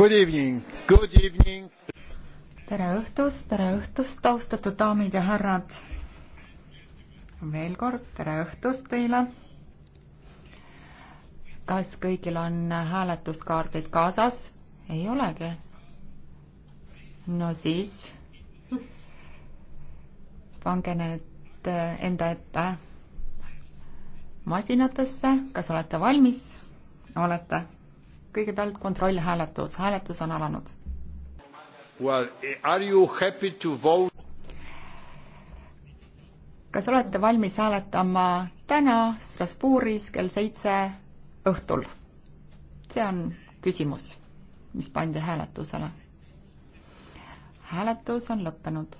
Good evening, good evening. tere õhtust, tere õhtust, austatud daamid ja härrad. veel kord tere õhtust teile. kas kõigil on hääletuskaardid kaasas? ei olegi. no siis pange need enda ette masinatesse, kas olete valmis? olete kõigepealt kontrollhääletus, hääletus on alanud. Well, are you happy to vote? kas olete valmis hääletama täna Strasbourgis kell seitse õhtul? see on küsimus, mis pandi hääletusele. hääletus on lõppenud.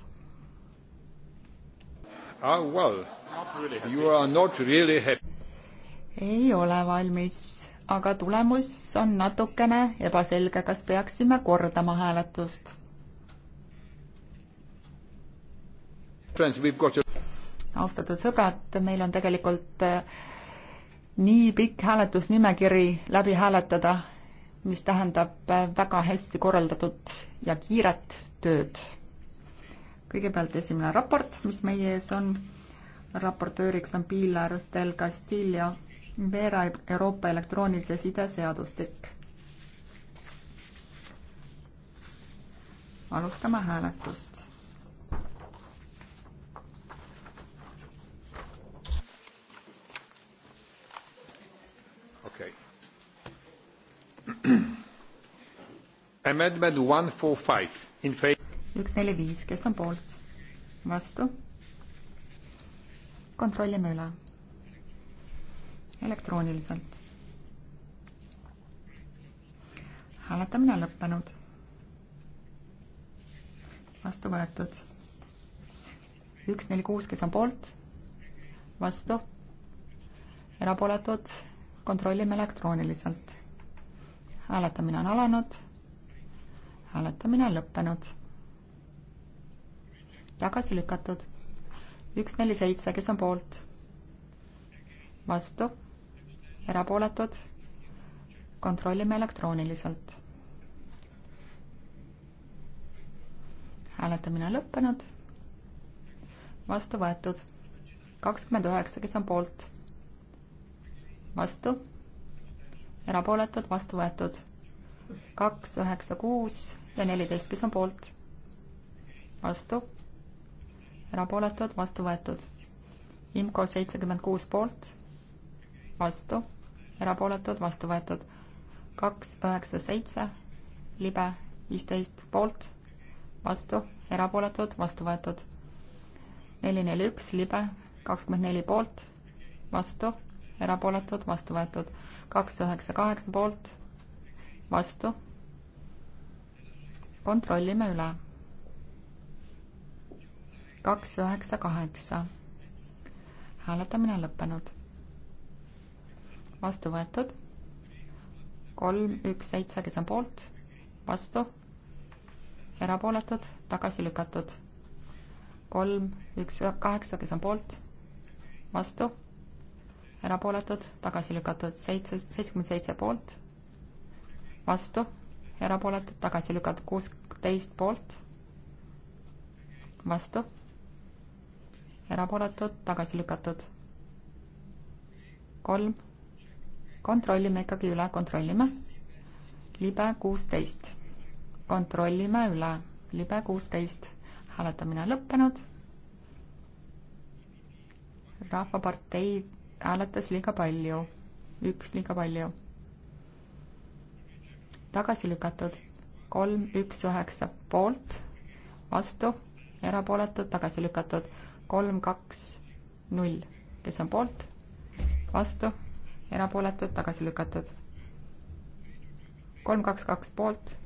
Ah, well, you are not really happy. ei ole valmis aga tulemus on natukene ebaselge, kas peaksime kordama hääletust? austatud sõbrad, meil on tegelikult eh, nii pikk hääletusnimekiri läbi hääletada, mis tähendab eh, väga hästi korraldatud ja kiiret tööd. kõigepealt esimene raport, mis meie ees on, raportööriks on Pilar del Castillo Vera Euroopa elektroonilise side seadustik. alustame hääletust. okei okay.. Amendment one four five in favor. üks neli viis, kes on poolt? vastu? kontrollime üle elektrooniliselt. hääletamine on lõppenud. vastu võetud. üks, neli, kuus, kes on poolt, vastu, erapooletud, kontrollime elektrooniliselt. hääletamine on alanud. hääletamine on lõppenud. tagasi lükatud. üks, neli, seitse, kes on poolt? vastu erapooletud, kontrollime elektrooniliselt. hääletamine lõppenud, vastu võetud kakskümmend üheksa, kes on poolt, vastu, erapooletud, vastu võetud kaks, üheksa, kuus ja neliteist, kes on poolt, vastu, erapooletud, vastu võetud. IMCO seitsekümmend kuus poolt vastu, erapooletud, vastu võetud. kaks, üheksa, seitse, libe, viisteist poolt, vastu, erapooletud, vastu võetud. neli, neli, üks, libe, kakskümmend neli poolt, vastu, erapooletud, vastu võetud. kaks, üheksa, kaheksa poolt, vastu. kontrollime üle. kaks, üheksa, kaheksa hääletamine on lõppenud vastu võetud. kolm, üks, seitse, kes on poolt, vastu, erapooletud, tagasi lükatud. kolm, üks, kaheksa, kes on poolt, vastu, erapooletud, tagasi lükatud, seitse, seitsekümmend seitse poolt, vastu, erapooletud, tagasi lükatud, kuusteist poolt, vastu, erapooletud, tagasi lükatud. kolm kontrollime ikkagi üle, kontrollime. libe kuusteist, kontrollime üle, libe kuusteist, hääletamine lõppenud. rahvapartei hääletas liiga palju, üks liiga palju. tagasi lükatud, kolm, üks, üheksa poolt, vastu, erapooletud, tagasi lükatud, kolm, kaks, null, kes on poolt, vastu erapooletud, tagasi lükatud. kolm, kaks, kaks poolt,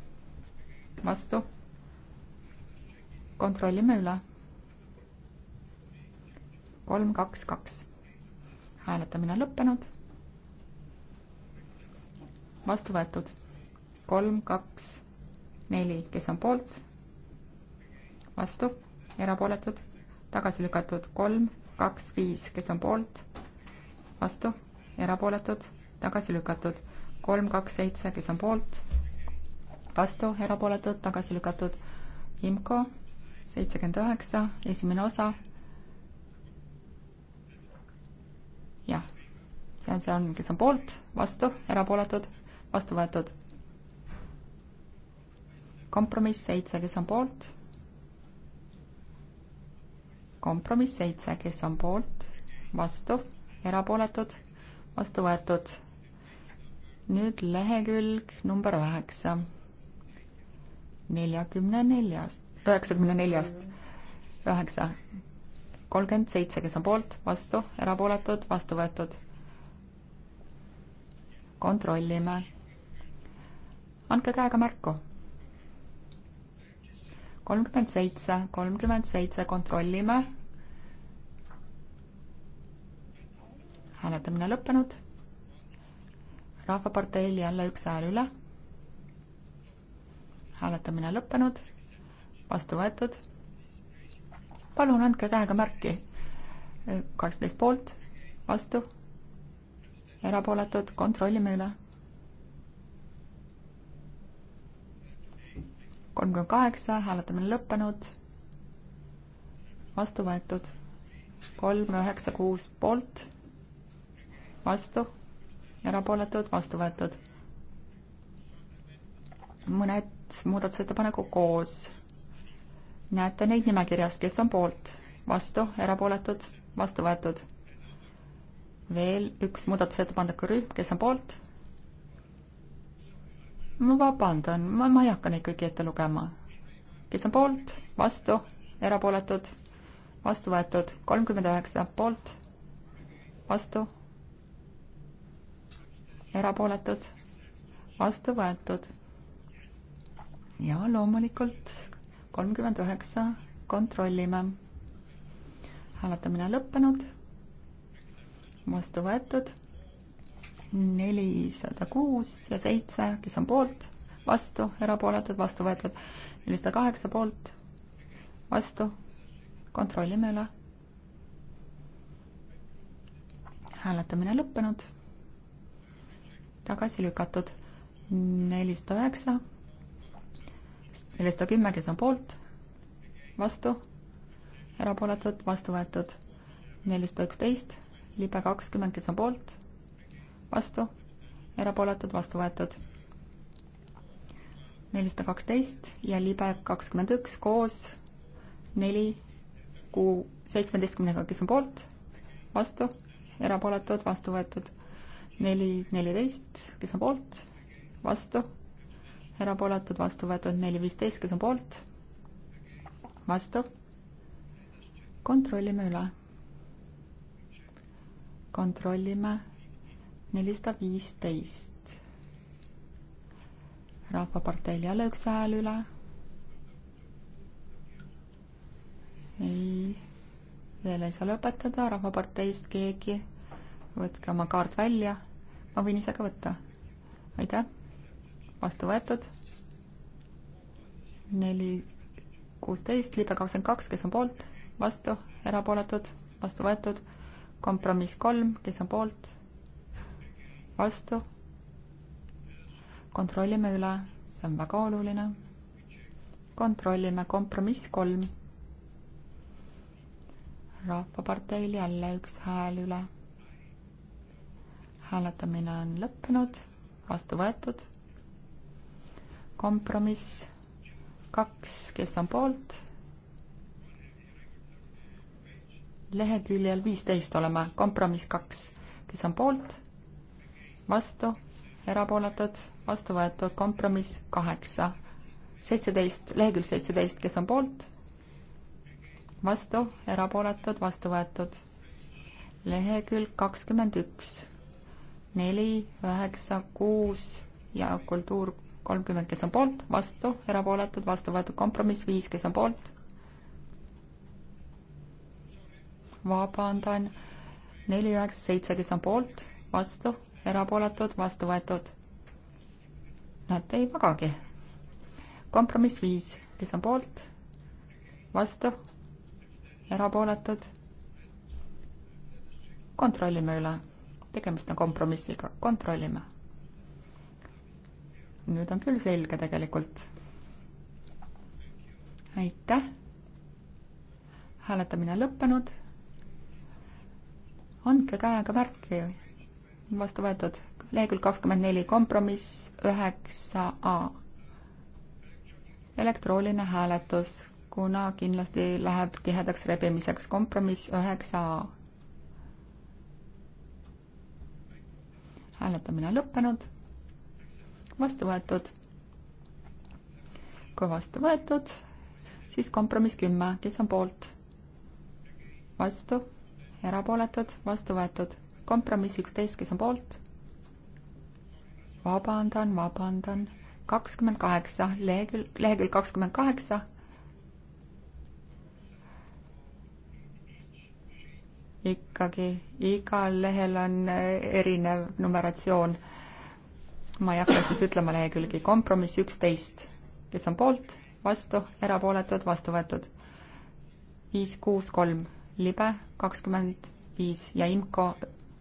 vastu. kontrollime üle. kolm, kaks, kaks. hääletamine lõppenud. vastu võetud. kolm, kaks, neli, kes on poolt? vastu, erapooletud, tagasi lükatud kolm, kaks, viis, kes on poolt, vastu erapooletud, tagasi lükatud. kolm, kaks, seitse, kes on poolt, vastu, erapooletud, tagasi lükatud. IMCO seitsekümmend üheksa, esimene osa. jah, see on, see on, kes on poolt, vastu, erapooletud, vastu võetud. kompromiss seitse, kes on poolt kompromiss seitse, kes on poolt, vastu, erapooletud, vastu võetud. nüüd lehekülg number üheksa, neljakümne neljast, üheksakümne neljast, üheksa, kolmkümmend seitse, kes on poolt, vastu, erapooletud, vastu võetud. kontrollime. andke käega märku kolmkümmend seitse, kolmkümmend seitse, kontrollime, hääletamine lõppenud. rahvaparteil jälle üks hääl üle. hääletamine lõppenud, vastu võetud. palun andke käega märki. kaksteist poolt, vastu, erapooletud, kontrollime üle. kolmkümmend kaheksa, hääletamine lõppenud, vastu võetud, kolm üheksa kuus poolt vastu, erapooletud, vastu võetud. mõned muudatusettepanekud koos. näete neid nimekirjas, kes on poolt, vastu, erapooletud, vastu võetud. veel üks muudatusettepaneku rühm, kes on poolt. ma vabandan, ma, ma ei hakka neid kõiki ette lugema. kes on poolt, vastu, erapooletud, vastu võetud, kolmkümmend üheksa poolt, vastu erapooletud, vastu võetud. ja loomulikult kolmkümmend üheksa kontrollime. hääletamine lõppenud, vastu võetud nelisada kuus ja seitse, kes on poolt, vastu, erapooletud, vastu võetud, nelisada kaheksa poolt, vastu, kontrollime üle. hääletamine lõppenud tagasi lükatud. nelisada üheksa, nelisada kümme, kes on poolt, vastu, erapooletud, vastu võetud. nelisada üksteist, libe kakskümmend, kes on poolt, vastu, erapooletud, vastu võetud. nelisada kaksteist ja libe kakskümmend üks koos neli kuu seitsmeteistkümnega, kes on poolt, vastu, erapooletud, vastu võetud neli, neliteist, kes on poolt, vastu, erapooletud, vastu võetud neli, viisteist, kes on poolt, vastu. kontrollime üle. kontrollime nelisada viisteist. rahvaparteil jälle üks hääl üle. ei, veel ei saa lõpetada, Rahvaparteist keegi. võtke oma kaart välja ma võin ise ka võtta. aitäh, vastu võetud. neli, kuusteist, libe kakskümmend kaks, kes on poolt, vastu, erapooletud, vastu võetud. kompromiss kolm, kes on poolt, vastu. kontrollime üle, see on väga oluline. kontrollime, kompromiss kolm. rahvaparteil jälle üks hääl üle hääletamine on lõppenud, vastu võetud. kompromiss kaks, kes on poolt? leheküljel viisteist oleme, kompromiss kaks, kes on poolt? vastu, erapooletud, vastu võetud, kompromiss kaheksa, seitseteist, lehekülg seitseteist, kes on poolt? vastu, erapooletud, vastu võetud. lehekülg kakskümmend üks neli, üheksa, kuus ja kultuur kolmkümmend, kes on poolt, vastu, erapooletud, vastu võetud kompromiss, viis, kes on poolt. vabandan, neli, üheksa, seitse, kes on poolt, vastu, erapooletud, vastu võetud. Nad ei magagi. kompromiss viis, kes on poolt, vastu, erapooletud. kontrollime üle tegemist on kompromissiga, kontrollime. nüüd on küll selge tegelikult. aitäh. hääletamine lõppenud. andke käega märki, vastu võetud lehekülg kakskümmend neli, kompromiss üheksa A. elektrooniline hääletus, kuna kindlasti läheb tihedaks rebimiseks, kompromiss üheksa A hääletamine lõppenud, vastu võetud. kui vastu võetud, siis kompromiss kümme, kes on poolt? vastu, erapooletud, vastu võetud, kompromiss üksteist, kes on poolt? vabandan, vabandan, kakskümmend kaheksa, lehekülg, lehekülg kakskümmend kaheksa ikkagi igal lehel on äh, erinev numeratsioon. ma ei hakka siis ütlema lehekülgi, kompromiss üksteist, kes on poolt, vastu, erapooletud, vastu võetud. viis, kuus, kolm, libe kakskümmend viis ja IMCO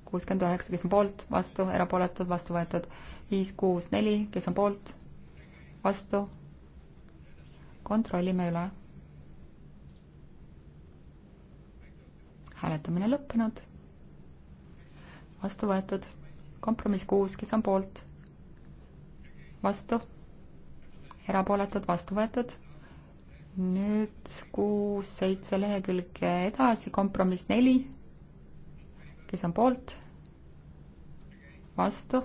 kuuskümmend üheksa, kes on poolt, vastu, erapooletud, vastu võetud. viis, kuus, neli, kes on poolt, vastu, kontrollime üle hääletamine lõppenud. vastu võetud. kompromiss kuus, kes on poolt? vastu. erapooletud, vastu võetud. nüüd kuus-seitse lehekülge edasi, kompromiss neli. kes on poolt? vastu.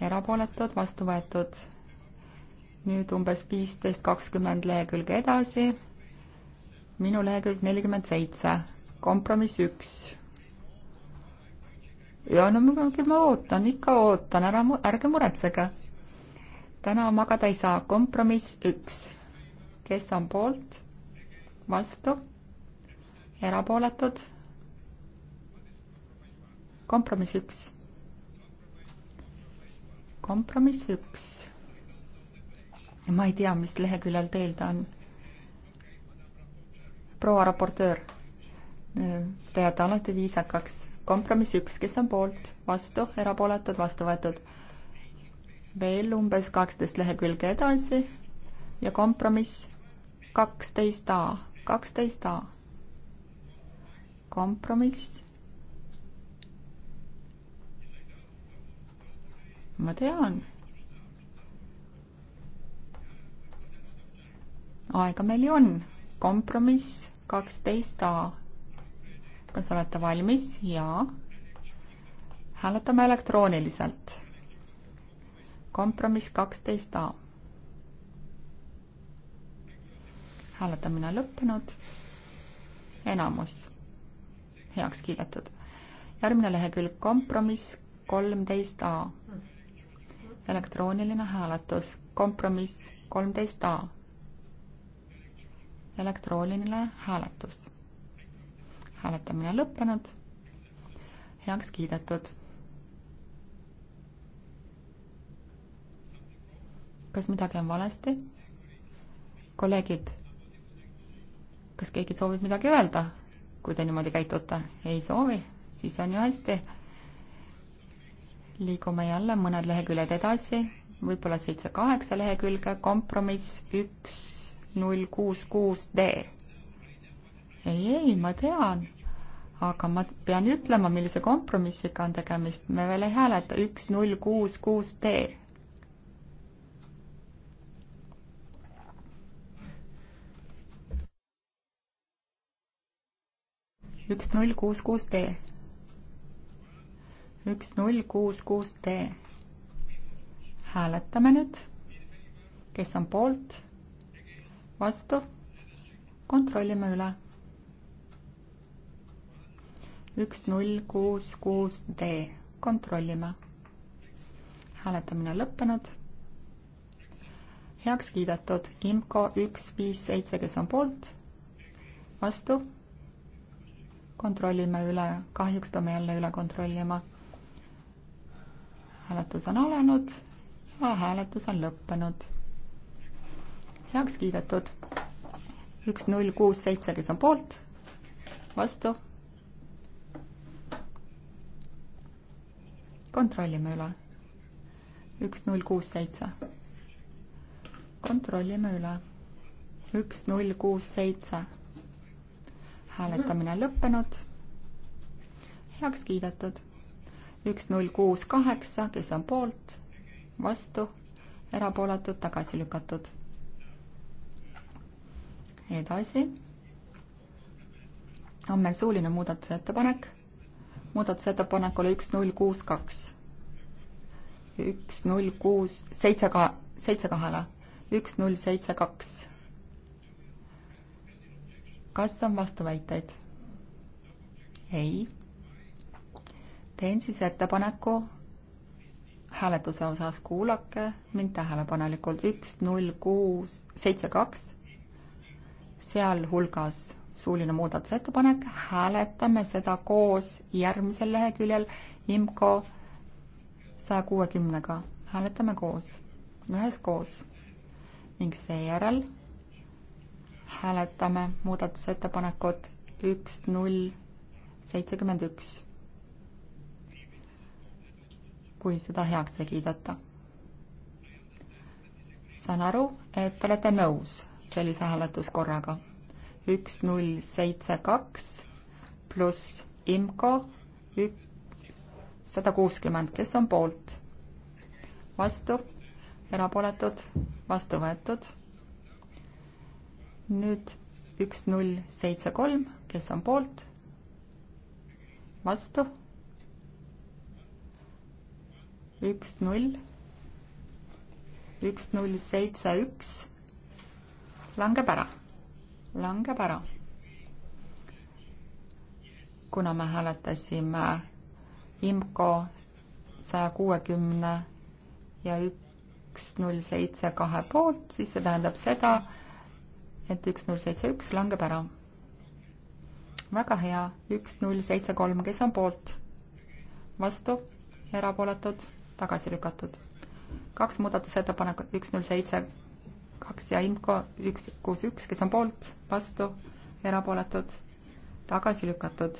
erapooletud, vastu võetud. nüüd umbes viisteist, kakskümmend lehekülge edasi minu lehekülg nelikümmend seitse, kompromiss üks. ja no muidugi ma ootan, ikka ootan, ära, ärge muretsege. täna magada ei saa, kompromiss üks. kes on poolt, vastu, erapooletud? kompromiss üks. kompromiss üks ma ei tea, mis leheküljel teil ta on proua raportöör, te jääte alati viisakaks. kompromiss üks, kes on poolt, vastu, erapooletud, vastu võetud. veel umbes kaksteist lehekülge edasi ja kompromiss kaksteist A, kaksteist A. kompromiss. ma tean. aega meil ju on kompromiss kaksteist A. kas olete valmis? jaa. hääletame elektrooniliselt. kompromiss kaksteist A. hääletamine lõppenud. enamus heaks kiidetud. järgmine lehekülg, kompromiss kolmteist A. elektrooniline hääletus, kompromiss kolmteist A elektrooniline hääletus. hääletamine lõppenud, heaks kiidetud. kas midagi on valesti? kolleegid, kas keegi soovib midagi öelda, kui te niimoodi käitute? ei soovi, siis on ju hästi. liigume jälle mõned leheküljed edasi võib-olla seitse-kaheksa lehekülge, kompromiss üks null kuus kuus D. ei, ei, ma tean, aga ma pean ütlema, millise kompromissiga on tegemist, me veel ei hääleta, üks null kuus kuus D. üks null kuus kuus D. üks null kuus kuus D. hääletame nüüd, kes on poolt vastu, kontrollime üle. üks, null, kuus, kuus D, kontrollime. hääletamine lõppenud. heaks kiidetud Kimko üks, viis, seitse, kes on poolt, vastu. kontrollime üle, kahjuks peame jälle üle kontrollima. hääletus on alanud ja hääletus on lõppenud heaks kiidetud. üks, null, kuus, seitse, kes on poolt, vastu. kontrollime üle. üks, null, kuus, seitse. kontrollime üle. üks, null, kuus, seitse. hääletamine lõppenud. heaks kiidetud. üks, null, kuus, kaheksa, kes on poolt, vastu, erapooletud, tagasi lükatud edasi on meil suuline muudatusettepanek, muudatusettepanekule üks null kuus kaks, üks null kuus seitse ka-, seitse kahele, üks null seitse kaks. kas on vastuväiteid? ei. teen siis ettepaneku hääletuse osas, kuulake mind tähelepanelikult, üks null kuus seitse kaks sealhulgas suuline muudatusettepanek, hääletame seda koos järgmisel leheküljel IMCO saja kuuekümnega, hääletame koos, üheskoos ning seejärel hääletame muudatusettepanekut üks, null, seitsekümmend üks. kui seda heaks ei kiideta. saan aru, et te olete nõus sellise hääletuskorraga. üks, null, seitse, kaks pluss IMCO üks, sada kuuskümmend, kes on poolt? vastu, erapooletud, vastu võetud. nüüd üks, null, seitse, kolm, kes on poolt? vastu. üks, null, üks, null, seitse, üks langeb ära, langeb ära. kuna me hääletasime IMCO saja kuuekümne ja üks null seitse kahe poolt, siis see tähendab seda, et üks null seitse üks langeb ära. väga hea, üks null seitse kolm, kes on poolt? vastu, erapooletud, tagasi lükatud. kaks muudatusettepanekut, üks null seitse kaks ja IMCO üks, kuus, üks, kes on poolt, vastu, erapooletud, tagasi lükatud.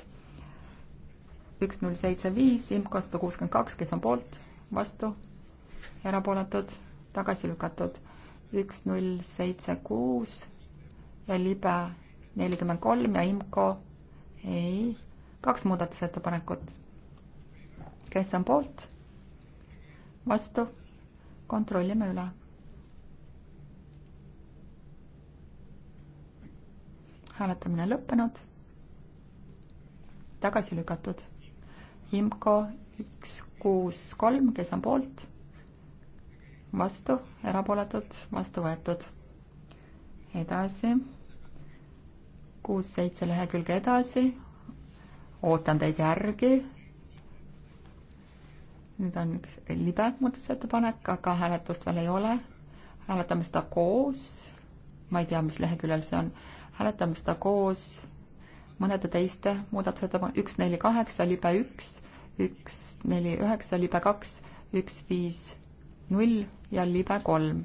üks, null, seitse, viis, IMCO sada kuuskümmend kaks, kes on poolt, vastu, erapooletud, tagasi lükatud. üks, null, seitse, kuus ja libe nelikümmend kolm ja IMCO ei, kaks muudatusettepanekut. kes on poolt? vastu? kontrollime üle hääletamine lõppenud, tagasi lükatud. IMCO üks, kuus, kolm, kes on poolt, vastu, erapooletud, vastu võetud. edasi, kuus-seitse lehekülge edasi, ootan teid järgi. nüüd on üks libe muudatusettepanek, aga hääletust veel ei ole. hääletame seda koos, ma ei tea, mis leheküljel see on hääletame seda koos mõnede teiste muudatusettepanek, üks, neli, kaheksa, libe üks, üks, neli, üheksa, libe kaks, üks, viis, null ja libe kolm.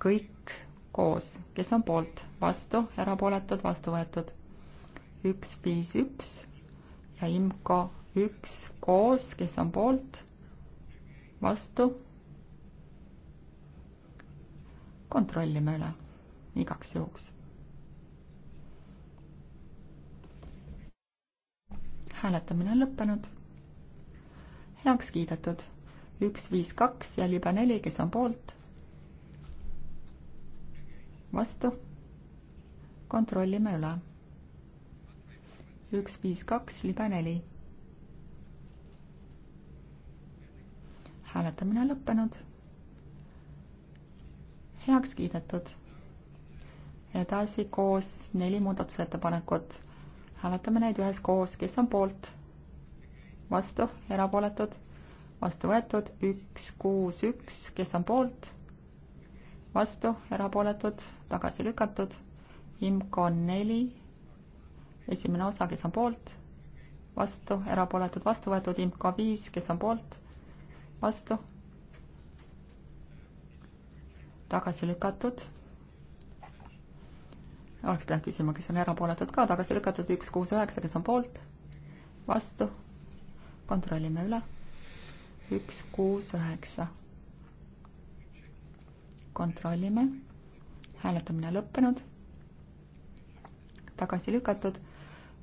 kõik koos, kes on poolt, vastu, erapooletud, vastu võetud. üks, viis, üks ja IMCO üks koos, kes on poolt, vastu. kontrollime üle igaks juhuks hääletamine on lõppenud. heaks kiidetud üks, viis, kaks ja libe neli, kes on poolt. vastu. kontrollime üle. üks, viis, kaks, libe neli. hääletamine on lõppenud. heaks kiidetud edasi koos neli muudatusettepanekut hääletame neid üheskoos, kes on poolt, vastu, erapooletud, vastu võetud, üks, kuus, üks, kes on poolt, vastu, erapooletud, tagasi lükatud, IMCO neli, esimene osa, kes on poolt, vastu, erapooletud, vastu võetud, IMCO viis, kes on poolt, vastu, tagasi lükatud oleks pidanud küsima, kes on erapooletud ka, tagasi lükatud üks, kuus, üheksa, kes on poolt, vastu, kontrollime üle, üks, kuus, üheksa. kontrollime, hääletamine lõppenud, tagasi lükatud,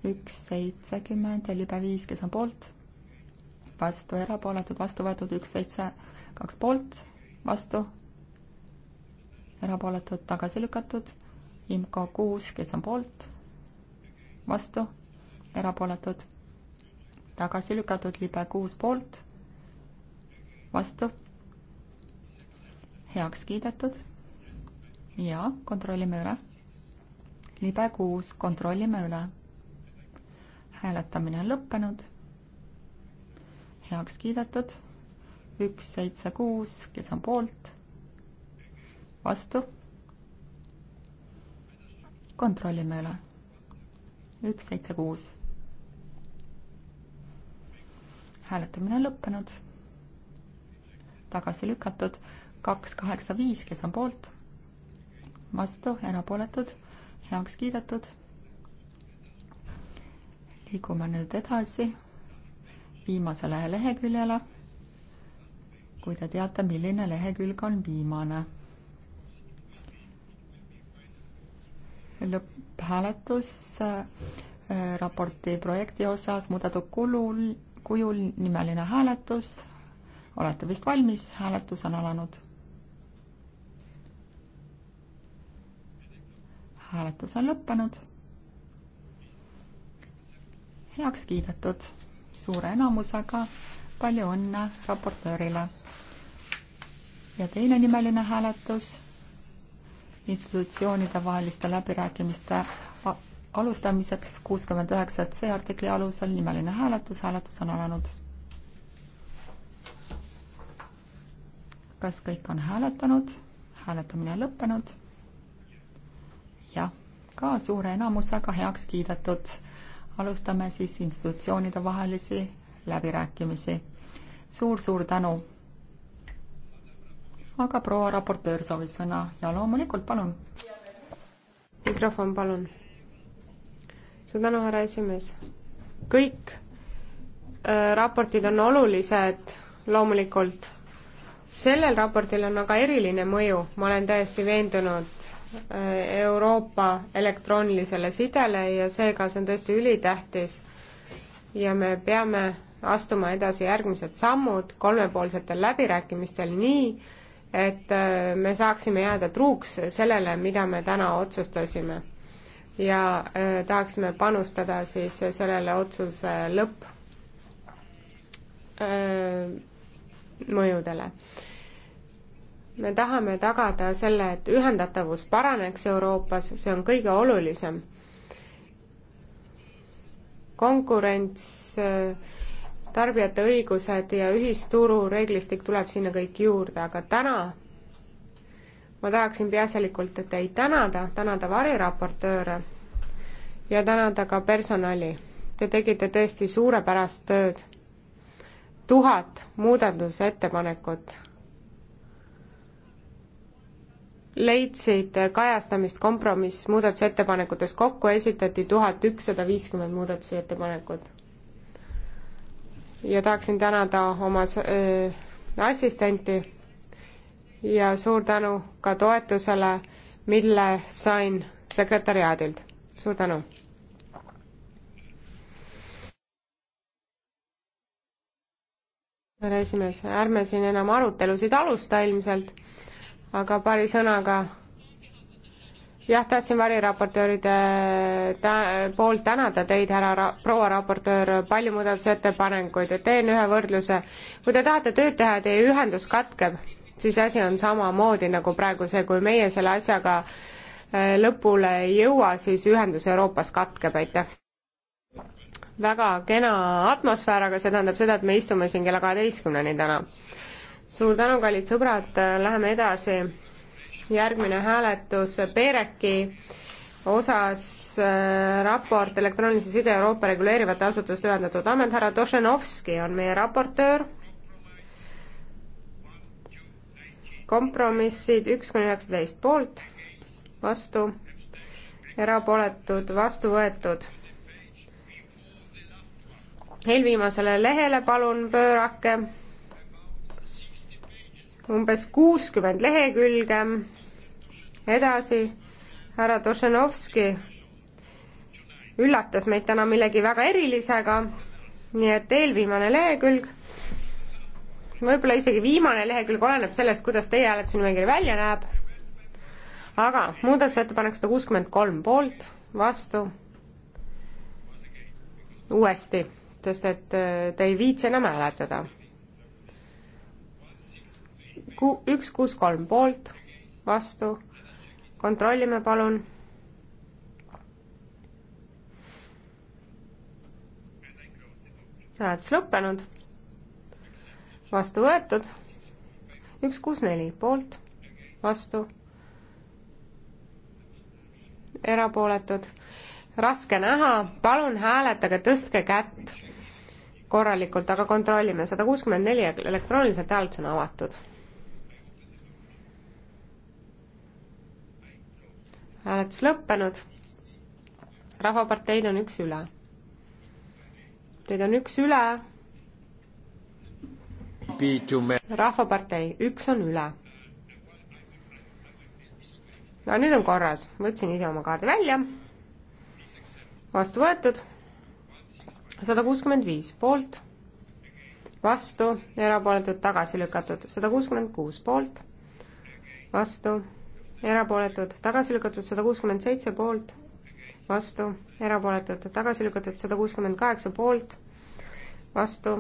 üks, seitsekümmend ja libe viis, kes on poolt, vastu, erapooletud, vastu võetud, üks, seitse, kaks poolt, vastu, erapooletud, tagasi lükatud IMCO kuus, kes on poolt, vastu, erapooletud, tagasi lükatud, libe kuus poolt, vastu, heaks kiidetud ja kontrollime üle. libe kuus, kontrollime üle. hääletamine on lõppenud, heaks kiidetud, üks, seitse, kuus, kes on poolt, vastu kontrollime üle. üks, seitse, kuus. hääletamine lõppenud. tagasi lükatud kaks, kaheksa, viis, kes on poolt, vastu, erapooletud, heaks kiidetud. liigume nüüd edasi viimasele leheküljele. kui te teate, milline lehekülg on viimane lõpphääletus äh, raporti projekti osas muudetud kulul, kujul nimeline hääletus. olete vist valmis, hääletus on alanud. hääletus on lõppenud. heaks kiidetud suure enamusega. palju õnne raportöörile. ja teine nimeline hääletus institutsioonide vaheliste läbirääkimiste alustamiseks kuuskümmend üheksa C artikli alusel nimeline hääletus, hääletus on alanud. kas kõik on hääletanud? hääletamine lõppenud. jah, ka suure enamusega heaks kiidetud. alustame siis institutsioonide vahelisi läbirääkimisi suur,. suur-suur tänu aga proua raportöör soovib sõna ja loomulikult, palun. mikrofon, palun. suur tänu, härra esimees. kõik äh, raportid on olulised loomulikult. sellel raportil on aga eriline mõju, ma olen täiesti veendunud äh, Euroopa elektroonilisele sidele ja seega see on tõesti ülitähtis ja me peame astuma edasi järgmised sammud kolmepoolsetel läbirääkimistel nii, et äh, me saaksime jääda truuks sellele, mida me täna otsustasime. ja äh, tahaksime panustada siis sellele otsuse lõpp äh, mõjudele. me tahame tagada selle, et ühendatavus paraneks Euroopas, see on kõige olulisem. konkurents äh, tarbijate õigused ja ühisturu reeglistik tuleb sinna kõik juurde, aga täna ma tahaksin peaasjalikult teid tänada, tänada variraportööre ja tänada ka personali. Te tegite tõesti suurepärast tööd. tuhat muudatusettepanekut leidsid kajastamist kompromiss muudatusettepanekutes, kokku esitati tuhat ükssada viiskümmend muudatusettepanekut ja tahaksin tänada oma öö, assistenti ja suur tänu ka toetusele, mille sain sekretäriaadilt. suur tänu! härra esimees, ärme siin enam arutelusid alusta ilmselt, aga paari sõnaga jah, tahtsin variraportööride ta-, poolt tänada teid, härra ra-, proua raportöör, palju muudatusettepanekuid, et teen ühe võrdluse. kui te tahate tööd teha ja teie ühendus katkeb, siis asi on samamoodi nagu praegu see, kui meie selle asjaga äh, lõpule ei jõua, siis ühendus Euroopas katkeb, aitäh! väga kena atmosfäär, aga see tähendab seda, et me istume siin kella kaheteistkümneni täna. suur tänu, kallid sõbrad, läheme edasi järgmine hääletus Pereki osas äh, raport elektroonilise side Euroopa reguleerivate asutuste ühendatud amet, härra Tošenovski on meie raportöör. kompromissid üks kuni üheksateist poolt, vastu, erapooletud, vastu võetud. eelviimasele lehele palun pöörake umbes kuuskümmend lehekülge edasi, härra Tošenovski üllatas meid täna millegi väga erilisega, nii et eelviimane lehekülg, võib-olla isegi viimane lehekülg, oleneb sellest, kuidas teie hääletusnimekiri välja näeb, aga muudatusettepanek sada kuuskümmend kolm poolt, vastu, uuesti, sest et äh, te ei viitsi enam hääletada. Ku-, üks, kuus, kolm poolt, vastu kontrollime palun. hääletus lõppenud. vastu võetud. üks kuus neli poolt, vastu. erapooletud. raske näha, palun hääletage, tõstke kätt korralikult, aga kontrollime. sada kuuskümmend neli elektrooniliselt hääletus on avatud hääletus lõppenud. rahvaparteid on üks üle. Teid on üks üle. rahvapartei, üks on üle. no nüüd on korras, võtsin ise oma kaardi välja. vastu võetud. sada kuuskümmend viis poolt, vastu, erapooletud, tagasi lükatud, sada kuuskümmend kuus poolt, vastu erapooletud, tagasi lükatud sada kuuskümmend seitse poolt, vastu, erapooletud, tagasi lükatud sada kuuskümmend kaheksa poolt, vastu.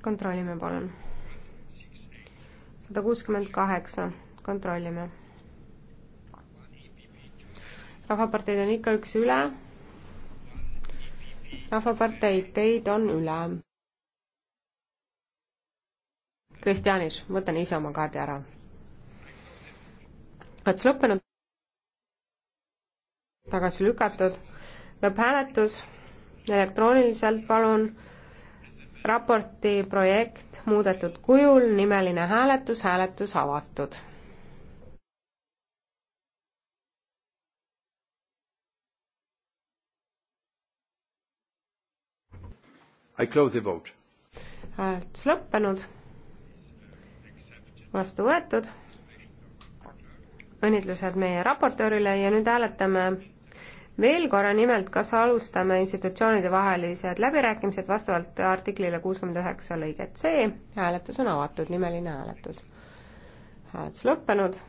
kontrollime palun. sada kuuskümmend kaheksa, kontrollime. rahvaparteid on ikka üks üle. rahvaparteid, teid on üle. Kristjanis, võtan ise oma kaardi ära. otsus lõppenud. tagasi lükatud. lõpphääletus elektrooniliselt, palun. raporti projekt muudetud kujul, nimeline hääletus, hääletus avatud. I close the vote. hääletus lõppenud vastu võetud. õnnitlused meie raportöörile ja nüüd hääletame veel korra nimelt, kas alustame institutsioonide vahelised läbirääkimised vastavalt artiklile kuuskümmend üheksa lõiget C. hääletus on avatud, nimeline hääletus. hääletus lõppenud.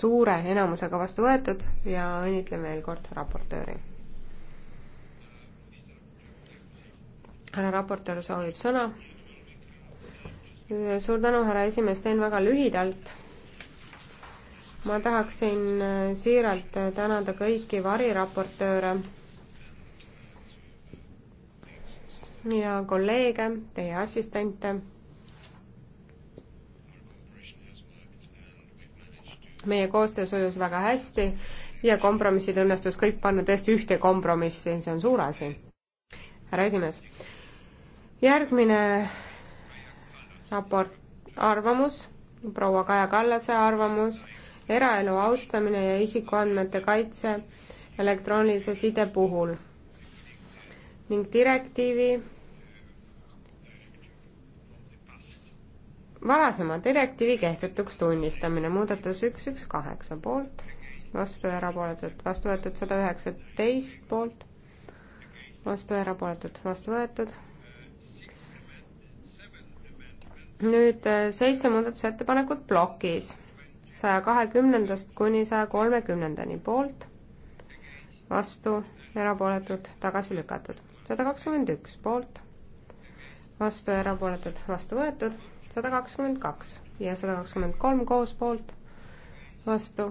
suure enamusega vastu võetud ja õnnitlen veel kord raportööri härra raportöör soovib sõna. suur tänu, härra esimees, teen väga lühidalt. ma tahaksin äh, siiralt äh, tänada kõiki variraportööre ja kolleege, teie assistente. meie koostöö sujus väga hästi ja kompromissid õnnestus kõik panna tõesti ühte kompromissi, see on suur asi. härra esimees järgmine raport, arvamus, proua Kaja Kallase arvamus, eraelu austamine ja isikuandmete kaitse elektroonilise side puhul ning direktiivi varasema direktiivi kehtetuks tunnistamine, muudatus üks, üks, kaheksa poolt, vastu ja erapooletud, vastu võetud sada üheksateist poolt, vastu ja erapooletud, vastu võetud nüüd äh, seitse muudatusettepanekut plokis, saja kahekümnendast kuni saja kolmekümnendani poolt, vastu, erapooletud, tagasi lükatud. sada kakskümmend üks poolt, vastu, erapooletud, vastu võetud, sada kakskümmend kaks ja sada kakskümmend kolm koos poolt, vastu,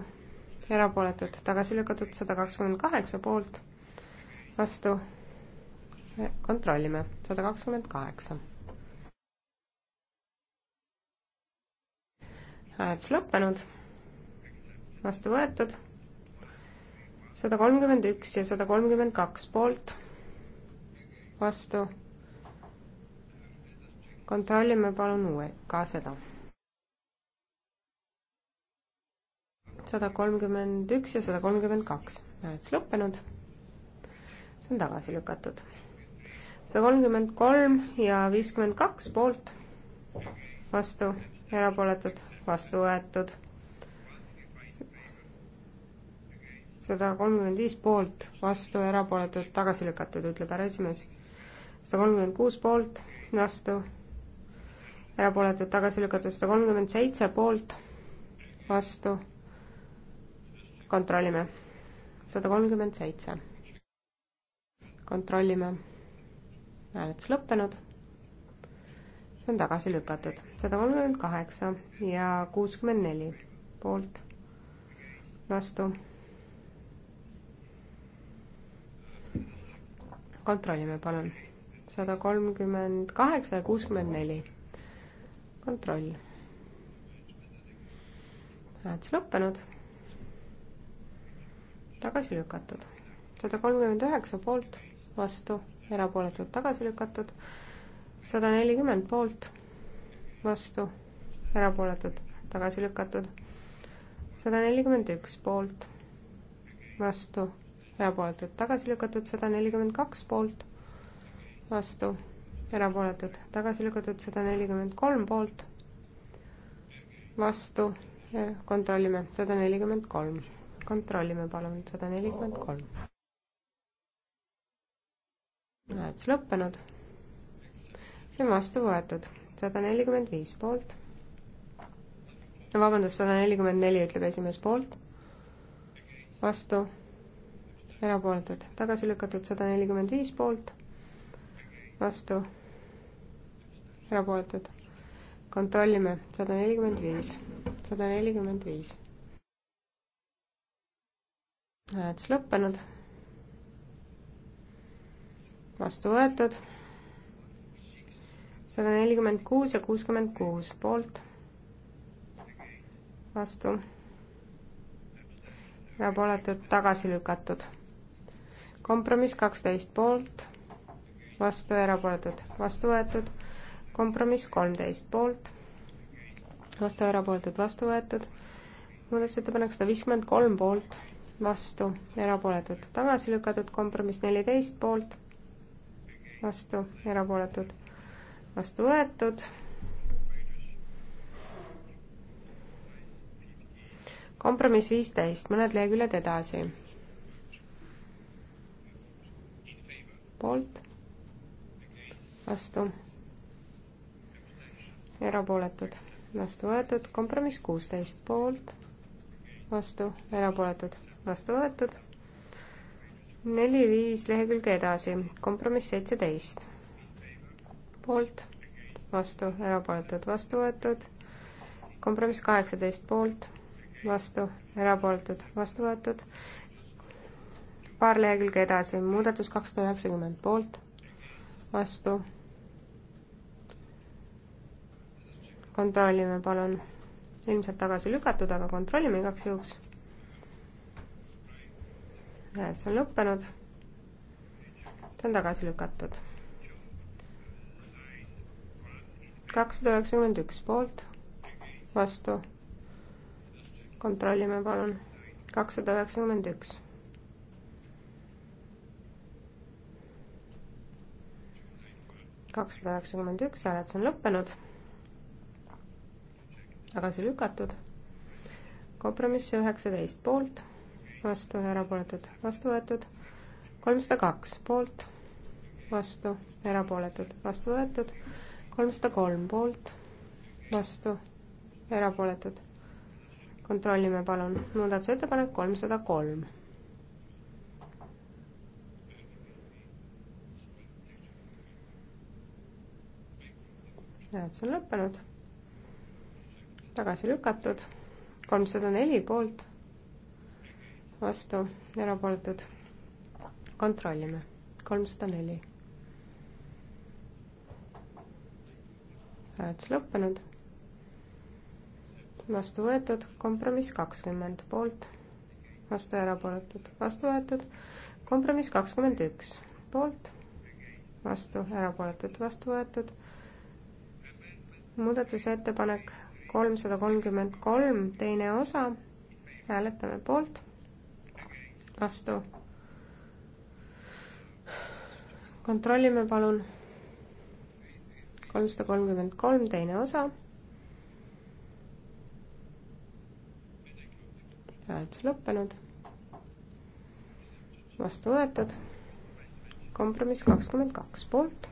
erapooletud, tagasi lükatud, sada kakskümmend kaheksa poolt, vastu, kontrollime, sada kakskümmend kaheksa hääletus lõppenud, vastu võetud, sada kolmkümmend üks ja sada kolmkümmend kaks poolt, vastu. kontrollime palun uue, ka seda. sada kolmkümmend üks ja sada kolmkümmend kaks, hääletus lõppenud, see on tagasi lükatud sada kolmkümmend kolm ja viiskümmend kaks poolt, vastu, erapooletud, vastu võetud. sada kolmkümmend viis poolt, vastu, erapooletud, tagasi lükatud, ütleb härra esimees. sada kolmkümmend kuus poolt, vastu, erapooletud, tagasi lükatud, sada kolmkümmend seitse poolt, vastu, kontrollime. sada kolmkümmend seitse. kontrollime. hääletus lõppenud on tagasi lükatud. sada kolmkümmend kaheksa ja kuuskümmend neli poolt, vastu. kontrollime palun. sada kolmkümmend kaheksa ja kuuskümmend neli. kontroll. hääletus lõppenud. tagasi lükatud. sada kolmkümmend üheksa poolt, vastu, erapooletult tagasi lükatud sada nelikümmend poolt, vastu, erapooletud, tagasi lükatud. sada nelikümmend üks poolt, vastu, erapooletud, tagasi lükatud, sada nelikümmend kaks poolt, vastu, erapooletud, tagasi lükatud, sada nelikümmend kolm poolt, vastu, kontrollime, sada nelikümmend kolm. kontrollime palun, sada nelikümmend kolm. hääletus lõppenud see on vastu võetud. sada nelikümmend viis poolt. no vabandust, sada nelikümmend neli ütleb esimees poolt. vastu, erapooletud, tagasi lükatud sada nelikümmend viis poolt. vastu, erapooletud. kontrollime, sada nelikümmend viis, sada nelikümmend viis. hääletus lõppenud. vastu võetud sada nelikümmend kuus ja kuuskümmend kuus poolt, vastu, erapooletud, tagasi lükatud. kompromiss kaksteist poolt, vastu, erapooletud, vastu võetud. kompromiss kolmteist poolt, vastu, erapooletud, vastu võetud. muudatusettepanek sada viiskümmend kolm poolt vastu, erapooletud. tagasi lükatud kompromiss neliteist poolt, vastu, erapooletud vastu võetud. kompromiss viisteist, mõned leheküljed edasi. poolt, vastu, erapooletud, vastu võetud, kompromiss kuusteist, poolt, vastu, erapooletud, vastu võetud neli-viis lehekülge edasi, kompromiss seitseteist poolt, vastu, erapooletud, vastu võetud. kompromiss kaheksateist poolt, vastu, erapooletud, vastu võetud. paar lehekülge edasi, muudatus kakssada üheksakümmend poolt, vastu. kontrollime palun. ilmselt tagasi lükatud, aga kontrollime igaks juhuks. näed, see on lõppenud. see on tagasi lükatud kakssada üheksakümmend üks poolt, vastu. kontrollime palun. kakssada üheksakümmend üks. kakssada üheksakümmend üks, hääletus on lõppenud. tagasi lükatud. kompromiss üheksateist poolt, vastu ja erapooletud, vastu võetud. kolmsada kaks poolt, vastu, erapooletud, vastu võetud kolmsada kolm poolt, vastu, erapooletud. kontrollime palun, muudatusettepanek kolmsada kolm. hääletus on lõppenud, tagasi lükatud, kolmsada neli poolt, vastu, erapooletud. kontrollime, kolmsada neli hääletus lõppenud. vastu võetud, kompromiss kakskümmend poolt, vastu ja erapooletud, vastu võetud, kompromiss kakskümmend üks poolt, vastu, erapooletud, vastu võetud. muudatusettepanek kolmsada kolmkümmend kolm, teine osa, hääletame poolt, vastu kontrollime palun kolmsada kolmkümmend kolm, teine osa. hääletus lõppenud. vastu võetud. kompromiss kakskümmend kaks poolt,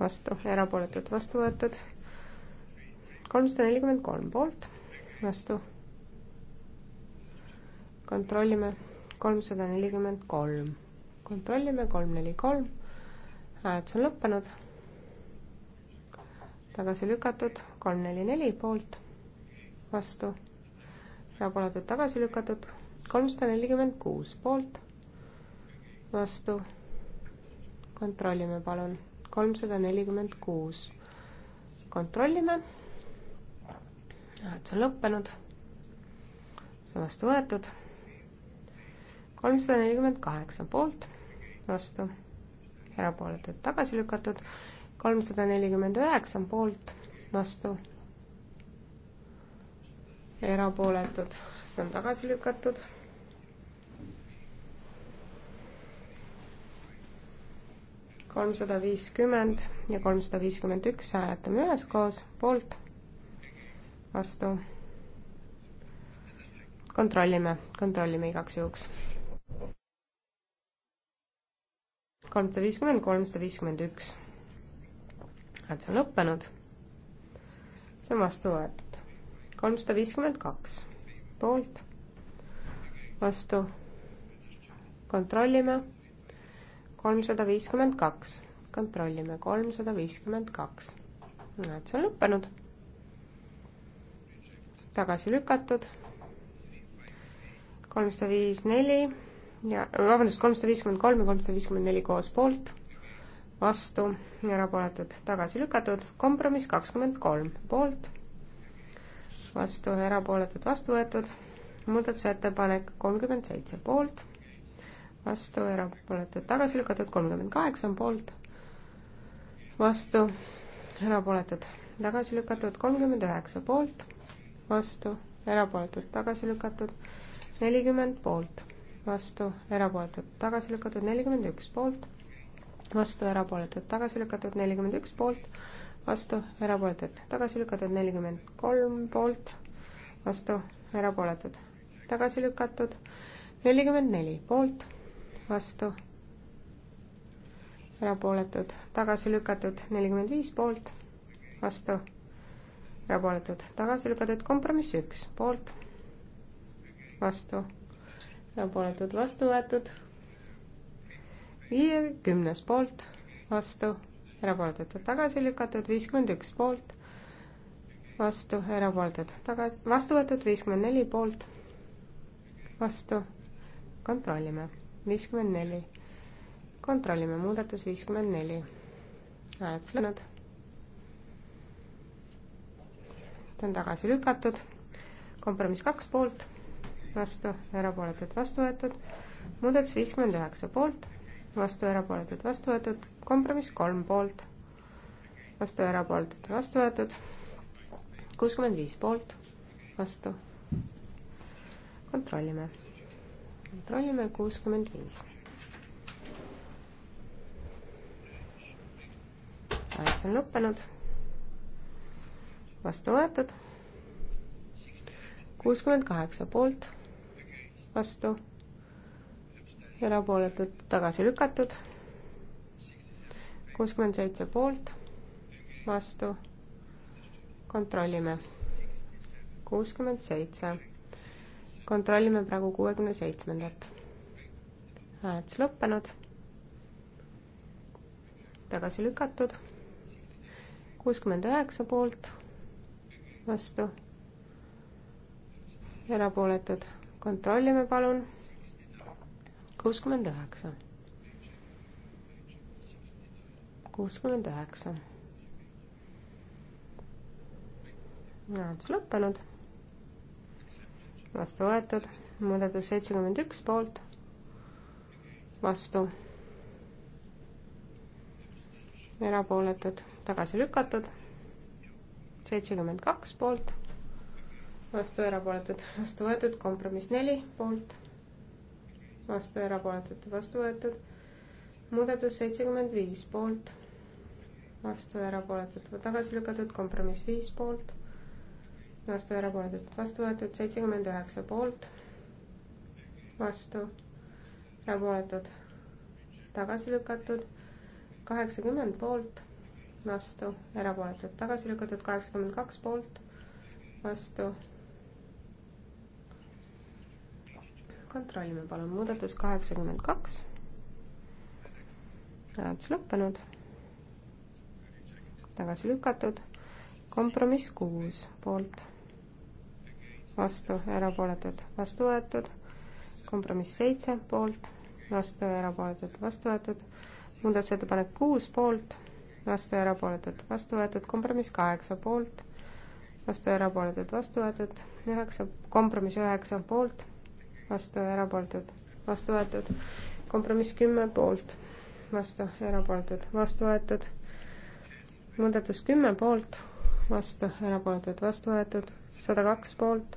vastu, erapooletult vastu võetud. kolmsada nelikümmend kolm poolt, vastu. kontrollime kolmsada nelikümmend kolm, kontrollime kolm, neli, kolm. hääletus on lõppenud tagasi lükatud, kolm, neli, neli poolt, vastu, erapooletud tagasi lükatud, kolmsada nelikümmend kuus poolt, vastu, kontrollime palun, kolmsada nelikümmend kuus, kontrollime, hääletus on lõppenud, see on vastu võetud, kolmsada nelikümmend kaheksa poolt, vastu, erapooletud tagasi lükatud, kolmsada nelikümmend üheksa on poolt, vastu, erapooletud, see on tagasi lükatud. kolmsada viiskümmend ja kolmsada viiskümmend üks hääletame üheskoos, poolt, vastu. kontrollime, kontrollime igaks juhuks kolmsada viiskümmend, kolmsada viiskümmend üks hääletus on lõppenud. see on vastu võetud. kolmsada viiskümmend kaks poolt, vastu. kontrollime. kolmsada viiskümmend kaks, kontrollime kolmsada viiskümmend kaks. hääletus on lõppenud. tagasi lükatud. kolmsada viis neli ja vabandust, kolmsada viiskümmend kolm ja kolmsada viiskümmend neli koos poolt vastu, erapooletud, tagasi lükatud, kompromiss kakskümmend kolm, poolt, vastu, erapooletud, vastu võetud, muudatusettepanek kolmkümmend seitse, poolt, vastu, erapooletud, tagasi lükatud, kolmkümmend kaheksa, poolt, vastu, erapooletud, tagasi lükatud, kolmkümmend üheksa, poolt, vastu, erapooletud, tagasi lükatud, nelikümmend, poolt, vastu, erapooletud, tagasi lükatud, nelikümmend üks, poolt vastu, erapooletud, tagasi lükatud, nelikümmend üks poolt, vastu, erapooletud, tagasi lükatud, nelikümmend kolm poolt, vastu, erapooletud, tagasi lükatud, nelikümmend neli poolt, vastu, erapooletud, tagasi lükatud, nelikümmend viis poolt, vastu, erapooletud, tagasi lükatud, kompromiss üks, poolt, vastu, erapooletud, vastu võetud viiekümnes poolt, vastu, erapooletud, tagasi lükatud, viiskümmend üks poolt, vastu, erapooletud, tagasi, vastu võetud, viiskümmend neli poolt, vastu, kontrollime, viiskümmend neli. kontrollime, muudatus viiskümmend neli. hääled sõnad. see on tagasi lükatud, kompromiss kaks poolt vastu, erapooletud vastu võetud. muudatus viiskümmend üheksa poolt, vastu, erapooletud, vastu võetud, kompromiss kolm poolt, vastu, erapooletud, vastu võetud, kuuskümmend viis poolt, vastu. kontrollime, kontrollime kuuskümmend viis. hääletus on lõppenud, vastu võetud, kuuskümmend kaheksa poolt, vastu erapooletud tagasi lükatud. kuuskümmend seitse poolt, vastu. kontrollime. kuuskümmend seitse. kontrollime praegu kuuekümne seitsmendat. hääletus lõppenud. tagasi lükatud. kuuskümmend üheksa poolt, vastu. erapooletud, kontrollime palun kuuskümmend üheksa. kuuskümmend üheksa. hääletus lõppenud. vastu võetud, muudatus seitsekümmend üks poolt, vastu, erapooletud, tagasi lükatud, seitsekümmend kaks poolt, vastu erapooletud, vastu võetud, kompromiss neli poolt vastu, erapooletud, vastu võetud. muudatus seitsekümmend viis poolt, vastu, erapooletud, tagasi lükatud, kompromiss viis poolt, vastu, erapooletud, vastu võetud, seitsekümmend üheksa poolt, vastu, erapooletud, tagasi lükatud, kaheksakümmend poolt, vastu, erapooletud, tagasi lükatud, kaheksakümmend kaks poolt, vastu kontrollime palun, muudatus kaheksakümmend kaks. hääletus lõppenud. tagasi lükatud. kompromiss kuus poolt, vastu, erapooletud, vastu võetud. kompromiss seitse poolt, vastu, erapooletud, vastu võetud. muudatusettepanek kuus poolt, vastu, erapooletud, vastu võetud. kompromiss kaheksa poolt vastu, erapooletud, vastu võetud, üheksa, kompromiss üheksa poolt, vastu, erapooletud, vastu võetud. kompromiss kümme poolt, vastu, erapooletud, vastu võetud. muudatus kümme poolt, vastu, erapooletud, vastu võetud. sada kaks poolt,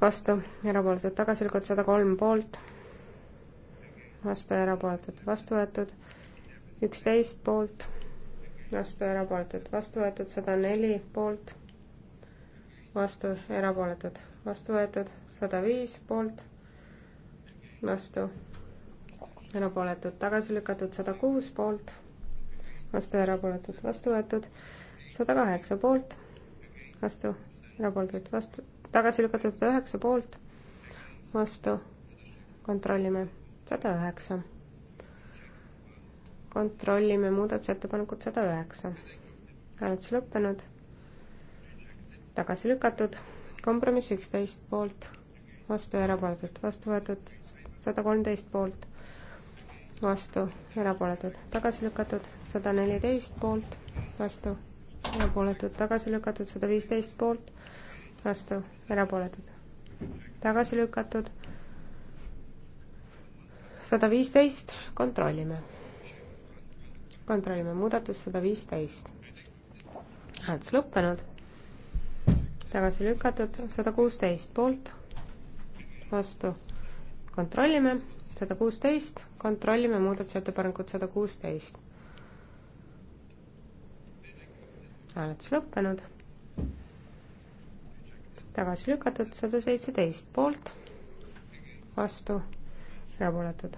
vastu, erapooletud, tagasi lükatud, sada kolm poolt, vastu, erapooletud, vastu võetud. üksteist poolt, vastu, erapooletud, vastu võetud, sada neli poolt, vastu, erapooletud vastu võetud, sada viis poolt, vastu erapooletud, tagasi lükatud, sada kuus poolt, vastu erapooletud, vastu võetud, sada kaheksa poolt, vastu erapooletud, vastu, tagasi lükatud sada üheksa poolt, vastu kontrollime sada üheksa. kontrollime muudatusettepanekut sada üheksa. hääletus lõppenud, tagasi lükatud kompromiss üksteist poolt, vastu erapooletud, vastu võetud sada kolmteist poolt, vastu erapooletud, tagasi lükatud sada neliteist poolt, vastu erapooletud, tagasi lükatud sada viisteist poolt, vastu erapooletud, tagasi lükatud sada viisteist, kontrollime. kontrollime muudatus sada viisteist. hääletus lõppenud tagasi lükatud, sada kuusteist poolt, vastu. kontrollime, sada kuusteist, kontrollime muudatusettepanekut sada kuusteist. hääletus lõppenud. tagasi lükatud, sada seitseteist poolt, vastu, erapooletud.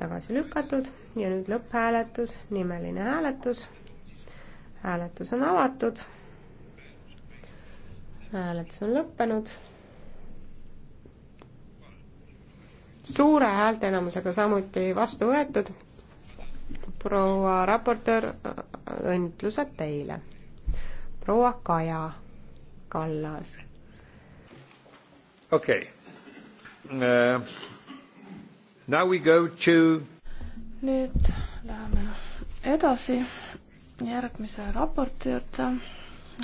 tagasi lükatud ja nüüd lõpphääletus, nimeline hääletus. hääletus on avatud hääletus on lõppenud. suure häälteenamusega samuti vastu võetud. proua raportöör, õnnitlused teile. proua Kaja Kallas. okei okay. uh,. Eh, now we go to nüüd läheme edasi järgmise raporti juurde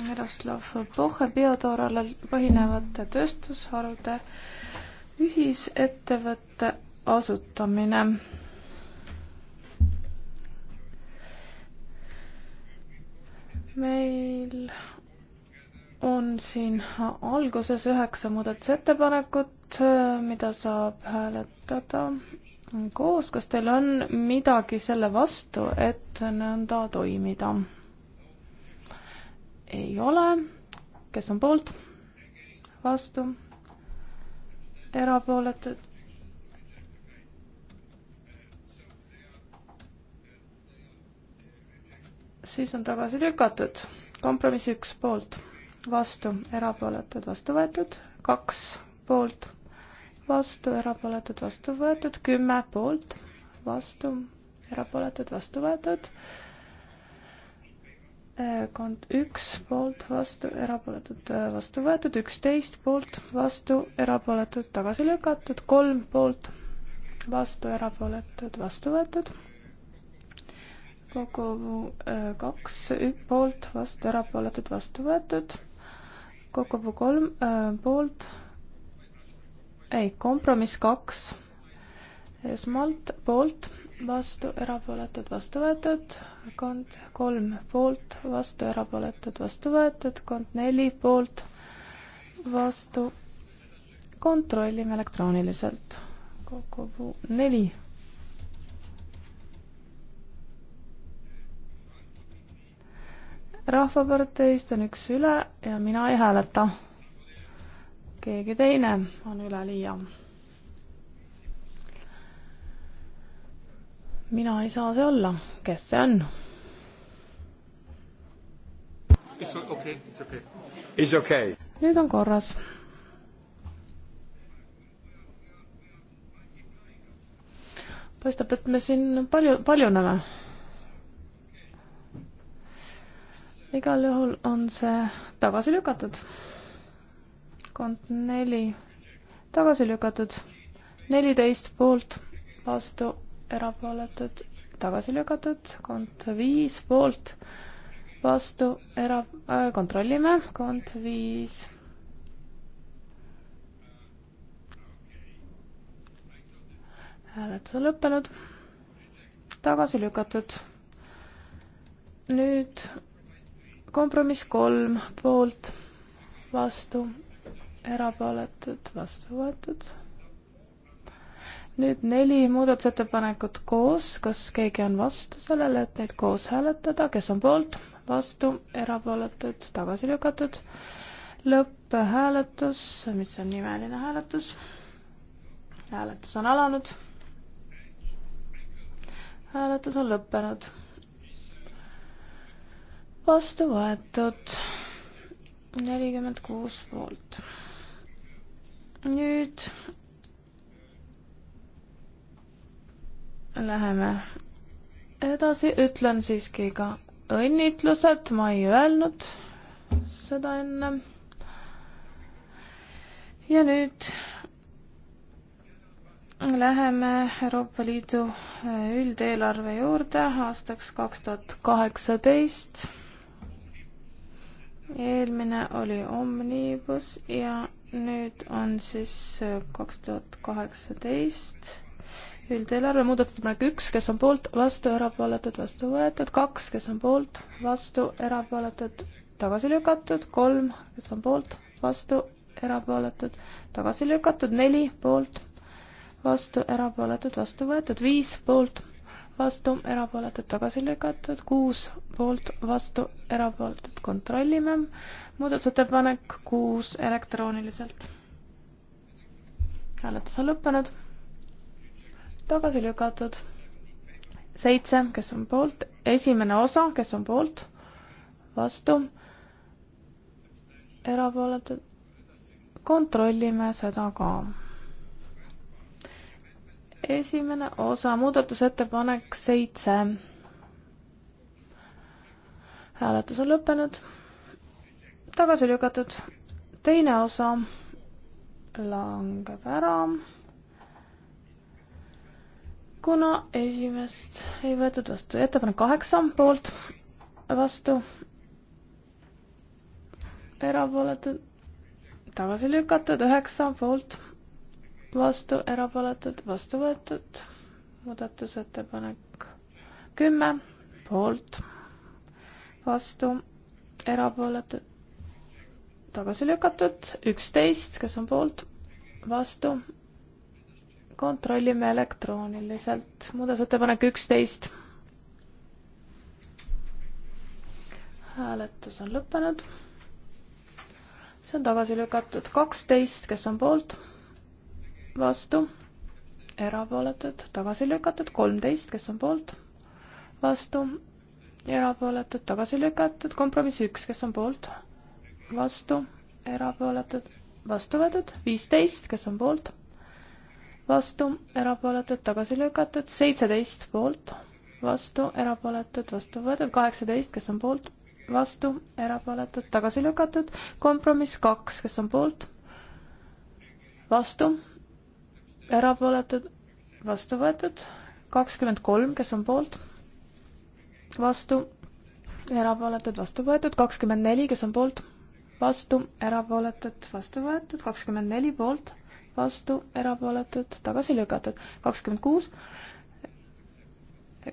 Miroslav Pohhe biotooral põhinevate tööstusharude ühisettevõtte asutamine. meil on siin alguses üheksa muudatusettepanekut, mida saab hääletada koos. kas teil on midagi selle vastu, et nõnda toimida? ei ole. kes on poolt? vastu? erapooletud? siis on tagasi lükatud. kompromiss üks poolt, vastu, erapooletud, vastu võetud, kaks poolt, vastu, erapooletud, vastu võetud, kümme poolt, vastu, erapooletud, vastu võetud kond üks poolt, vastu, erapooletud, äh, vastu võetud, üksteist poolt, vastu, erapooletud, tagasi lükatud, kolm poolt, vastu, erapooletud, vastu võetud. kogu äh, kaks poolt, vastu, erapooletud, vastu võetud. kogu kolm äh, poolt, ei, kompromiss kaks, esmalt poolt vastu, erapooletud, vastu võetud, kond kolm poolt, vastu, erapooletud, vastu võetud, kond neli poolt, vastu. kontrollime elektrooniliselt. kokku neli. rahvaparteist on üks üle ja mina ei hääleta. keegi teine on üleliia mina ei saa see olla, kes see on? Okay. Okay. Okay. nüüd on korras. paistab, et me siin palju, paljuneme. igal juhul on see tagasi lükatud. kond neli tagasi lükatud, neliteist poolt, vastu erapooletud, tagasi lükatud, kont viis poolt, vastu, era- äh,, kontrollime, kont viis. hääletus on lõppenud, tagasi lükatud. nüüd kompromiss kolm poolt, vastu, erapooletud, vastu võetud nüüd neli muudatusettepanekut koos, kas keegi on vastu sellele, et neid koos hääletada, kes on poolt, vastu, erapooletud, tagasi lükatud. lõpphääletus, mis on nimeline hääletus. hääletus on alanud. hääletus on lõppenud. vastu võetud nelikümmend kuus poolt. nüüd läheme edasi, ütlen siiski ka õnnitlused, ma ei öelnud seda enne. ja nüüd läheme Euroopa Liidu üldeelarve juurde aastaks kaks tuhat kaheksateist. eelmine oli Omnibus ja nüüd on siis kaks tuhat kaheksateist üldeelarve muudatusettepanek üks, kes on poolt, vastu, erapooletud, vastu võetud, kaks, kes on poolt, vastu, erapooletud, tagasi lükatud, kolm, kes on poolt, vastu, erapooletud, tagasi lükatud, neli, poolt, vastu, erapooletud, vastu võetud, viis, poolt, vastu, erapooletud, tagasi lükatud, kuus, poolt, vastu, erapooletud, kontrollime, muudatusettepanek kuus elektrooniliselt. hääletus on lõppenud tagasi lükatud. seitse, kes on poolt, esimene osa, kes on poolt, vastu, erapooletud, kontrollime seda ka. esimene osa, muudatusettepanek seitse. hääletus on lõppenud, tagasi lükatud, teine osa langeb ära kuna esimest ei võetud vastu, ettepanek kaheksa poolt vastu, erapooletud, tagasi lükatud, üheksa poolt vastu, erapooletud, vastu võetud, muudatusettepanek kümme poolt vastu, erapooletud, tagasi lükatud, üksteist, kes on poolt, vastu, kontrollime elektrooniliselt muudatusettepanek üksteist. hääletus on lõppenud. see on tagasi lükatud kaksteist, kes on poolt, vastu, erapooletud, tagasi lükatud kolmteist, kes on poolt, vastu, erapooletud, tagasi lükatud, kompromiss üks, kes on poolt, vastu, erapooletud, vastu võetud, viisteist, kes on poolt vastu, erapooletud, tagasi lükatud, seitseteist poolt, vastu, erapooletud, vastu võetud, kaheksateist, kes on poolt, vastu, erapooletud, tagasi lükatud, kompromiss kaks, kes on poolt, vastu, erapooletud, vastu võetud, kakskümmend kolm, kes on poolt, vastu, erapooletud, vastu võetud, kakskümmend neli, kes on poolt, vastu, erapooletud, vastu võetud, kakskümmend neli poolt vastu, erapooletud, tagasi lükatud. kakskümmend kuus,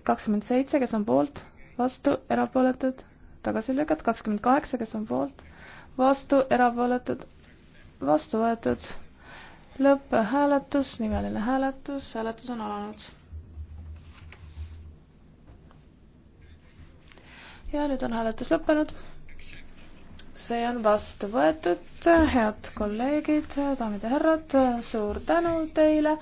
kakskümmend seitse, kes on poolt, vastu, erapooletud, tagasi lükatud. kakskümmend kaheksa, kes on poolt, vastu, erapooletud, vastu võetud. lõpphääletus, nimeline hääletus, hääletus on alanud ja nüüd on hääletus lõppenud see on vastu võetud, head kolleegid, daamid ja härrad, suur tänu teile.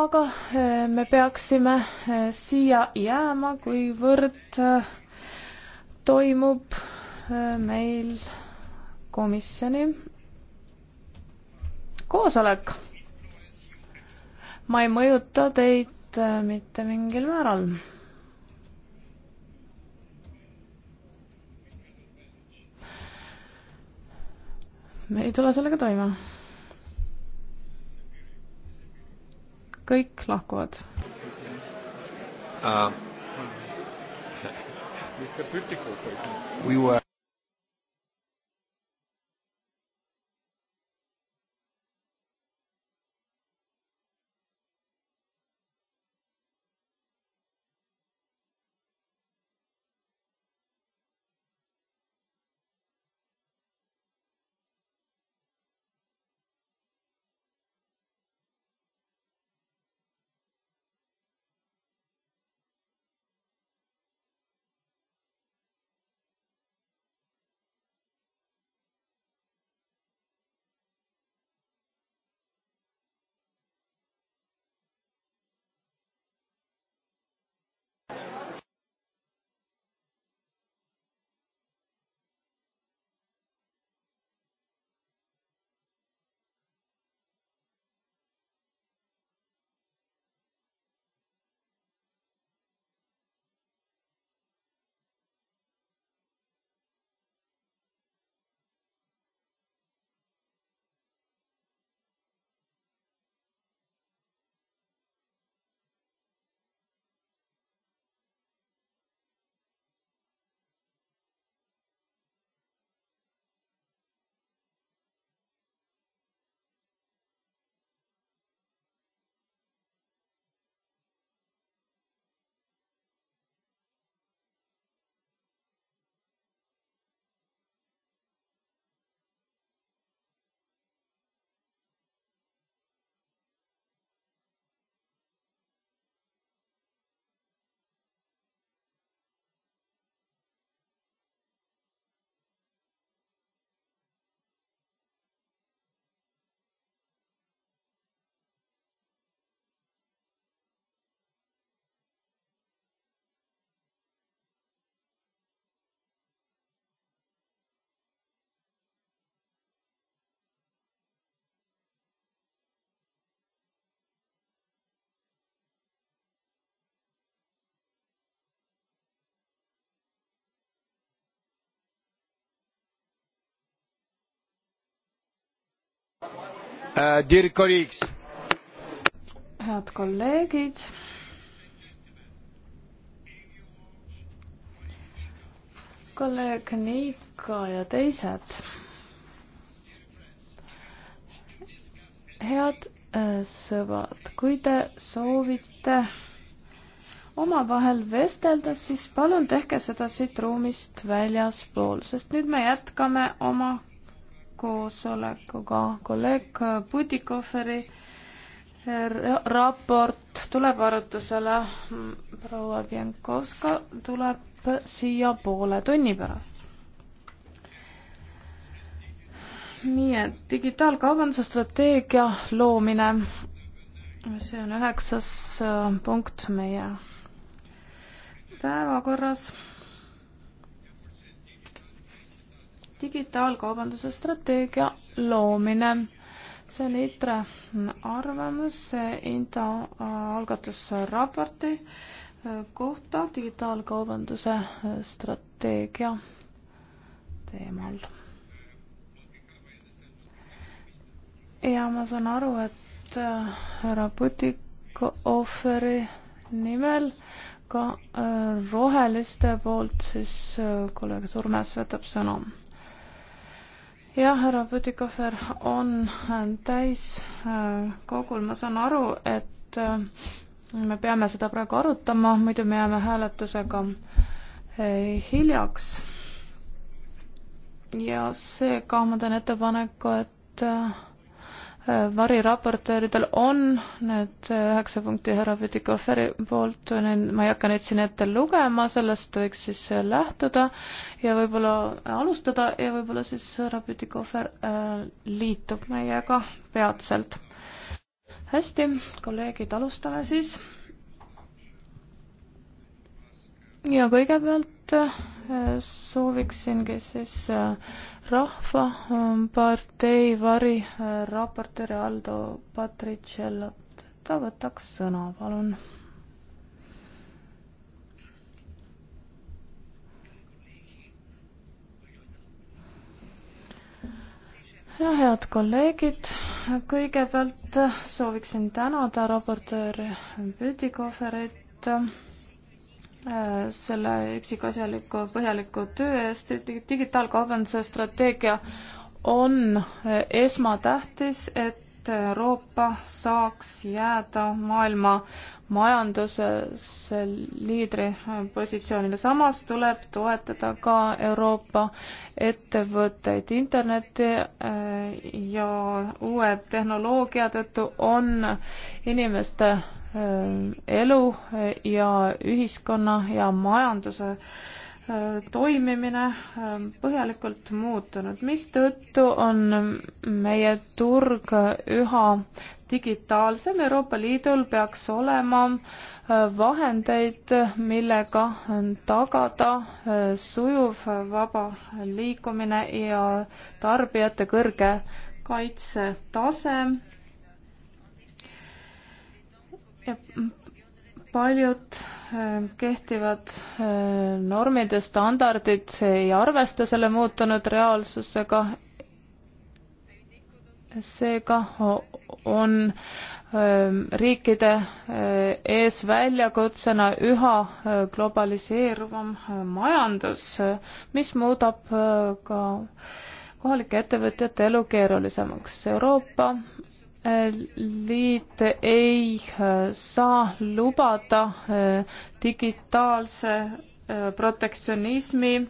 aga eh, me peaksime eh, siia jääma, kuivõrd eh, toimub meil komisjoni koosolek. ma ei mõjuta teid mitte mingil määral me ei tule sellega toime. kõik lahkuvad uh,. We were Uh, head kolleegid. kolleeg Niika ja teised. head äh, sõbrad, kui te soovite omavahel vestelda, siis palun tehke seda siit ruumist väljaspool, sest nüüd me jätkame oma koosolekuga kolleeg Putikoferi äh, raport tuleb arutusele. proua Pienkovska tuleb siia poole tunni pärast. nii et digitaalkaubanduse strateegia loomine, see on üheksas äh, punkt meie päevakorras digitaalkaubanduse strateegia loomine. see on ITRE arvamus INTA äh, algatusraporti äh, kohta digitaalkaubanduse äh, strateegia teemal. ja ma saan aru, et härra Putikohveri nimel ka roheliste poolt siis kolleeg Surmes võtab sõna jah, härra Putikofer on äh, täiskogul, äh, ma saan aru, et äh, me peame seda praegu arutama, muidu me jääme hääletusega hiljaks. ja seega ma teen ettepaneku, et variraportööridel on need üheksa punkti härra Vidikoferi poolt, ma ei hakka neid siin ette lugema, sellest võiks siis lähtuda ja võib-olla alustada ja võib-olla siis härra Vidikofer äh, liitub meiega peatselt. hästi, kolleegid, alustame siis ja kõigepealt äh, sooviksingi siis äh, Rahvapartei ähm, variraportööri äh, Aldo Patricellot, ta võtaks sõna, palun. ja head kolleegid, kõigepealt sooviksin tänada raportöör Pütikoferit Äh, selle üksikasjaliku põhjaliku töö eest. digitaalkaubanduse strateegia on äh, esmatähtis, et Euroopa saaks jääda maailma majanduses liidri positsioonile. samas tuleb toetada ka Euroopa ettevõtteid. interneti äh, ja uue tehnoloogia tõttu on inimeste äh, elu äh, ja ühiskonna ja majanduse toimimine ähm, põhjalikult muutunud, mistõttu on meie turg üha digitaalsem. Euroopa Liidul peaks olema äh, vahendeid, millega tagada äh, sujuv vaba liikumine ja tarbijate kõrge kaitsetase ja paljud äh, kehtivad äh, normid ja standardid ei arvesta selle muutunud reaalsusega. seega on ähm, riikide äh, ees väljakutsena üha globaliseeruvam majandus, mis muudab ka kohalike ettevõtjate elu keerulisemaks. Euroopa liit ei äh, saa lubada äh, digitaalse äh, protektsionismi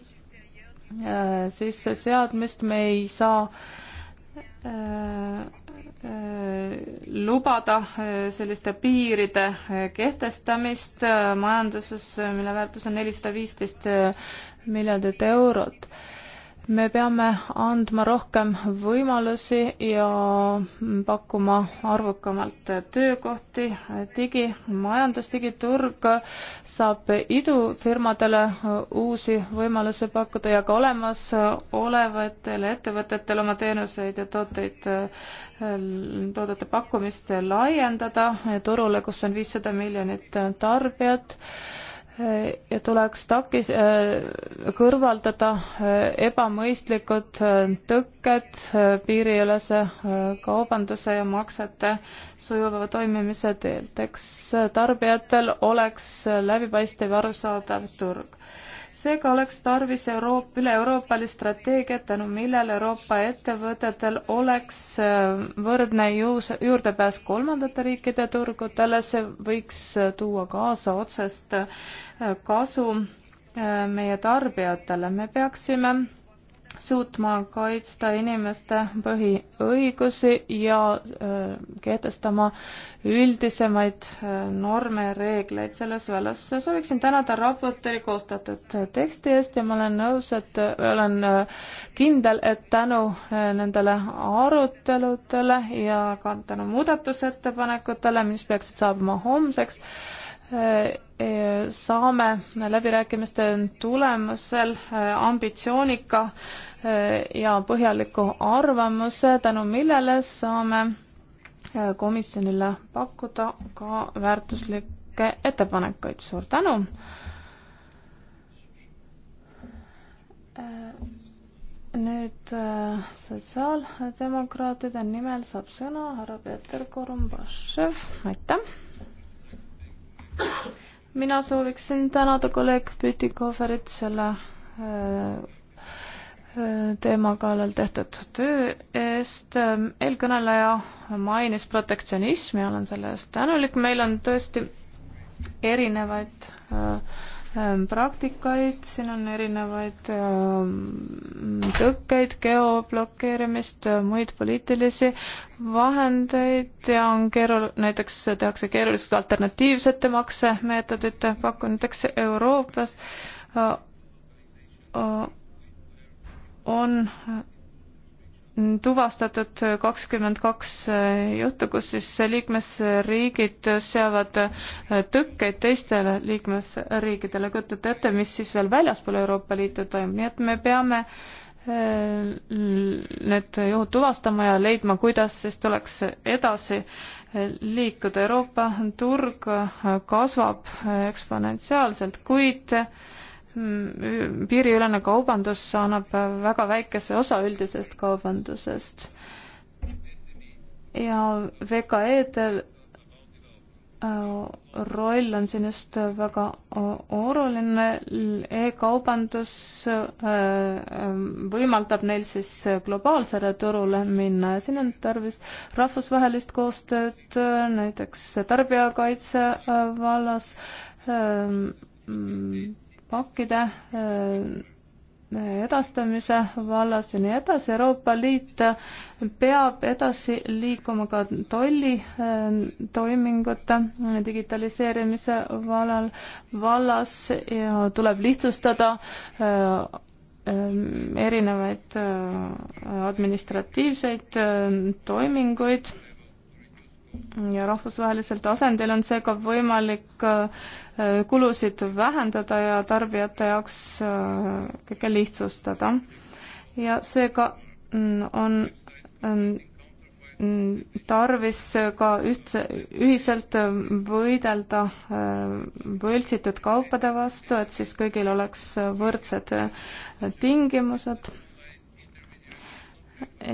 sisseseadmist, me ei saa lubada selliste piiride kehtestamist majanduses, mille väärtus on nelisada viisteist miljardit eurot me peame andma rohkem võimalusi ja pakkuma arvukamalt töökohti. digimajandus, digiturg saab idufirmadele uusi võimalusi pakkuda ja ka olemasolevatele ettevõtetele oma teenuseid ja tooteid, toodete pakkumist laiendada turule, kus on viissada miljonit tarbijat ja tuleks takis-, äh, kõrvaldada äh, ebamõistlikud äh, tõkked piiriülese kaubanduse ja maksete sujuva toimimise teelt. eks tarbijatel oleks läbipaistev ja arusaadav turg seega oleks tarvis Euroop-, üle-euroopalist strateegiat, tänu millele Euroopa ettevõtetel oleks äh, võrdne juus-, juurdepääs kolmandate riikide turgudele, see võiks äh, tuua kaasa otsest äh, kasu meie tarbijatele, me peaksime suutma kaitsta inimeste põhiõigusi ja äh, kehtestama üldisemaid äh, norme ja reegleid selles vallas. sooviksin tänada raportööri koostatud teksti eest ja ma olen nõus, et äh, olen kindel, et tänu nendele aruteludele ja ka tänu muudatusettepanekutele, mis peaksid saabuma homseks, Äh, äh, saame läbirääkimiste tulemusel äh, ambitsioonika ja põhjaliku arvamuse, tänu millele saame komisjonile pakkuda ka väärtuslikke ettepanekuid. suur tänu! nüüd sotsiaaldemokraatide nimel saab sõna härra Peeter Korumbašev, aitäh! mina sooviksin tänada kolleeg Pütikoferit selle äh, äh, teema kallal tehtud töö eest. Ähm, eelkõneleja mainis protektsionismi, olen selle eest tänulik, meil on tõesti erinevaid äh, Ähm, praktikaid, siin on erinevaid ähm, tõkkeid, geoblokeerimist, äh, muid poliitilisi vahendeid ja on keeru-, näiteks tehakse keerulised alternatiivsete maksemeetodid, pakutakse Euroopas, äh, äh, on tuvastatud kakskümmend kaks juttu, kus siis liikmesriigid seavad tõkkeid teistele liikmesriikidele, kujutate ette, mis siis veel väljaspool Euroopa Liitu toimub, nii et me peame eh, need juhud tuvastama ja leidma, kuidas siis tuleks edasi liikuda. Euroopa turg kasvab eksponentsiaalselt, kuid Mm, piiriülene kaubandus annab väga väikese osa üldisest kaubandusest. ja VKE-del äh, roll on siin just väga oluline e, e-kaubandus äh, äh, võimaldab neil siis globaalsele turule minna ja siin on tarvis rahvusvahelist koostööd näiteks tarbijakaitse vallas mm, pakkide äh, edastamise vallas ja nii edasi, Euroopa Liit äh, peab edasi liikuma ka tolli äh, toimingute digitaliseerimise vallal, vallas ja tuleb lihtsustada erinevaid administratiivseid toiminguid ja rahvusvahelisel tasandil on seega võimalik äh, kulusid vähendada ja tarbijate jaoks äh, kõike lihtsustada. ja seega mm, on mm, mm, tarvis ka ühtse, ühiselt äh, võidelda võltsitud kaupade vastu, et siis kõigil oleks võrdsed tingimused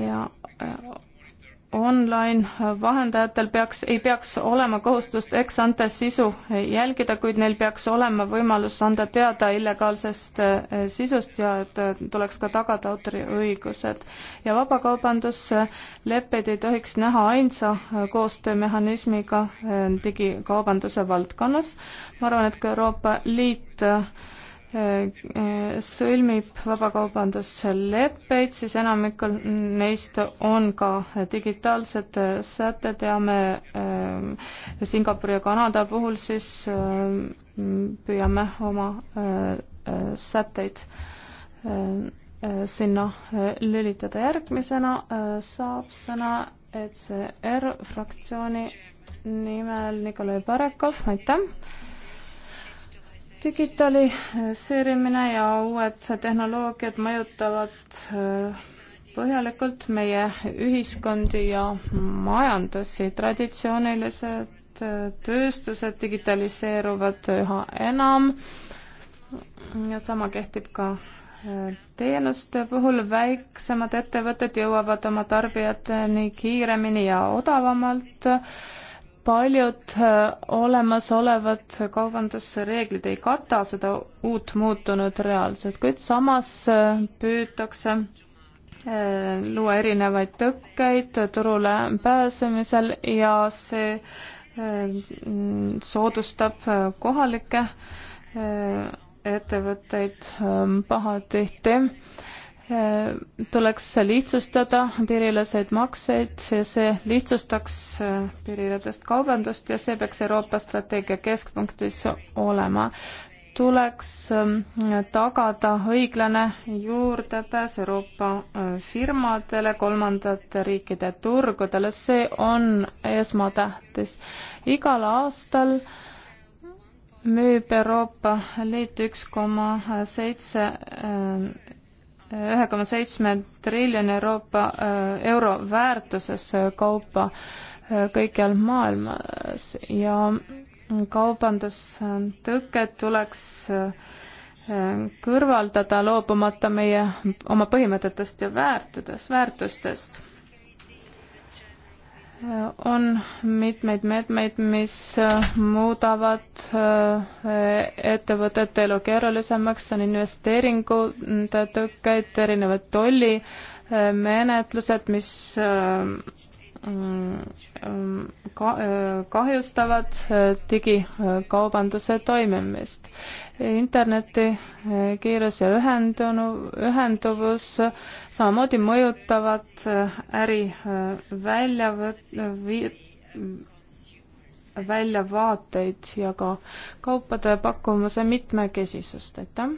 ja online vahendajatel peaks, ei peaks olema kohustust ex-ante sisu jälgida, kuid neil peaks olema võimalus anda teada illegaalsest eh, sisust ja et eh, tuleks ka tagada autoriõigused. ja vabakaubandusleppeid ei tohiks näha ainsa eh, koostöömehhanismiga digikaubanduse valdkonnas. ma arvan, et ka Euroopa Liit Äh, sõlmib vabakaubandusleppeid, siis enamikul neist on ka digitaalsed sätted ja me äh, Singapuri ja Kanada puhul siis äh, püüame oma sätteid sinna lülitada. järgmisena saab sõna ECR fraktsiooni nimel Nikolai Barekov, aitäh! digitaliseerimine eh, ja uued tehnoloogiad mõjutavad eh, põhjalikult meie ühiskondi ja majandusi. traditsioonilised eh, tööstused digitaliseeruvad üha enam ja sama kehtib ka teenuste puhul väiksemad ettevõtted jõuavad oma tarbijateni kiiremini ja odavamalt paljud äh, olemasolevad kaubandusreeglid ei kata seda uut muutunud reaalsust, kuid samas äh, püütakse äh, luua erinevaid tõkkeid turule pääsemisel ja see soodustab kohalikke ettevõtteid pahatihti Äh, tuleks lihtsustada piiriüleseid makseid, see lihtsustaks äh, piiriüledest kaubandust ja see peaks Euroopa strateegia keskpunktis olema. tuleks ähm, tagada õiglane juurdepääs Euroopa äh, firmadele, kolmandate riikide turgudele, see on esmatähtis. igal aastal müüb Euroopa Liit üks koma seitse ühe koma seitsme triljoni Euroopa, äh, euro väärtuses äh, kaupa äh, kõikjal maailmas ja kaubandustõkked tuleks kõrvaldada, loobumata meie oma põhimõtetest ja väärtudes, väärtustest on mitmeid meetmeid, mis äh, muudavad äh, ettevõtete elu keerulisemaks, on investeeringute tõkkeid, erinevad tollimenetlused, äh, mis mm, ka-, kahjustavad digikaubanduse toimimist interneti kiirus ja ühendunu, ühenduvus samamoodi mõjutavad äh, äri äh, väljavõt-, väljavaateid ja ka kaupade pakkumuse mitmekesisust, aitäh.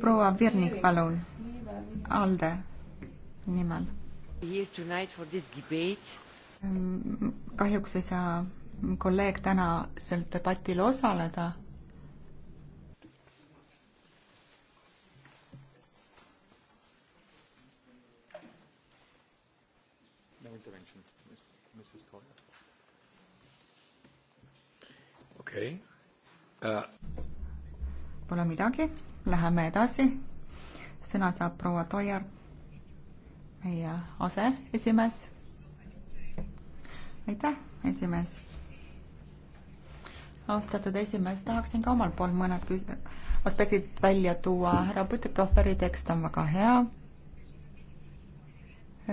proua Virnik, palun, ALDE nimel. Here tonight for this debate kahjuks ei saa kolleeg täna sel debatil osaleda. okei okay. uh.... Pole midagi, läheme edasi. sõna saab proua Toiar, meie aseesimees aitäh, esimees. austatud esimees, tahaksin ka omalt poolt mõned küs-, aspektid välja tuua. härra Putikoferi tekst on väga hea,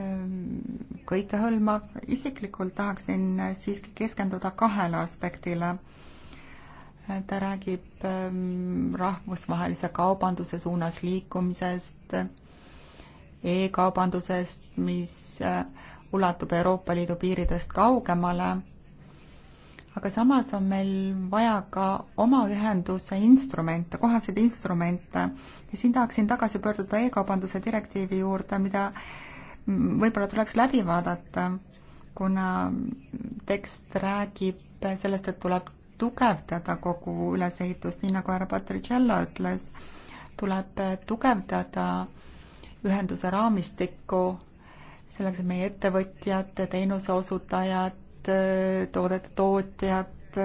ehm, kõikehõlmav. isiklikult tahaksin siiski keskenduda kahele aspektile ta räägib ehm, rahvusvahelise kaubanduse suunas liikumisest e, e-kaubandusest, mis ulatub Euroopa Liidu piiridest kaugemale, aga samas on meil vaja ka oma ühenduse instrumente, kohaseid instrumente ja siin tahaksin tagasi pöörduda e-kaubanduse direktiivi juurde, mida võib-olla tuleks läbi vaadata, kuna tekst räägib sellest, et tuleb tugevdada kogu ülesehitust, nii nagu härra Patricello ütles, tuleb tugevdada ühenduse raamistikku selleks, et meie ettevõtjad, teenuseosutajad, toodete tootjad,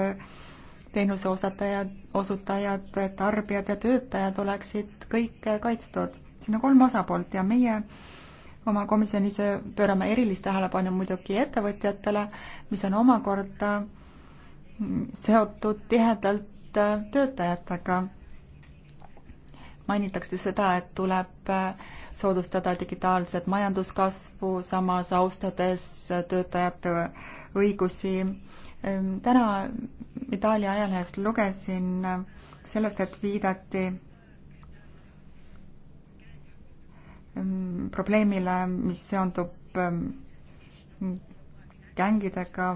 teenuseosutajad, osutajad, tarbijad ja töötajad oleksid kõik kaitstud. siin on kolm osapoolt ja meie oma komisjonis pöörame erilist tähelepanu muidugi ettevõtjatele, mis on omakorda seotud tihedalt töötajatega. mainitakse seda, et tuleb äh, soodustada digitaalset majanduskasvu, samas austades töötajate õigusi. Ehm, täna Itaalia ajalehest lugesin äh, sellest, et viidati ehm, probleemile, mis seondub ehm, gängidega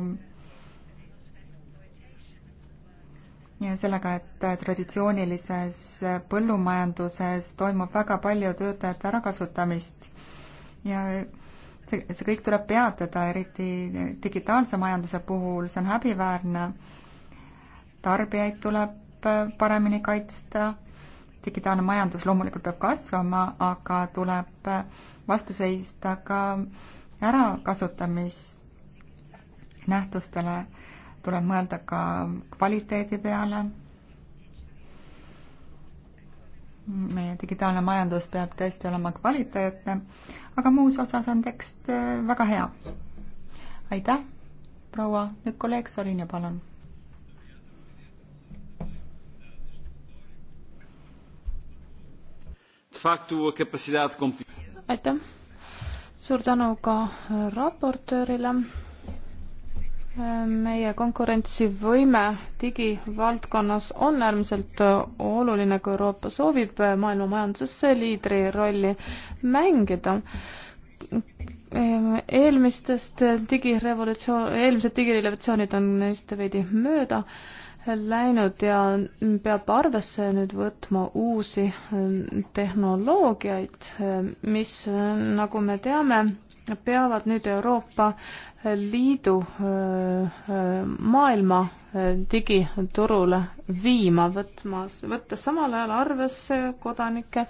ja sellega, et traditsioonilises põllumajanduses toimub väga palju töötajate ärakasutamist ja see, see kõik tuleb peatada, eriti digitaalse majanduse puhul, see on häbiväärne. tarbijaid tuleb paremini kaitsta, digitaalne majandus loomulikult peab kasvama, aga tuleb vastu seista ka ärakasutamisnähtustele tuleb mõelda ka kvaliteedi peale. meie digitaalne majandus peab tõesti olema kvaliteetne, aga muus osas on tekst äh, väga hea. aitäh, proua, nüüd kolleeg Sorinja, palun. aitäh, suur tänu ka raportöörile meie konkurentsivõime digivaldkonnas on äärmiselt oluline, kui Euroopa soovib maailma majanduses liidri rolli mängida. eelmistest digirevolutsioon, eelmised digirevolutsioonid on neist veidi mööda läinud ja peab arvesse nüüd võtma uusi tehnoloogiaid, mis, nagu me teame, peavad nüüd Euroopa Liidu maailma digiturule viima, võtma, võttes samal ajal arvesse kodanike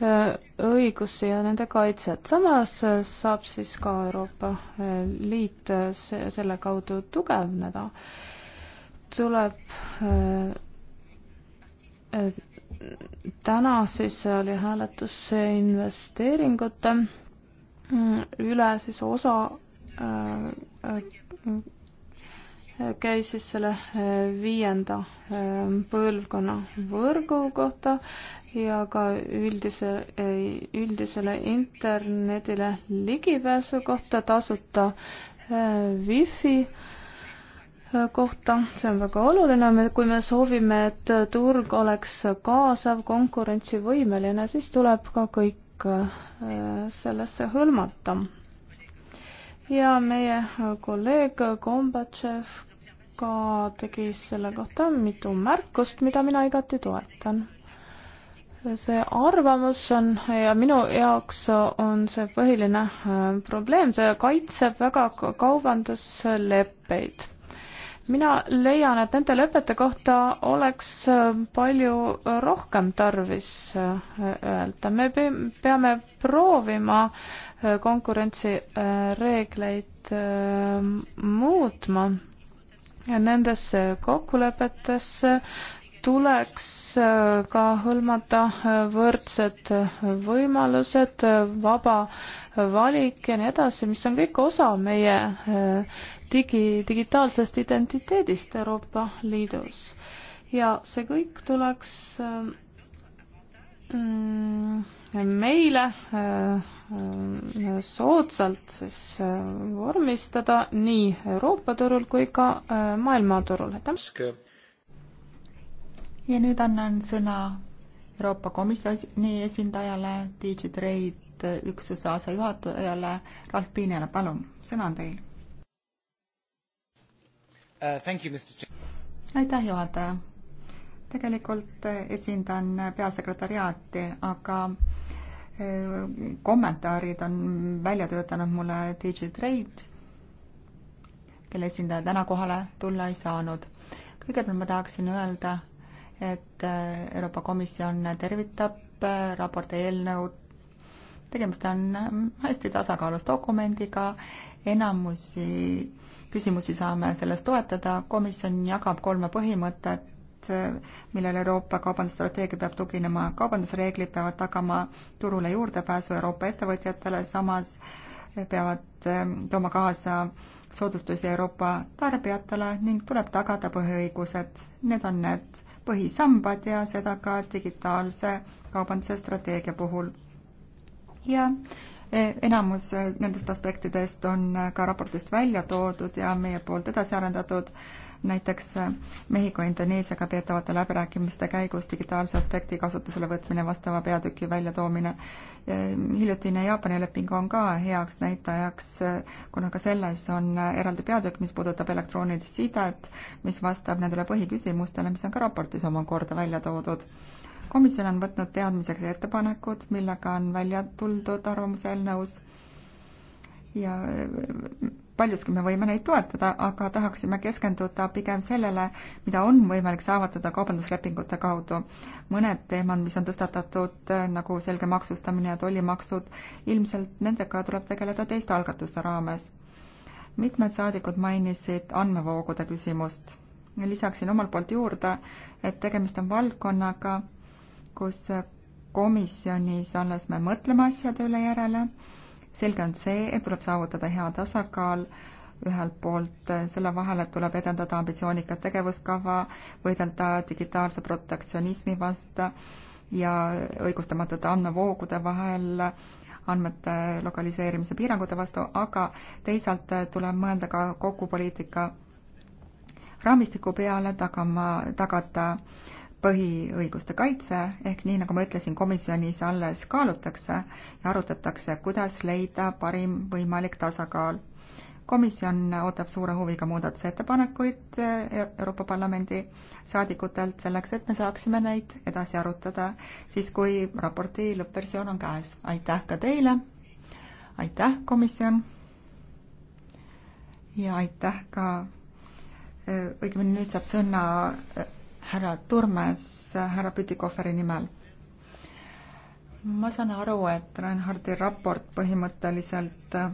õigusi ja nende kaitset. samas saab siis ka Euroopa Liit selle kaudu tugevneda. tuleb täna siis oli hääletus investeeringute Mm, üle siis osa äh, äh, käis siis selle äh, viienda põlvkonna võrgu kohta ja ka üldise, üldisele internetile ligipääsu kohta, tasuta wifi kohta, see on väga oluline, kui me soovime, et turg oleks kaasav, konkurentsivõimeline, siis tuleb ka kõik võimalik äh, sellesse hõlmata. ja meie kolleeg Kombatšev ka tegi selle kohta mitu märkust, mida mina igati toetan. see arvamus on ja minu jaoks on see põhiline äh, probleem, see kaitseb väga kaubandusleppeid mina leian, et nende lepete kohta oleks äh, palju äh, rohkem tarvis äh, öelda. me peame proovima konkurentsireegleid muutma nendesse kokkulepetesse tuleks äh, ka hõlmata äh, võrdsed äh, võimalused, vaba valik ja nii edasi, mis on kõik osa meie digi, digitaalsest identiteedist Euroopa Liidus. ja see kõik tuleks mm, meile soodsalt siis vormistada nii Euroopa turul kui ka maailmaturul, aitäh! ja nüüd annan sõna Euroopa Komisjoni esindajale, DigiTrade üksuse asejuhatajale Ralf Piinele, palun, sõna on teil uh,. aitäh, juhataja. tegelikult esindan peasekretäriaati, aga eh, kommentaarid on välja töötanud mulle DigiTrade, kelle esindaja täna kohale tulla ei saanud. kõigepealt ma tahaksin öelda, et äh, Euroopa Komisjon tervitab äh, raporti eelnõu. tegemist on ähm, hästi tasakaalus dokumendiga, enamusi küsimusi saame selles toetada, komisjon jagab kolme põhimõtet, äh, millele Euroopa kaubandusstrateegia peab tuginema. kaubandusreeglid peavad tagama turule juurdepääsu Euroopa ettevõtjatele, samas peavad ähm, tooma kaasa soodustusi Euroopa tarbijatele ning tuleb tagada põhiõigused. Need on need põhisambad ja seda ka digitaalse kaubanduse strateegia puhul. ja e, enamus e, nendest aspektidest on e, ka raportist välja toodud ja meie poolt edasi arendatud äh, näiteks äh, Mehhiko, Indoneesiaga peetavate läbirääkimiste käigus digitaalse aspekti kasutusele võtmine, vastava peatüki väljatoomine. Mm, hiljutine Jaapani leping on ka heaks näitajaks, äh, kuna ka selles on äh, eraldi peatükk, mis puudutab elektroonilist sidet, mis vastab nendele põhiküsimustele, mis on ka raportis omakorda välja toodud komisjon on võtnud teadmiseks ettepanekud, millega on välja tuldud arvamuse eelnõus ja paljuski me võime neid toetada, aga tahaksime keskenduda pigem sellele, mida on võimalik saavutada kaubanduslepingute kaudu. mõned teemad, mis on tõstatatud, eh, nagu selge maksustamine ja tollimaksud, ilmselt nendega tuleb tegeleda teiste algatuste raames. mitmed saadikud mainisid andmevoogude küsimust. lisaksin omalt poolt juurde, et tegemist on valdkonnaga, kus komisjonis alles me mõtleme asjade üle järele selge on see, et tuleb saavutada hea tasakaal ühelt poolt äh, selle vahel, et tuleb edendada ambitsioonikat tegevuskava, võidelda digitaalse protektsionismi vastu ja õigustamatute andmevoogude vahel, andmete lokaliseerimise piirangute vastu, aga teisalt äh, tuleb mõelda ka kogu poliitika raamistiku peale, tagama, tagada äh, põhiõiguste kaitse, ehk nii, nagu ma ütlesin, komisjonis alles kaalutakse ja arutatakse, kuidas leida parim võimalik tasakaal. komisjon ootab suure huviga muudatusettepanekuid eh, Euroopa Parlamendi saadikutelt selleks, et me saaksime neid edasi arutada siis, kui raporti lõppversioon on käes. aitäh ka teile, aitäh, komisjon, ja aitäh ka eh, õigemini nüüd saab sõna eh, härra Turmes härra Pütikoferi nimel. ma saan aru, et Reinhardi raport põhimõtteliselt äh,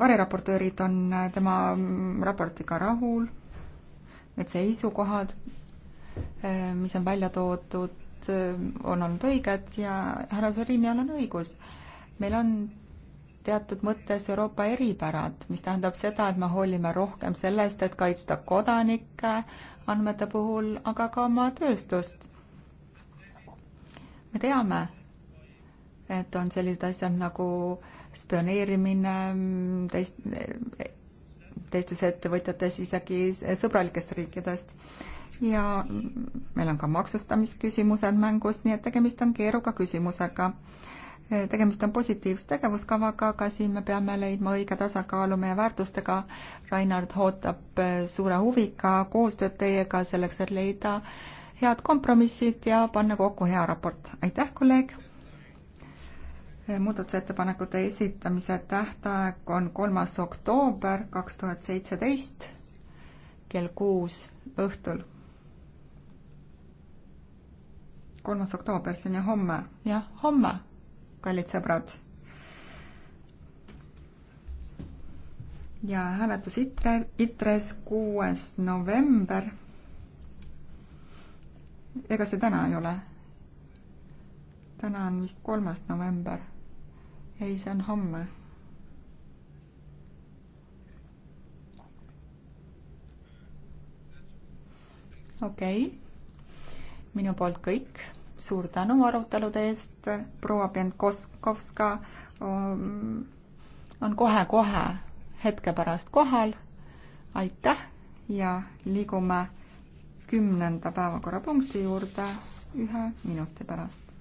variraportöörid on äh, tema raportiga rahul, need seisukohad, äh, mis on välja toodud, on olnud õiged ja härra Sorinjal on õigus. meil on teatud mõttes Euroopa eripärad, mis tähendab seda, et me hoolime rohkem sellest, et kaitsta kodanikke andmete puhul, aga ka oma tööstust. me teame, et on sellised asjad nagu spioneerimine teist, teistes ettevõtjates, isegi sõbralikest riikidest. ja meil on ka maksustamisküsimused mängus, nii et tegemist on keeruka küsimusega tegemist on positiivse tegevuskavaga, aga siin me peame leidma õige tasakaalu meie väärtustega. Reinhard ootab äh, suure huviga koostööd teiega selleks, et leida head kompromissid ja panna kokku hea raport. aitäh, kolleeg! Äh, muudatusettepanekute esitamise tähtaeg on kolmas oktoober kaks tuhat seitseteist kell kuus õhtul. kolmas oktoober, see on ju homme? jah, homme kallid sõbrad. ja hääletus ITRE, ITRE-s kuues november. ega see täna ei ole? täna on vist kolmas november. ei, see on homme. okei okay., minu poolt kõik suur tänu arutelude eest, proua Pentkovska um, on kohe-kohe hetke pärast kohal. aitäh ja liigume kümnenda päevakorrapunkti juurde ühe minuti pärast.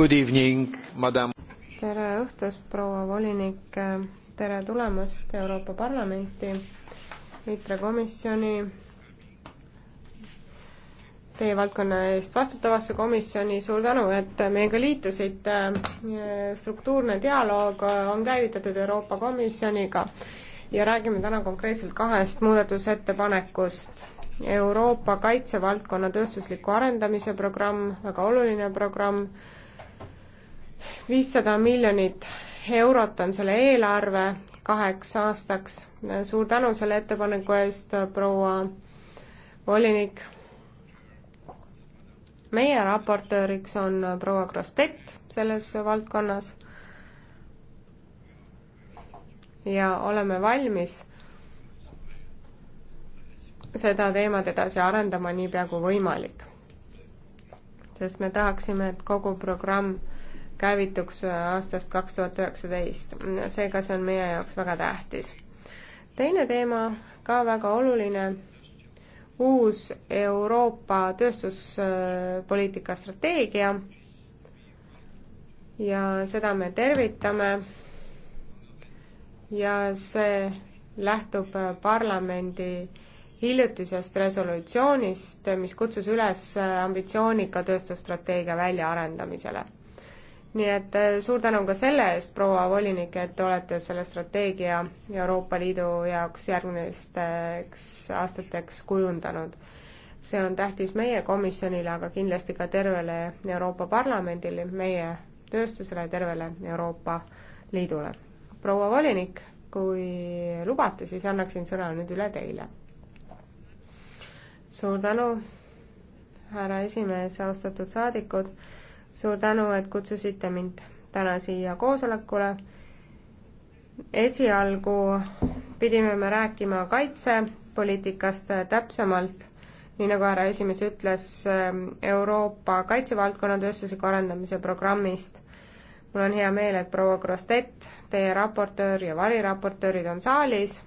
Good evening, madam. tere õhtust, proua volinik, tere tulemast Euroopa Parlamenti, ITRE komisjoni, teie valdkonna eest vastutavasse komisjoni, suur tänu, et meiega liitusite. struktuurne dialoog on käivitatud Euroopa Komisjoniga ja räägime täna konkreetselt kahest muudatusettepanekust Euroopa kaitsevaldkonna tööstusliku arendamise programm, väga oluline programm, viissada miljonit eurot on selle eelarve kaheks aastaks. suur tänu selle ettepaneku eest, proua volinik. meie raportööriks on proua Krostet selles valdkonnas. ja oleme valmis seda teemat edasi arendama niipea kui võimalik. sest me tahaksime, et kogu programm käivituks aastast kaks tuhat üheksateist. seega see on meie jaoks väga tähtis. teine teema, ka väga oluline, uus Euroopa tööstuspoliitika strateegia ja seda me tervitame ja see lähtub parlamendi hiljutisest resolutsioonist, mis kutsus üles ambitsioonika tööstusstrateegia väljaarendamisele nii et äh, suur tänu ka selle eest, proua volinik, et olete selle strateegia Euroopa Liidu jaoks järgmisteks aastateks kujundanud. see on tähtis meie komisjonile, aga kindlasti ka tervele Euroopa Parlamendile, meie tööstusele, tervele Euroopa Liidule. proua volinik, kui lubate, siis annaksin sõna nüüd üle teile. suur tänu, härra esimees, austatud saadikud suur tänu, et kutsusite mind täna siia koosolekule. esialgu pidime me rääkima kaitsepoliitikast täpsemalt, nii nagu härra esimees ütles, Euroopa kaitsevaldkonna tööstusliku arendamise programmist. mul on hea meel, et proua Krostet, teie raportöör ja variraportöörid on saalis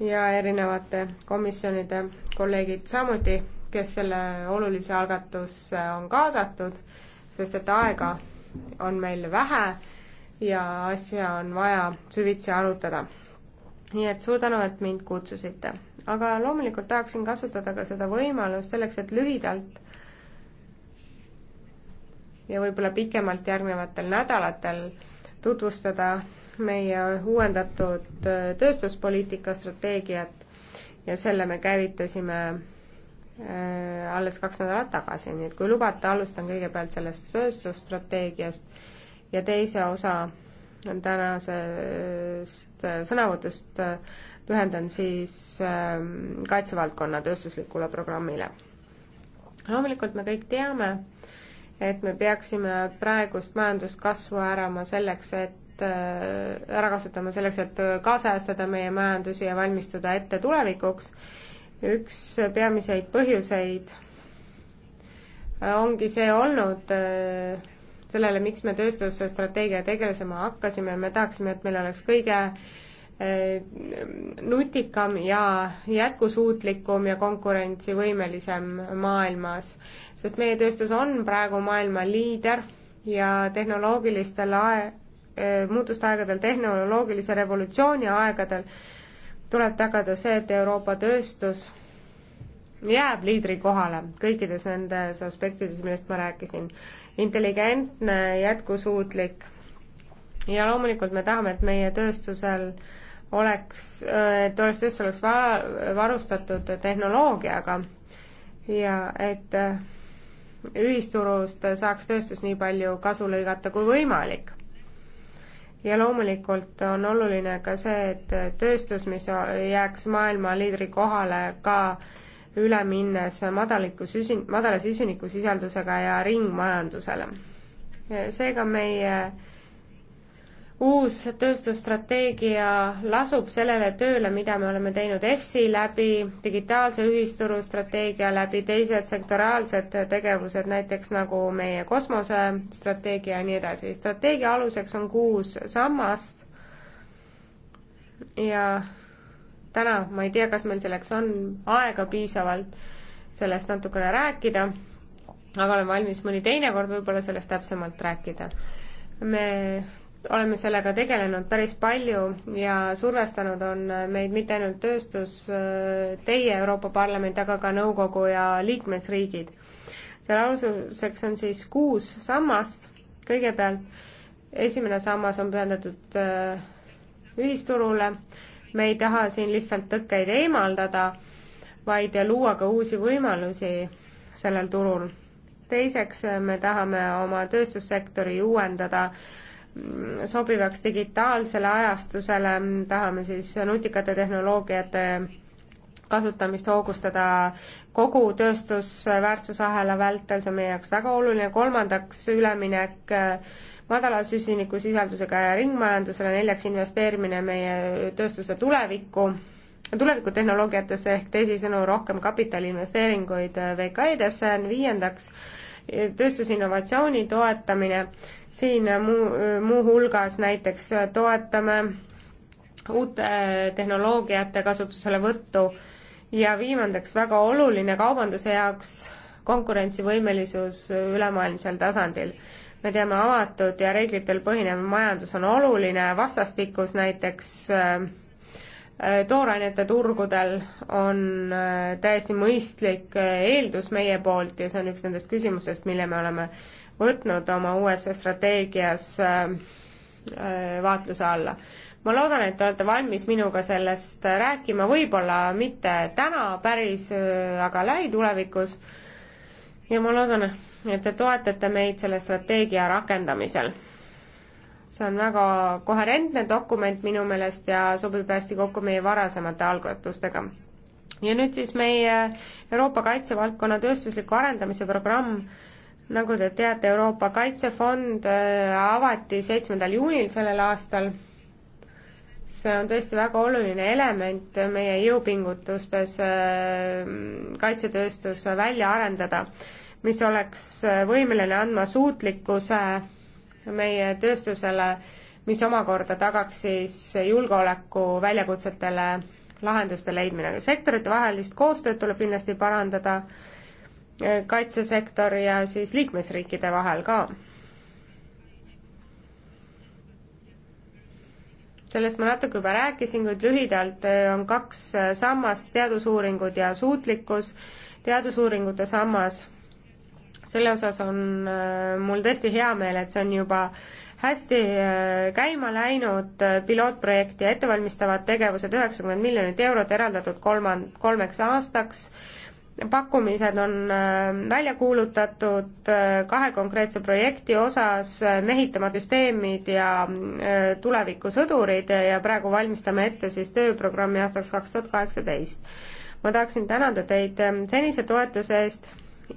ja erinevate komisjonide kolleegid samuti kes selle olulise algatusse on kaasatud, sest et aega on meil vähe ja asja on vaja süvitsi arutada. nii et suur tänu, et mind kutsusite. aga loomulikult tahaksin kasutada ka seda võimalust selleks, et lühidalt ja võib-olla pikemalt järgnevatel nädalatel tutvustada meie uuendatud tööstuspoliitika strateegiat ja selle me käivitasime Äh, alles kaks nädalat tagasi, nii et kui lubate, alustan kõigepealt sellest sööstusstrateegiast ja teise osa tänasest äh, sõnavõtust äh, pühendan siis ähm, kaitsevaldkonna tööstuslikule programmile. loomulikult me kõik teame, et me peaksime praegust majanduskasvu ärama selleks, et ära kasutama selleks, et kaasajastada meie majandusi ja valmistuda ette tulevikuks üks peamiseid põhjuseid ongi see olnud äh, sellele, miks me tööstuse strateegia tegelema hakkasime, me tahaksime, et meil oleks kõige äh, nutikam ja jätkusuutlikum ja konkurentsivõimelisem maailmas, sest meie tööstus on praegu maailma liider ja tehnoloogilistel ae-, äh, muutuste aegadel, tehnoloogilise revolutsiooni aegadel tuleb tagada see, et Euroopa tööstus jääb liidrikohale kõikides nendes aspektides, millest ma rääkisin. intelligentne, jätkusuutlik ja loomulikult me tahame, et meie tööstusel oleks, et oleks tööstus oleks va-, varustatud tehnoloogiaga ja et ühisturust saaks tööstus nii palju kasu lõigata kui võimalik ja loomulikult on oluline ka see, et tööstus, mis jääks maailma liidri kohale ka üle minnes madaliku süsin-, madala süsinikusisaldusega ja ringmajandusele. seega meie uus tööstusstrateegia lasub sellele tööle, mida me oleme teinud EFSI läbi, digitaalse ühisturu strateegia läbi, teised sektoraalsed tegevused, näiteks nagu meie kosmosestrateegia ja nii edasi. strateegia aluseks on kuus sammast ja täna ma ei tea, kas meil selleks on aega piisavalt sellest natukene rääkida, aga olen valmis mõni teinekord võib-olla sellest täpsemalt rääkida. me oleme sellega tegelenud päris palju ja survestanud on meid mitte ainult tööstus, teie Euroopa Parlament, aga ka nõukogu ja liikmesriigid. selle aluseks on siis kuus sammast, kõigepealt esimene sammas on pühendatud äh, ühisturule, me ei taha siin lihtsalt tõkkeid eemaldada, vaid luua ka uusi võimalusi sellel turul. teiseks, äh, me tahame oma tööstussektori uuendada äh, sobivaks digitaalsele ajastusele, tahame siis nutikate tehnoloogiate kasutamist hoogustada kogu tööstusväärtusahela vältel, see on meie jaoks väga oluline, kolmandaks üleminek madala süsinikusisaldusega ringmajandusele, neljaks investeerimine meie tööstuse tulevikku, tulevikutehnoloogiatesse ehk teisisõnu rohkem kapitaliinvesteeringuid VKI-desse, viiendaks tööstusinnovatsiooni toetamine, siin muu, muuhulgas näiteks toetame uute tehnoloogiate kasutuselevõttu ja viimandaks väga oluline kaubanduse jaoks konkurentsivõimelisus ülemaailmsel tasandil. me teame, avatud ja reeglitel põhinev majandus on oluline, vastastikus näiteks äh, Äh, toorainete turgudel on äh, täiesti mõistlik äh, eeldus meie poolt ja see on üks nendest küsimustest, mille me oleme võtnud oma uues strateegias vaatluse alla. ma loodan, et te olete valmis minuga sellest rääkima, võib-olla mitte täna päris, aga lähitulevikus. ja ma loodan, et te toetate meid selle strateegia rakendamisel see on väga koherentne dokument minu meelest ja sobib hästi kokku meie varasemate algatustega. ja nüüd siis meie Euroopa kaitsevaldkonna tööstusliku arendamise programm, nagu te teate, Euroopa Kaitsefond äh, avati seitsmendal juunil sellel aastal. see on tõesti väga oluline element meie jõupingutustes äh, kaitsetööstus välja arendada, mis oleks võimeline andma suutlikkuse meie tööstusele, mis omakorda tagaks siis julgeoleku väljakutsetele lahenduste leidmine. sektorite vahelist koostööd tuleb kindlasti parandada, eh, kaitsesektor ja siis liikmesriikide vahel ka. sellest ma natuke juba rääkisin, kuid lühidalt eh, on kaks eh, sammast, teadusuuringud ja suutlikkus. teadusuuringute sammas selle osas on äh, mul tõesti hea meel, et see on juba hästi äh, käima läinud äh, pilootprojekt ja ettevalmistavad tegevused, üheksakümmend miljonit eurot eraldatud kolmand-, kolmeks aastaks, pakkumised on välja kuulutatud kahe konkreetse projekti osas, mehitamad süsteemid ja tulevikusõdurid ja praegu valmistame ette siis tööprogrammi aastaks kaks tuhat kaheksateist. ma tahaksin tänada teid senise toetuse eest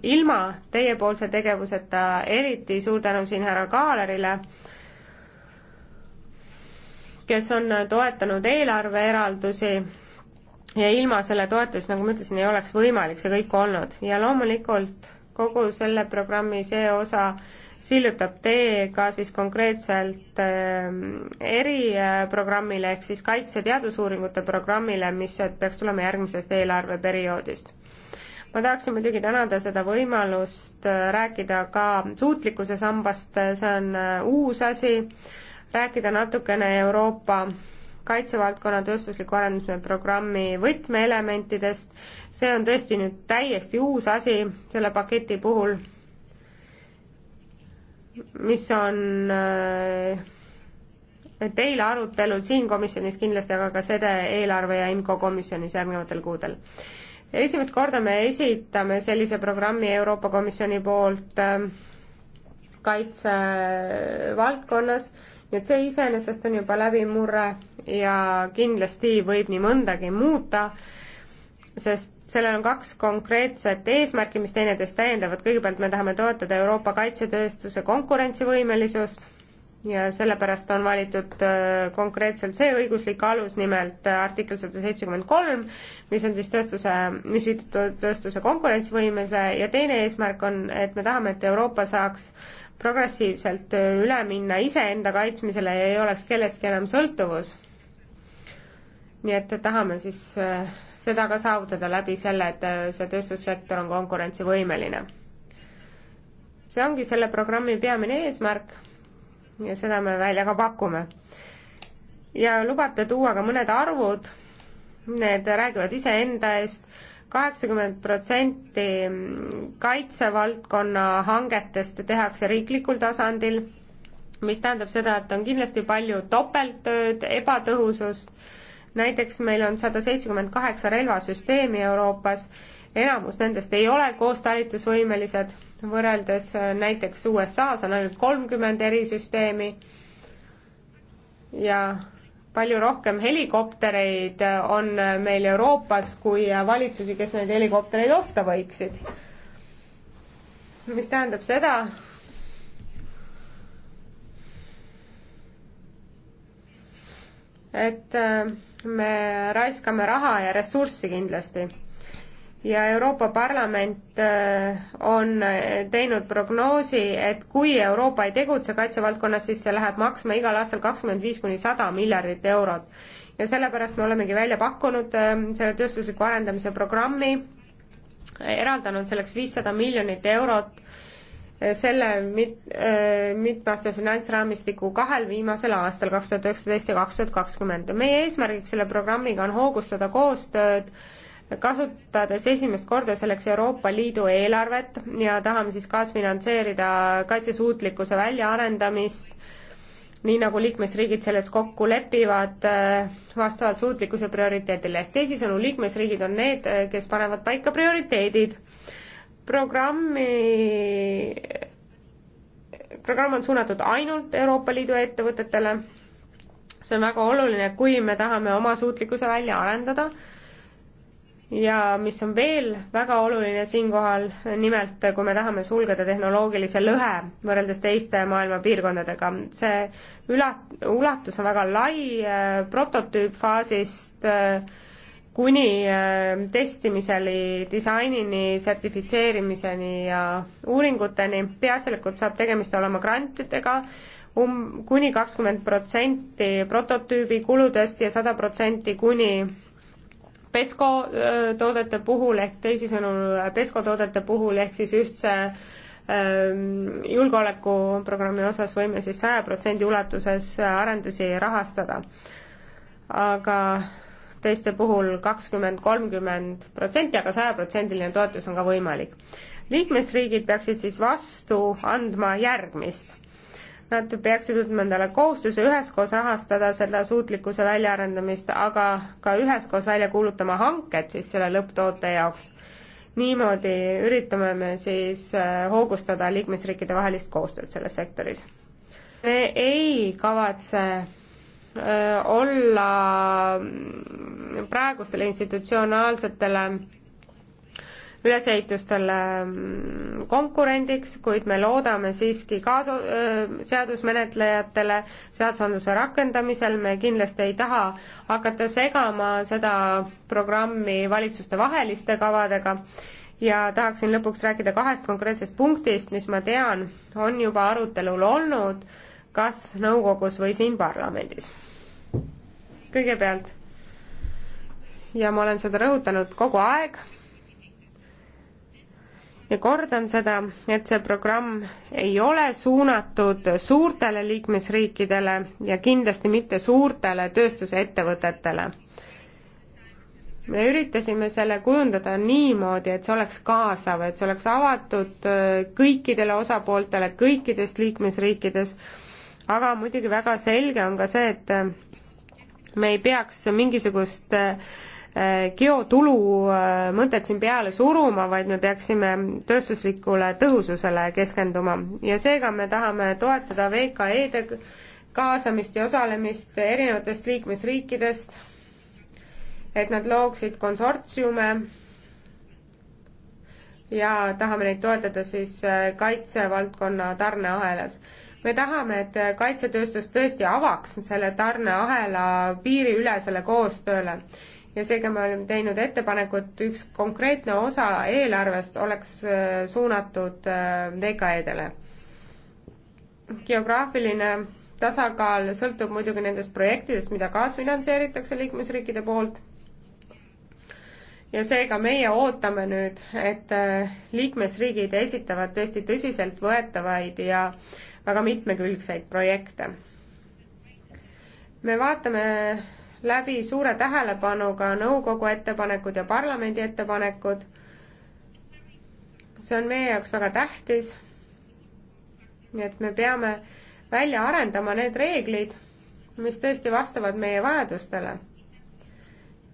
ilma teiepoolse tegevuseta, eriti suur tänu siin härra Kaalerile, kes on toetanud eelarveeraldusi ja ilma selle toetusest, nagu ma ütlesin, ei oleks võimalik see kõik olnud ja loomulikult kogu selle programmi see osa sillutab tee ka siis konkreetselt ehm, eriprogrammile ehk siis kaitse- ja teadusuuringute programmile, mis peaks tulema järgmisest eelarveperioodist ma tahaksin muidugi tänada seda võimalust äh, rääkida ka suutlikkuse sambast, see on äh, uus asi, rääkida natukene Euroopa kaitsevaldkonna tööstusliku arenduse programmi võtmeelementidest, see on tõesti nüüd täiesti uus asi selle paketi puhul, mis on äh, teil arutelul siin komisjonis kindlasti, aga ka SEDE eelarve ja IMCO komisjonis järgnevatel kuudel esimest korda me esitame sellise programmi Euroopa Komisjoni poolt ähm, kaitsevaldkonnas, nii et see iseenesest on juba läbimurre ja kindlasti võib nii mõndagi muuta, sest sellel on kaks konkreetset eesmärki, mis teineteist täiendavad, kõigepealt me tahame toetada Euroopa kaitsetööstuse konkurentsivõimelisust ja sellepärast on valitud äh, konkreetselt see õiguslik alus, nimelt äh, artikkel sada seitsekümmend kolm, mis on siis tööstuse, mis viitab tööstuse konkurentsivõimele ja teine eesmärk on, et me tahame, et Euroopa saaks progressiivselt äh, üle minna iseenda kaitsmisele ja ei oleks kellestki enam sõltuvus. nii et tahame siis seda ka saavutada läbi selle, et see tööstussektor on konkurentsivõimeline. see ongi selle programmi peamine eesmärk ja seda me välja ka pakume. ja lubate tuua ka mõned arvud, need räägivad iseenda eest, kaheksakümmend protsenti kaitsevaldkonna hangetest tehakse riiklikul tasandil, mis tähendab seda, et on kindlasti palju topelttööd, ebatõhusust, näiteks meil on sada seitsekümmend kaheksa relvasüsteemi Euroopas enamus nendest ei ole koostalitusvõimelised, võrreldes äh, näiteks USA-s on ainult kolmkümmend erisüsteemi ja palju rohkem helikoptereid äh, on äh, meil Euroopas kui valitsusi, kes neid helikoptereid osta võiksid. mis tähendab seda, et me raiskame raha ja ressurssi kindlasti ja Euroopa Parlament äh, on äh, teinud prognoosi, et kui Euroopa ei tegutse kaitsevaldkonnas, siis see läheb maksma igal aastal kakskümmend viis kuni sada miljardit eurot. ja sellepärast me olemegi välja pakkunud äh, selle tööstusliku arendamise programmi, eraldanud selleks viissada miljonit eurot selle mit-, mitmeaastase finantsraamistiku kahel viimasel aastal, kaks tuhat üheksateist ja kaks tuhat kakskümmend. meie eesmärgiks selle programmiga on hoogustada koostööd kasutades esimest korda selleks Euroopa Liidu eelarvet ja tahame siis kaasfinantseerida kaitsesuutlikkuse väljaarendamist, nii nagu liikmesriigid selles kokku lepivad äh, vastavalt suutlikkuse prioriteedile, ehk teisisõnu, liikmesriigid on need, äh, kes panevad paika prioriteedid. programmi, programm on suunatud ainult Euroopa Liidu ettevõtetele, see on väga oluline, kui me tahame oma suutlikkuse välja arendada ja mis on veel väga oluline siinkohal, nimelt kui me tahame sulgeda tehnoloogilise lõhe võrreldes teiste maailma piirkondadega, see üla-, ulatus on väga lai äh, prototüüpfaasist äh, kuni äh, testimiseni, disainini, sertifitseerimiseni ja uuringuteni, peaasjalikult saab tegemist olema grantidega, um-, kuni kakskümmend protsenti prototüübi kuludest ja sada protsenti kuni PESCO toodete puhul ehk teisisõnu PESCO toodete puhul ehk siis ühtse julgeolekuprogrammi osas võime siis saja protsendi ulatuses arendusi rahastada. aga teiste puhul kakskümmend, kolmkümmend protsenti, aga sajaprotsendiline toetus on ka võimalik. liikmesriigid peaksid siis vastu andma järgmist Nad peaksid võtma endale kohustuse üheskoos rahastada selle suutlikkuse väljaarendamist, aga ka üheskoos välja kuulutama hanked siis selle lõpptoote jaoks. niimoodi üritame me siis äh, hoogustada liikmesriikide vahelist koostööd selles sektoris. me ei kavatse äh, olla mm, praegustele institutsionaalsetele ülesehitustele mm, konkurendiks, kuid me loodame siiski kaasa, seadusmenetlejatele seadusandluse rakendamisel, me kindlasti ei taha hakata segama seda programmi valitsustevaheliste kavadega ja tahaksin lõpuks rääkida kahest konkreetsest punktist, mis ma tean, on juba arutelul olnud, kas nõukogus või siin parlamendis. kõigepealt, ja ma olen seda rõhutanud kogu aeg ja kordan seda, et see programm ei ole suunatud suurtele liikmesriikidele ja kindlasti mitte suurtele tööstusettevõtetele. me üritasime selle kujundada niimoodi, et see oleks kaasav, et see oleks avatud äh, kõikidele osapooltele kõikides liikmesriikides, aga muidugi väga selge on ka see, et äh, me ei peaks mingisugust äh, Äh, geotulu äh, mõtet siin peale suruma, vaid me peaksime tööstuslikule tõhususele keskenduma ja seega me tahame toetada VKE-de kaasamist ja osalemist erinevatest liikmesriikidest, et nad looksid konsortsiume ja tahame neid toetada siis äh, kaitsevaldkonna tarneahelas me tahame, et kaitsetööstus tõesti avaks selle tarneahela piiriülesele koostööle ja seega me oleme teinud ettepaneku, et üks konkreetne osa eelarvest oleks äh, suunatud äh, VKE-dele. geograafiline tasakaal sõltub muidugi nendest projektidest, mida kaasfinantseeritakse liikmesriikide poolt ja seega meie ootame nüüd, et äh, liikmesriigid esitavad tõesti tõsiseltvõetavaid ja väga mitmekülgseid projekte. me vaatame läbi suure tähelepanuga nõukogu ettepanekud ja parlamendi ettepanekud. see on meie jaoks väga tähtis. nii et me peame välja arendama need reeglid, mis tõesti vastavad meie vajadustele.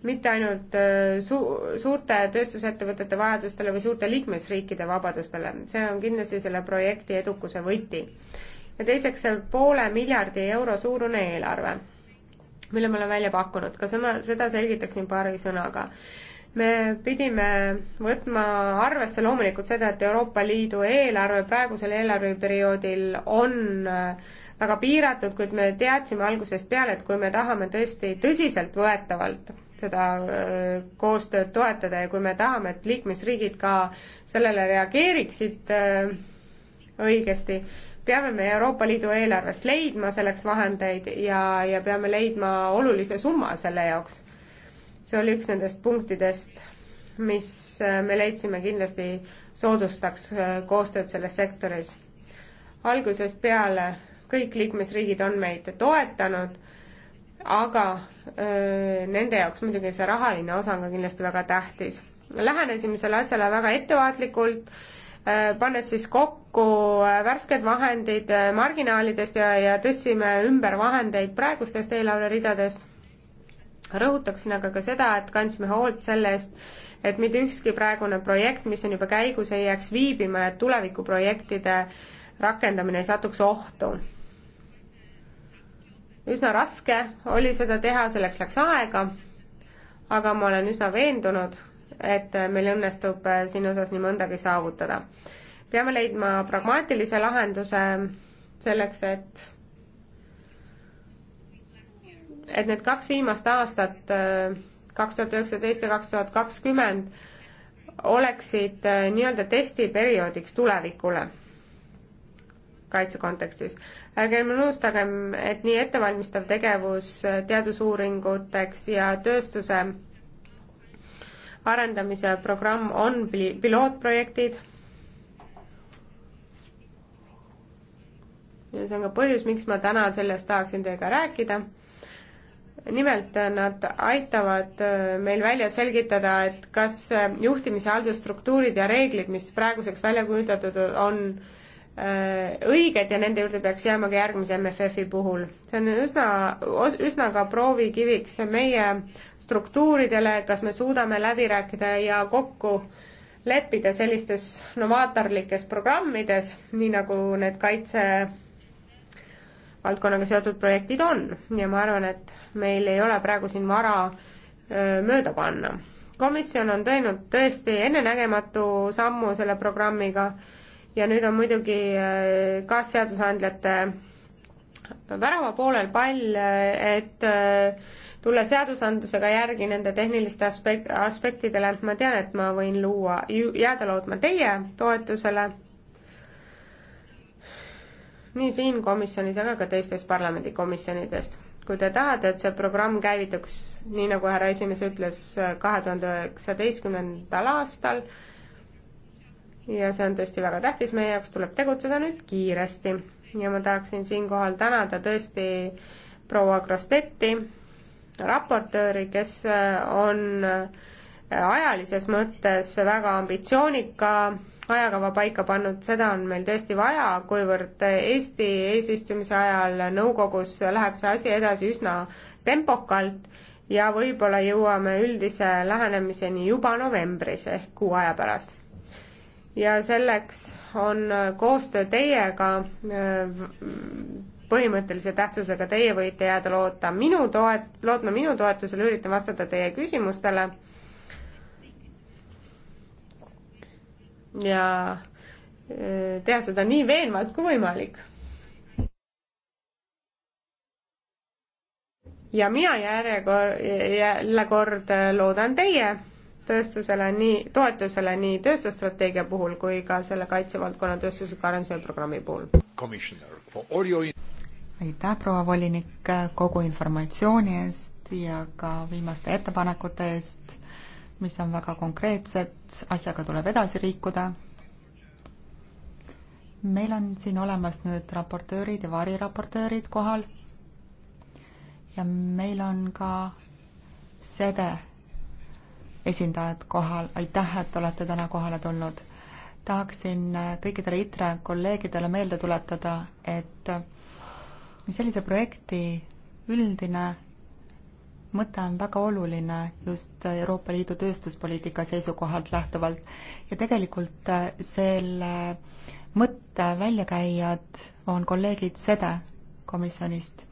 mitte ainult äh, su-, suurte tööstusettevõtete vajadustele või suurte liikmesriikide vabadustele, see on kindlasti selle projekti edukuse võti. ja teiseks, see poole miljardi euro suurune eelarve mille me oleme välja pakkunud, ka sama, seda selgitaksin paari sõnaga me pidime võtma arvesse loomulikult seda, et Euroopa Liidu eelarve praegusel eelarveperioodil on äh, väga piiratud, kuid me teadsime algusest peale, et kui me tahame tõesti tõsiseltvõetavalt seda äh, koostööd toetada ja kui me tahame, et liikmesriigid ka sellele reageeriksid äh, õigesti, peame me Euroopa Liidu eelarvest leidma selleks vahendeid ja, ja peame leidma olulise summa selle jaoks. see oli üks nendest punktidest, mis äh, me leidsime kindlasti soodustaks äh, koostööd selles sektoris. algusest peale kõik liikmesriigid on meid toetanud, aga öö, äh, nende jaoks muidugi see rahaline osa on ka kindlasti väga tähtis. lähenesime selle asjale väga ettevaatlikult Äh, pannes siis kokku äh, värsked vahendid äh, marginaalidest ja, ja tõstsime ümber vahendeid praegustest eelarveridadest. rõhutaksin aga ka seda, et kandsime hoolt selle eest, et mitte ükski praegune projekt, mis on juba käigus, ei jääks viibima, et tulevikuprojektide rakendamine ei satuks ohtu. üsna raske oli seda teha, selleks läks aega, aga ma olen üsna veendunud, et meil õnnestub äh, siin osas nii mõndagi saavutada. peame leidma pragmaatilise lahenduse selleks, et et need kaks viimast aastat, äh, kaks tuhat üheksateist ja kaks tuhat kakskümmend, oleksid äh, nii-öelda testiperioodiks tulevikule kaitse kontekstis. ärgem unustagem, et nii ettevalmistav tegevus teadusuuringuteks ja tööstuse arendamise programm on pilootprojektid. ja see on ka põhjus, miks ma täna sellest tahaksin teiega rääkida. nimelt nad aitavad äh, meil välja selgitada, et kas äh, juhtimise haldusstruktuurid ja reeglid, mis praeguseks välja kujutatud on, Äh, õiged ja nende juurde peaks jääma ka järgmise MFF-i puhul. see on üsna, üsna ka proovikiviks meie struktuuridele, kas me suudame läbi rääkida ja kokku leppida sellistes novaatorlikes programmides, nii nagu need kaitse valdkonnaga seotud projektid on ja ma arvan, et meil ei ole praegu siin vara öö, mööda panna. komisjon on teinud tõesti ennenägematu sammu selle programmiga ja nüüd on muidugi äh, kaasseadusandjate värava poolel pall, äh, et äh, tulla seadusandlusega järgi nende tehniliste aspek-, aspektidele, ma tean, et ma võin luua, jääda lootma teie toetusele, nii siin komisjonis, aga ka teistes parlamendikomisjonides. kui te tahate, et see programm käivituks, nii nagu härra esimees ütles, kahe tuhande üheksateistkümnendal aastal, ja see on tõesti väga tähtis, meie jaoks tuleb tegutseda nüüd kiiresti. ja ma tahaksin siinkohal tänada tõesti proua Krostetti, raportööri, kes äh, on äh, ajalises mõttes väga ambitsioonika ajakava paika pannud, seda on meil tõesti vaja, kuivõrd Eesti eesistumise ajal nõukogus läheb see asi edasi üsna tempokalt ja võib-olla jõuame üldise lähenemiseni juba novembris ehk kuu aja pärast ja selleks on äh, koostöö teiega äh, põhimõttelise tähtsusega, teie võite jääda loota minu toet-, lootma minu toetusele, üritan vastata teie küsimustele ja äh, teha seda nii veenvalt kui võimalik. ja mina järjekor-, jälle kord loodan teie tööstusele nii, toetusele nii tööstusstrateegia puhul kui ka selle kaitsevaldkonna tööstusliku arenduse programmi puhul. aitäh, proua volinik, kogu informatsiooni eest ja ka viimaste ettepanekute eest, mis on väga konkreetsed, asjaga tuleb edasi liikuda. meil on siin olemas nüüd raportöörid ja variraportöörid kohal ja meil on ka sede esindajad kohal, aitäh, et olete täna kohale tulnud. tahaksin äh, kõikidele ITRE kolleegidele meelde tuletada, et äh, sellise projekti üldine mõte on väga oluline just äh, Euroopa Liidu tööstuspoliitika seisukohalt lähtuvalt ja tegelikult selle mõtte väljakäijad on kolleegid SEDE komisjonist.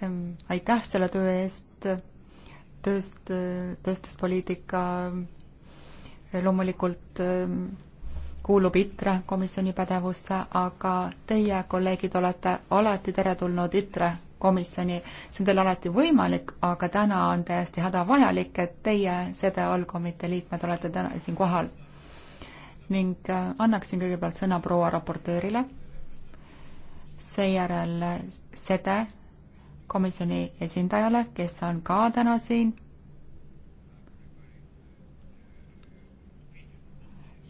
Ehm, aitäh selle töö eest tööst, tööstuspoliitika loomulikult ähm, kuulub ITRE komisjoni pädevusse, aga teie, kolleegid, olete alati teretulnud ITRE komisjoni, see on teil alati võimalik, aga täna on täiesti hädavajalik, et teie sede allkomitee liikmed olete täna siin kohal. ning äh, annaksin kõigepealt sõna proua raportöörile, seejärel äh, sede komisjoni esindajale, kes on ka täna siin.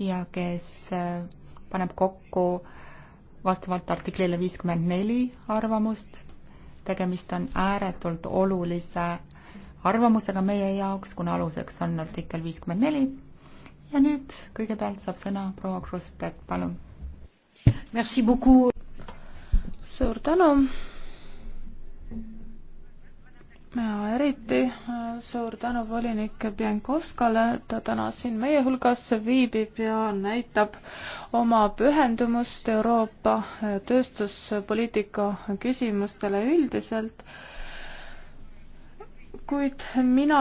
ja kes äh, paneb kokku vastavalt artiklile viiskümmend neli arvamust. tegemist on ääretult olulise arvamusega meie jaoks, kuna aluseks on artikkel viiskümmend neli. ja nüüd kõigepealt saab sõna proua Krusbeck, palun. suur tänu ja eriti äh, suur tänu volinik Biankovskale, ta täna siin meie hulgas viibib ja näitab oma pühendumust Euroopa äh, tööstuspoliitika küsimustele üldiselt kuid mina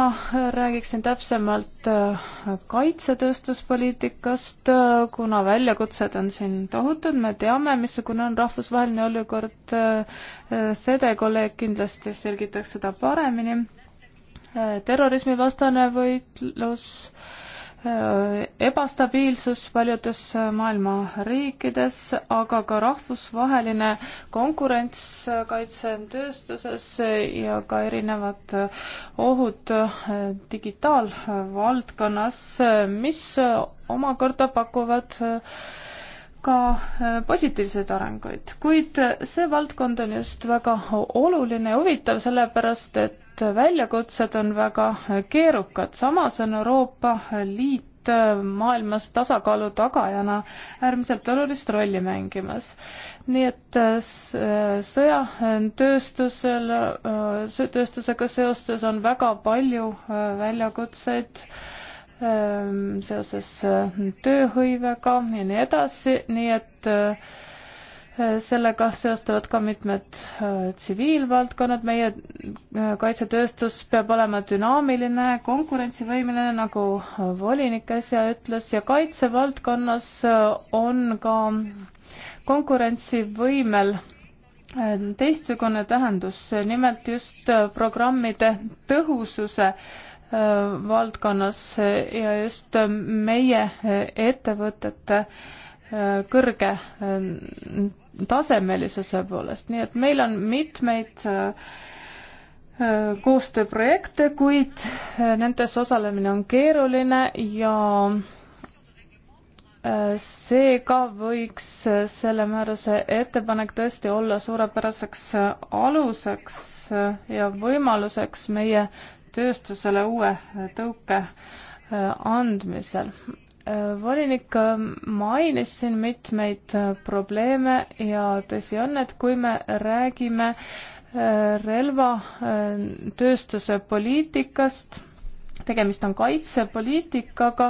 räägiksin täpsemalt äh, kaitsetööstuspoliitikast, äh, kuna väljakutsed on siin tohutud, me teame, missugune on rahvusvaheline olukord, äh, Sede kolleeg kindlasti selgitaks seda paremini, terrorismivastane võitlus äh,, Äh, ebastabiilsus paljudes äh, maailma riikides, aga ka rahvusvaheline konkurents äh, kaitsetööstuses ja ka erinevad ohud digitaalvaldkonnas, mis omakorda pakuvad ka positiivseid arenguid, kuid see valdkond on just väga oluline ja huvitav, sellepärast et et väljakutsed on väga keerukad, samas on Euroopa Liit maailmas tasakaalu tagajana äärmiselt olulist rolli mängimas. nii et äh, sõjatööstusel, äh, tööstusega seostes on väga palju äh, väljakutseid seoses tööhõivega ja nii edasi, nii et äh, sellega seostuvad ka mitmed äh, tsiviilvaldkonnad, meie äh, kaitsetööstus peab olema dünaamiline, konkurentsivõimeline, nagu äh, volinik äsja ütles, ja kaitsevaldkonnas on ka konkurentsivõimel teistsugune tähendus, nimelt just programmide tõhususe valdkonnas ja just meie ettevõtete äh, kõrge ähm, tasemelisuse poolest, nii et meil on mitmeid äh, äh, koostööprojekte, kuid äh, nendes osalemine on keeruline ja seega võiks selle määruse ettepanek tõesti olla suurepäraseks aluseks ja võimaluseks meie tööstusele uue tõuke andmisel. Äh, volinik äh, mainis siin mitmeid äh, probleeme ja tõsi on, et kui me räägime relvatööstuse poliitikast, tegemist on kaitsepoliitikaga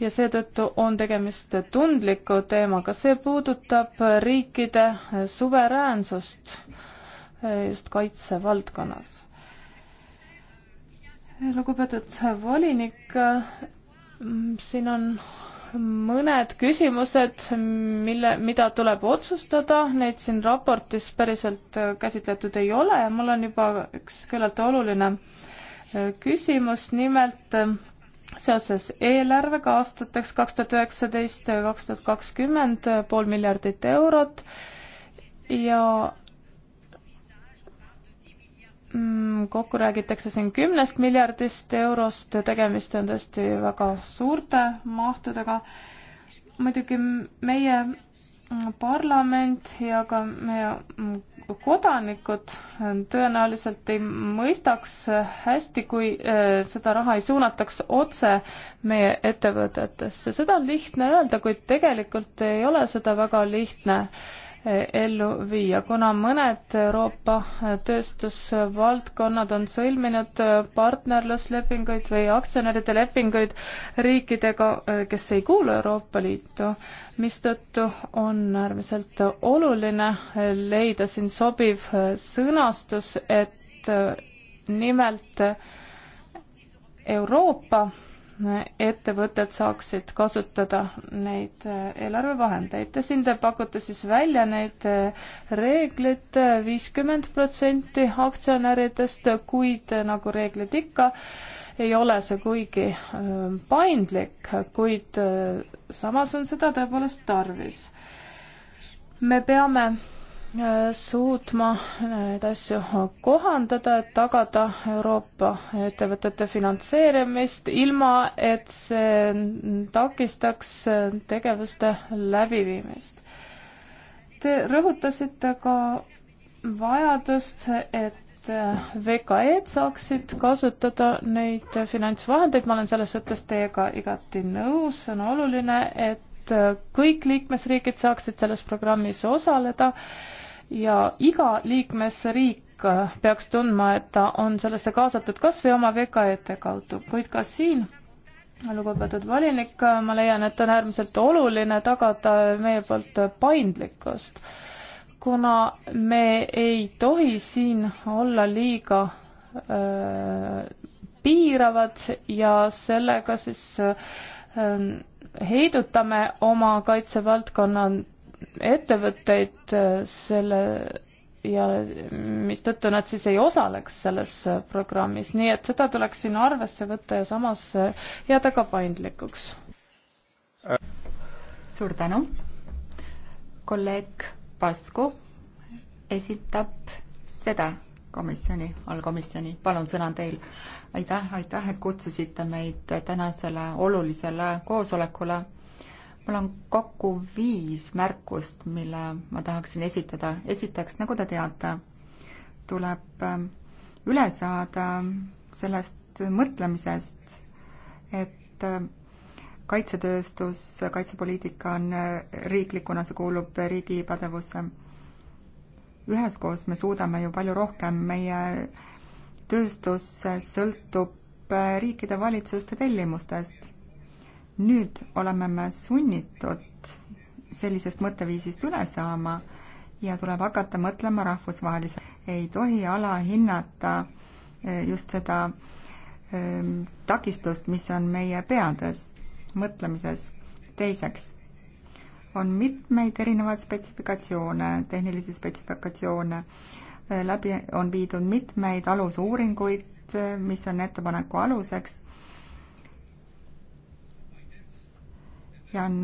ja seetõttu on tegemist tundliku teemaga. see puudutab riikide suveräänsust just kaitsevaldkonnas. lugupeetud volinik, Mm, siin on mõned küsimused, mille, mida tuleb otsustada, neid siin raportis päriselt äh, käsitletud ei ole ja mul on juba üks küllalt oluline äh, küsimus, nimelt äh, seoses eelarvega aastateks kaks tuhat üheksateist, kaks tuhat kakskümmend pool miljardit eurot ja Mm, kokku räägitakse siin kümnest miljardist eurost, tegemist on tõesti väga suurte mahtudega. muidugi meie parlament ja ka meie kodanikud tõenäoliselt ei mõistaks hästi, kui äh, seda raha ei suunataks otse meie ettevõtetesse. seda on lihtne öelda, kuid tegelikult ei ole seda väga lihtne ellu viia, kuna mõned Euroopa tööstusvaldkonnad on sõlminud partnerluslepinguid või aktsionäride lepinguid riikidega, kes ei kuulu Euroopa Liitu, mistõttu on äärmiselt oluline leida siin sobiv sõnastus, et nimelt Euroopa ettevõtted saaksid kasutada neid äh, eelarvevahendeid ja siin te pakute siis välja neid äh, reeglid äh, viiskümmend protsenti aktsionäridest, kuid nagu reeglid ikka, ei ole see kuigi paindlik, kuid samas on seda tõepoolest tarvis. me peame suutma neid asju kohandada, et tagada Euroopa ettevõtete finantseerimist, ilma et see takistaks tegevuste läbiviimist. Te rõhutasite ka vajadust, et VKE-d saaksid kasutada neid finantsvahendeid, ma olen selles suhtes teiega igati nõus, see on oluline, et et äh, kõik liikmesriigid saaksid selles programmis osaleda ja iga liikmesriik äh, peaks tundma, et ta on sellesse kaasatud kas või oma VKE-te kaudu, kuid ka siin lugupeetud volinik, äh, ma leian, et on äärmiselt oluline tagada meie poolt paindlikkust, kuna me ei tohi siin olla liiga öö, piiravad ja sellega siis öö, heidutame oma kaitsevaldkonna ettevõtteid äh, selle ja mistõttu nad siis ei osaleks selles äh, programmis, nii et seda tuleks siin arvesse võtta ja samas äh, jääda ka paindlikuks. suur tänu. kolleeg Pasku esitab seda komisjoni, allkomisjoni, palun, sõna on teil. aitäh, aitäh, et kutsusite meid tänasele olulisele koosolekule. mul on kokku viis märkust, mille ma tahaksin esitada. esiteks, nagu te teate, tuleb ähm, üle saada sellest mõtlemisest, et ähm, kaitsetööstus, kaitsepoliitika on äh, riiklikuna, see kuulub riigi pädevusse üheskoos me suudame ju palju rohkem, meie tööstus sõltub äh, riikide valitsuste tellimustest. nüüd oleme me sunnitud sellisest mõtteviisist üle saama ja tuleb hakata mõtlema rahvusvaheliselt. ei tohi alahinnata äh, just seda ähm, takistust, mis on meie peades, mõtlemises. teiseks, on mitmeid erinevaid spetsifikatsioone, tehnilisi spetsifikatsioone. läbi on viidud mitmeid alusuuringuid, mis on ettepaneku aluseks. ja on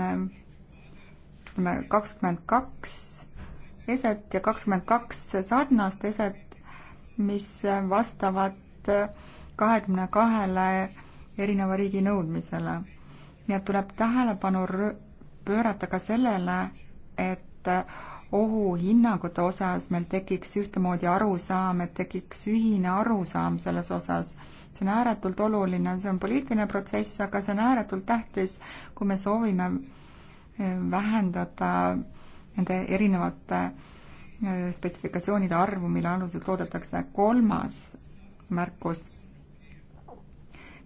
ütleme kakskümmend kaks eset ja kakskümmend kaks sarnast eset, mis vastavad kahekümne kahele erineva riigi nõudmisele. nii et tuleb tähelepanu pöörata ka sellele, et ohuhinnangute osas meil tekiks ühtemoodi arusaam, et tekiks ühine arusaam selles osas. see on ääretult oluline, see on poliitiline protsess, aga see on ääretult tähtis, kui me soovime eh, vähendada nende erinevate eh, spetsifikatsioonide arvu, mille alusel toodetakse. kolmas märkus,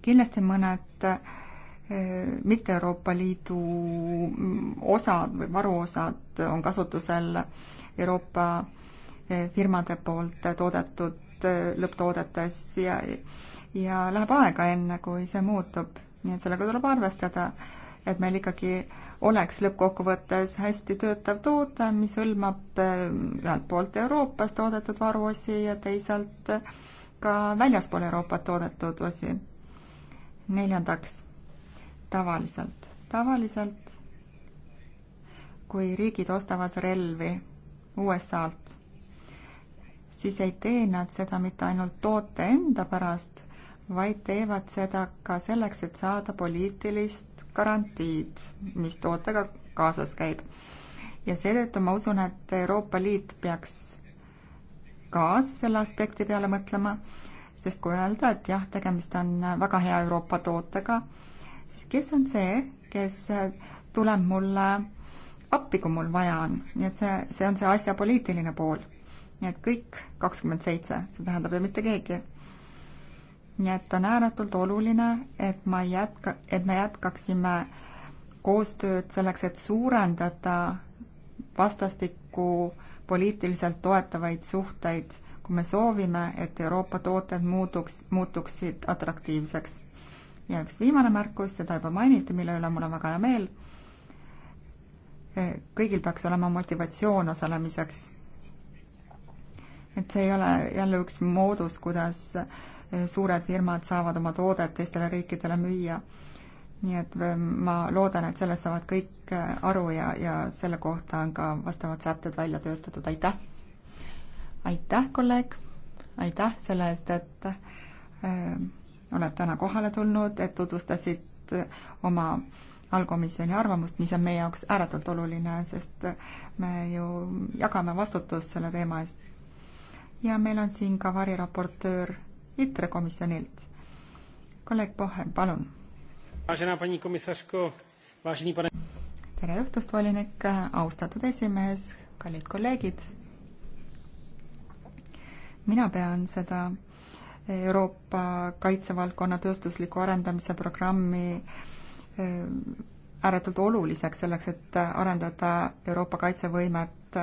kindlasti mõned eh, mitte Euroopa Liidu mm, osad või varuosad on kasutusel Euroopa eh, firmade poolt toodetud eh, lõpptoodetes ja, ja läheb aega, enne kui see muutub. nii et sellega tuleb arvestada, et meil ikkagi oleks lõppkokkuvõttes hästi töötav toode, mis hõlmab eh, ühelt poolt Euroopas toodetud varuosi ja teisalt ka väljaspool Euroopat toodetud osi. neljandaks tavaliselt, tavaliselt kui riigid ostavad relvi USA-lt, siis ei tee nad seda mitte ainult toote enda pärast, vaid teevad seda ka selleks, et saada poliitilist garantiid, mis tootega kaasas käib. ja seetõttu ma usun, et Euroopa Liit peaks ka selle aspekti peale mõtlema, sest kui öelda, et jah, tegemist on väga hea Euroopa tootega, siis kes on see, kes tuleb mulle appi, kui mul vaja on, nii et see, see on see asja poliitiline pool. nii et kõik kakskümmend seitse, see tähendab ju mitte keegi. nii et on ääretult oluline, et ma jätka, et me jätkaksime koostööd selleks, et suurendada vastastikku poliitiliselt toetavaid suhteid, kui me soovime, et Euroopa tooted muutuks, muutuksid atraktiivseks ja üks viimane märkus, seda juba mainiti, mille üle mul on väga hea meel. E, kõigil peaks olema motivatsioon osalemiseks. et see ei ole jälle üks moodus, kuidas e, suured firmad saavad oma toodet teistele riikidele müüa. nii et e, ma loodan, et sellest saavad kõik aru ja, ja selle kohta on ka vastavad sätted välja töötatud, aitäh! aitäh, kolleeg, aitäh selle eest, et äh, oled täna kohale tulnud, et tutvustasid äh, oma allkomisjoni arvamust, mis on meie jaoks ääretult oluline, sest me ju jagame vastutust selle teema eest. ja meil on siin ka variraportöör ITRE komisjonilt. kolleeg Pohen, palun. tere õhtust, volinik, austatud esimees, kallid kolleegid. mina pean seda Euroopa kaitsevaldkonna tööstusliku arendamise programmi eh, ääretult oluliseks selleks, et arendada Euroopa kaitsevõimet.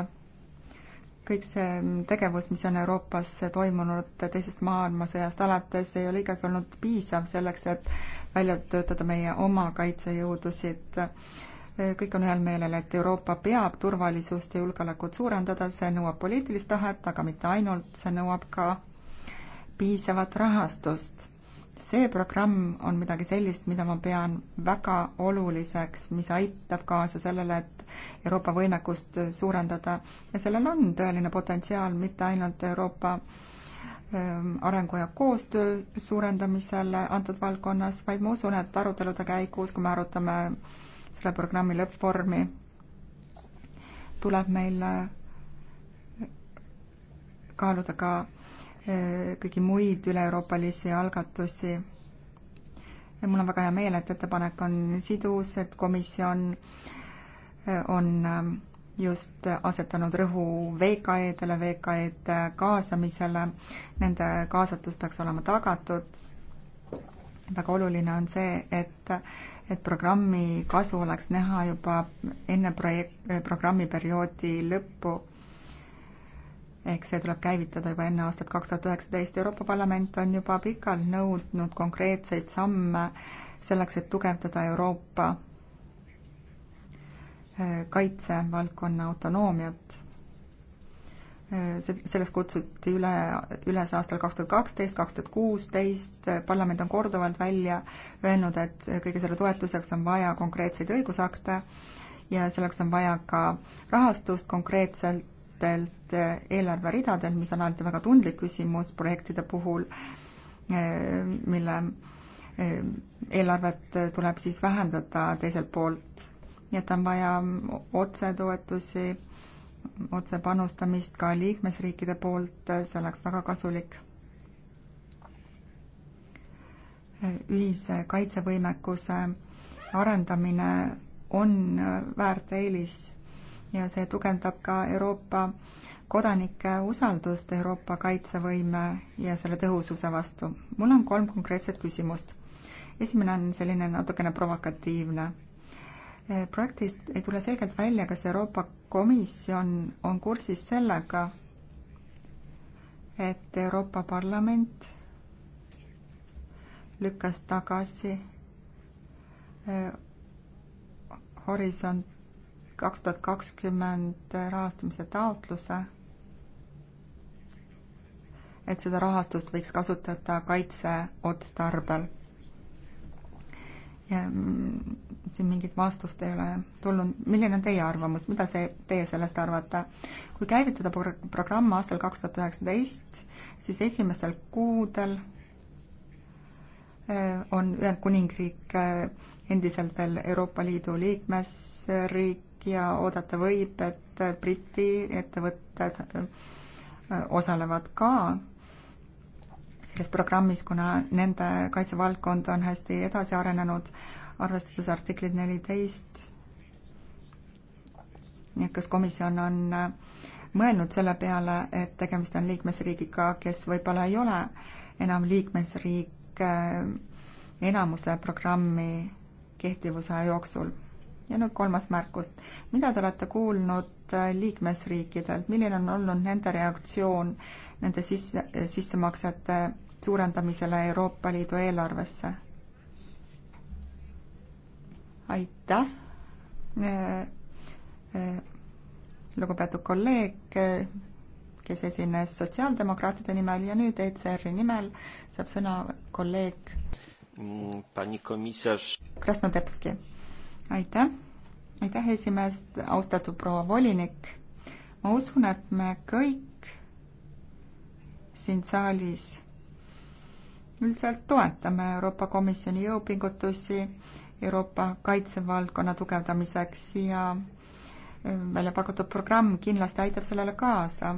kõik see tegevus, mis on Euroopas toimunud teisest maailmasõjast alates, ei ole ikkagi olnud piisav selleks, et välja töötada meie oma kaitsejõudusid eh, kõik on ühel meelel, et Euroopa peab turvalisust ja julgeolekut suurendada, see nõuab poliitilist tahet, aga mitte ainult, see nõuab ka piisavat rahastust. see programm on midagi sellist, mida ma pean väga oluliseks, mis aitab kaasa sellele, et Euroopa võimekust suurendada ja sellel on tõeline potentsiaal mitte ainult Euroopa ähm, arengu ja koostöö suurendamisele antud valdkonnas, vaid ma usun, et arutelude käigus, kui me arutame selle programmi lõppvormi, tuleb meil äh, kaaluda ka Eh, kõiki muid üle-euroopalisi algatusi. mul on väga hea meel, et ettepanek on sidus, et komisjon eh, on eh, just asetanud rõhu VKE-dele, VKE-de kaasamisele, nende kaasatus peaks olema tagatud. väga oluline on see, et, et programmi kasu oleks näha juba enne projekt, programmiperioodi lõppu ehk see tuleb käivitada juba enne aastat kaks tuhat üheksateist. Euroopa Parlament on juba pikalt nõudnud konkreetseid samme selleks, et tugevdada Euroopa äh, kaitsevaldkonna autonoomiat. Äh, see, sellest kutsuti üle, üles aastal kaks tuhat kaksteist, kaks tuhat kuusteist, parlament on korduvalt välja öelnud, et kõige selle toetuseks on vaja konkreetseid õigusakte ja selleks on vaja ka rahastust konkreetselt erinevatelt äh, eelarveridadelt, mis on alati väga tundlik küsimus projektide puhul, äh, mille äh, eelarvet tuleb siis vähendada teiselt poolt. nii et on vaja otsetoetusi, otse panustamist ka liikmesriikide poolt, see oleks väga kasulik. ühise kaitsevõimekuse arendamine on väärt eelis ja see tugevdab ka Euroopa kodanike usaldust Euroopa kaitsevõime ja selle tõhususe vastu. mul on kolm konkreetset küsimust. esimene on selline natukene provokatiivne. Eh, projektist ei tule selgelt välja, kas Euroopa Komisjon on kursis sellega, et Euroopa Parlament lükkas tagasi eh, horisont kaks tuhat kakskümmend rahastamise taotluse, et seda rahastust võiks kasutada kaitseotstarbel. ja mm, siin mingit vastust ei ole tulnud. milline on teie arvamus, mida see, teie sellest arvate? kui käivitada pro-, programm aastal kaks tuhat üheksateist, siis esimestel kuudel eh, on Ühendkuningriik eh, endiselt veel Euroopa Liidu liikmesriik, ja oodata võib, et Briti ettevõtted äh, osalevad ka selles programmis, kuna nende kaitsevaldkond on hästi edasi arenenud, arvestades artiklit neliteist. nii et kas komisjon on äh, mõelnud selle peale, et tegemist on liikmesriigiga, kes võib-olla ei ole enam liikmesriik äh, enamuse programmi kehtivusaja jooksul ja nüüd kolmas märkus. mida te olete kuulnud äh, liikmesriikidelt, milline on olnud nende reaktsioon nende sisse, sissemaksete suurendamisele Euroopa Liidu eelarvesse? aitäh, äh, äh, lugupeetud kolleeg, kes esines sotsiaaldemokraatide nimel ja nüüd ECR-i nimel saab sõna kolleeg mm, Pani komisar Krasnodebski aitäh, aitäh esimees, austatud proua volinik. ma usun, et me kõik siin saalis üldiselt toetame Euroopa Komisjoni jõupingutusi Euroopa kaitsevaldkonna tugevdamiseks ja eh, välja pakutud programm kindlasti aitab sellele kaasa.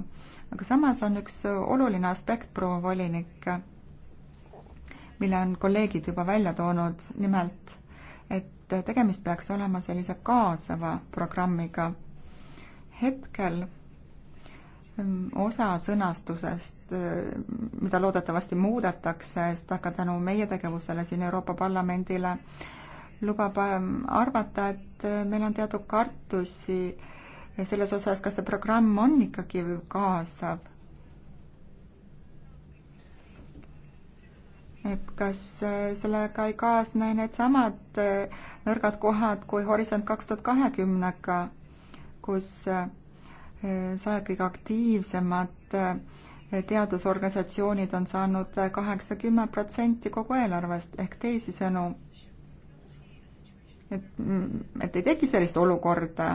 aga samas on üks oluline aspekt, proua volinik, mille on kolleegid juba välja toonud, nimelt et tegemist peaks olema sellise kaasava programmiga. hetkel mm, osa sõnastusest, mm, mida loodetavasti muudetakse, sest aga tänu meie tegevusele siin Euroopa Parlamendile lubab mm, arvata, et meil on teatud kartusi selles osas, kas see programm on ikkagi kaasav et kas äh, sellega ei kaasne needsamad äh, nõrgad kohad kui Horisont kaks tuhat kahekümnega, kus äh, sajad kõige aktiivsemad teadusorganisatsioonid on saanud kaheksa, kümme protsenti kogu eelarvest ehk teisisõnu, et, mm, et ei teki sellist olukorda,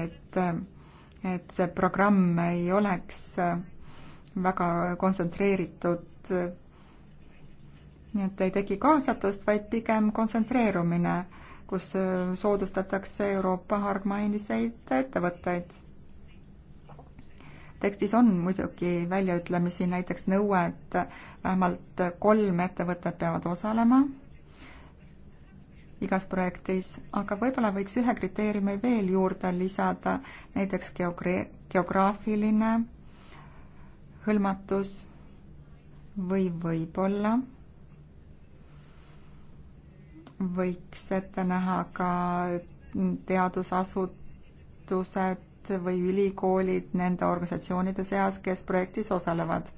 et, et see programm ei oleks väga kontsentreeritud nii et ei teki kaasatust, vaid pigem kontsentreerumine, kus äh, soodustatakse Euroopa hargmainiseid ettevõtteid. tekstis on muidugi väljaütlemisi, näiteks nõue, et vähemalt kolm ettevõtet peavad osalema igas projektis, aga võib-olla võiks ühe kriteeriumi veel juurde lisada, näiteks geogra-, geograafiline hõlmatus või võib-olla võiks ette näha ka teadusasutused või ülikoolid nende organisatsioonide seas, kes projektis osalevad.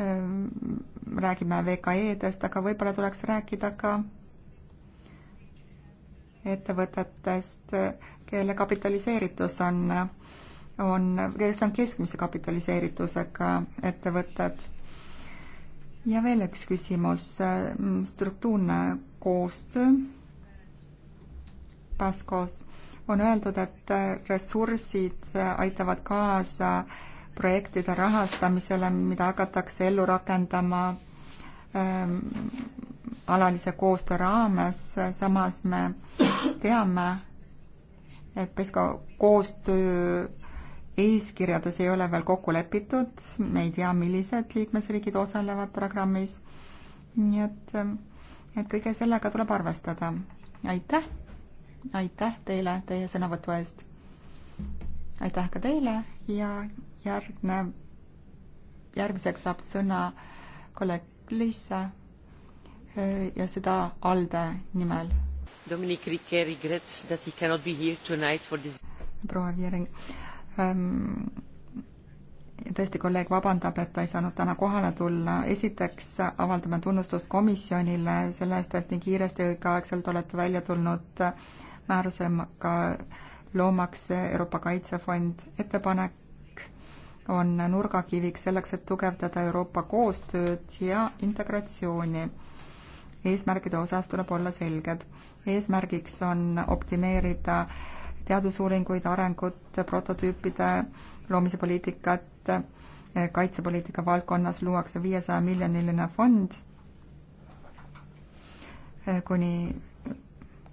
Ehm, räägime VKE-dest, aga võib-olla tuleks rääkida ka ettevõtetest, kelle kapitaliseeritus on, on, kes on keskmise kapitaliseeritusega ettevõtted ja veel üks küsimus, mm, struktuurne koostöö. Paskos on öeldud, et ressursid aitavad kaasa projektide rahastamisele, mida hakatakse ellu rakendama ähm, alalise koostöö raames, samas me teame, et PESCO koostöö eeskirjades ei ole veel kokku lepitud, me ei tea, millised liikmesriigid osalevad programmis. nii et, eh, et kõige sellega tuleb arvestada. aitäh, aitäh teile teie sõnavõtu eest. aitäh ka teile ja järgnev, järgmiseks saab sõna kolleeg Liisa eh, ja seda ALDE nimel. Dominic Riquet regrets that he cannot be here tonight for this. proua Viering Ähm, tõesti, kolleeg vabandab, et ta ei saanud täna kohale tulla. esiteks avaldame tunnustust komisjonile selle eest, et nii kiiresti ja õigeaegselt olete välja tulnud määrusega loomaks Euroopa Kaitsefond. ettepanek on nurgakiviks selleks, et tugevdada Euroopa koostööd ja integratsiooni. eesmärgide osas tuleb olla selged. eesmärgiks on optimeerida äh, teadusuuringuid, arengut, prototüüpide loomise poliitikat, eh, kaitsepoliitika valdkonnas luuakse viiesaja miljoniline fond eh, kuni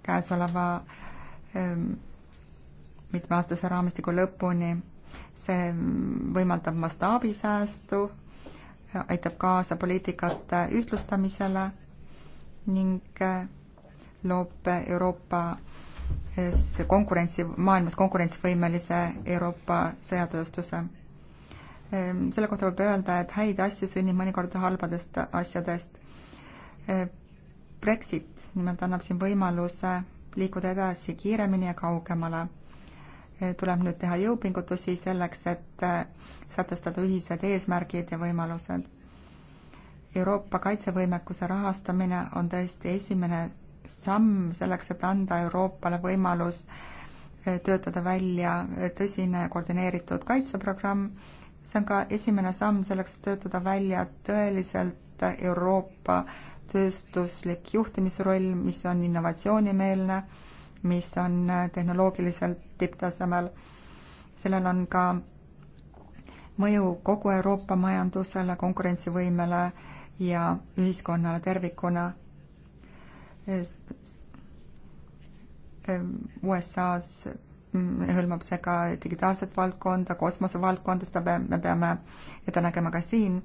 käesoleva ehm, mitmeaastase raamistiku lõpuni. see mm, võimaldab mastaabisäästu, eh, aitab kaasa poliitikate ühtlustamisele ning loob Euroopa konkurentsi, maailmas konkurentsivõimelise Euroopa sõjatööstuse. Ehm, selle kohta võib öelda, et häid asju sünnib mõnikord halbadest asjadest. Ehm, Brexit nimelt annab siin võimaluse liikuda edasi kiiremini ja kaugemale. Ehm, tuleb nüüd teha jõupingutusi selleks, et eh, sätestada ühised eesmärgid ja võimalused. Euroopa kaitsevõimekuse rahastamine on tõesti esimene samm selleks, et anda Euroopale võimalus äh, töötada välja äh, tõsine koordineeritud kaitseprogramm. see on ka esimene samm selleks, et töötada välja tõeliselt Euroopa tööstuslik juhtimisroll, mis on innovatsioonimeelne, mis on äh, tehnoloogiliselt tipptasemel. sellel on ka mõju kogu Euroopa majandusele, konkurentsivõimele ja ühiskonnale tervikuna USA-s mm, hõlmab see ka digitaalset valdkonda, kosmosevaldkonda, seda me peame ette nägema ka siin. E,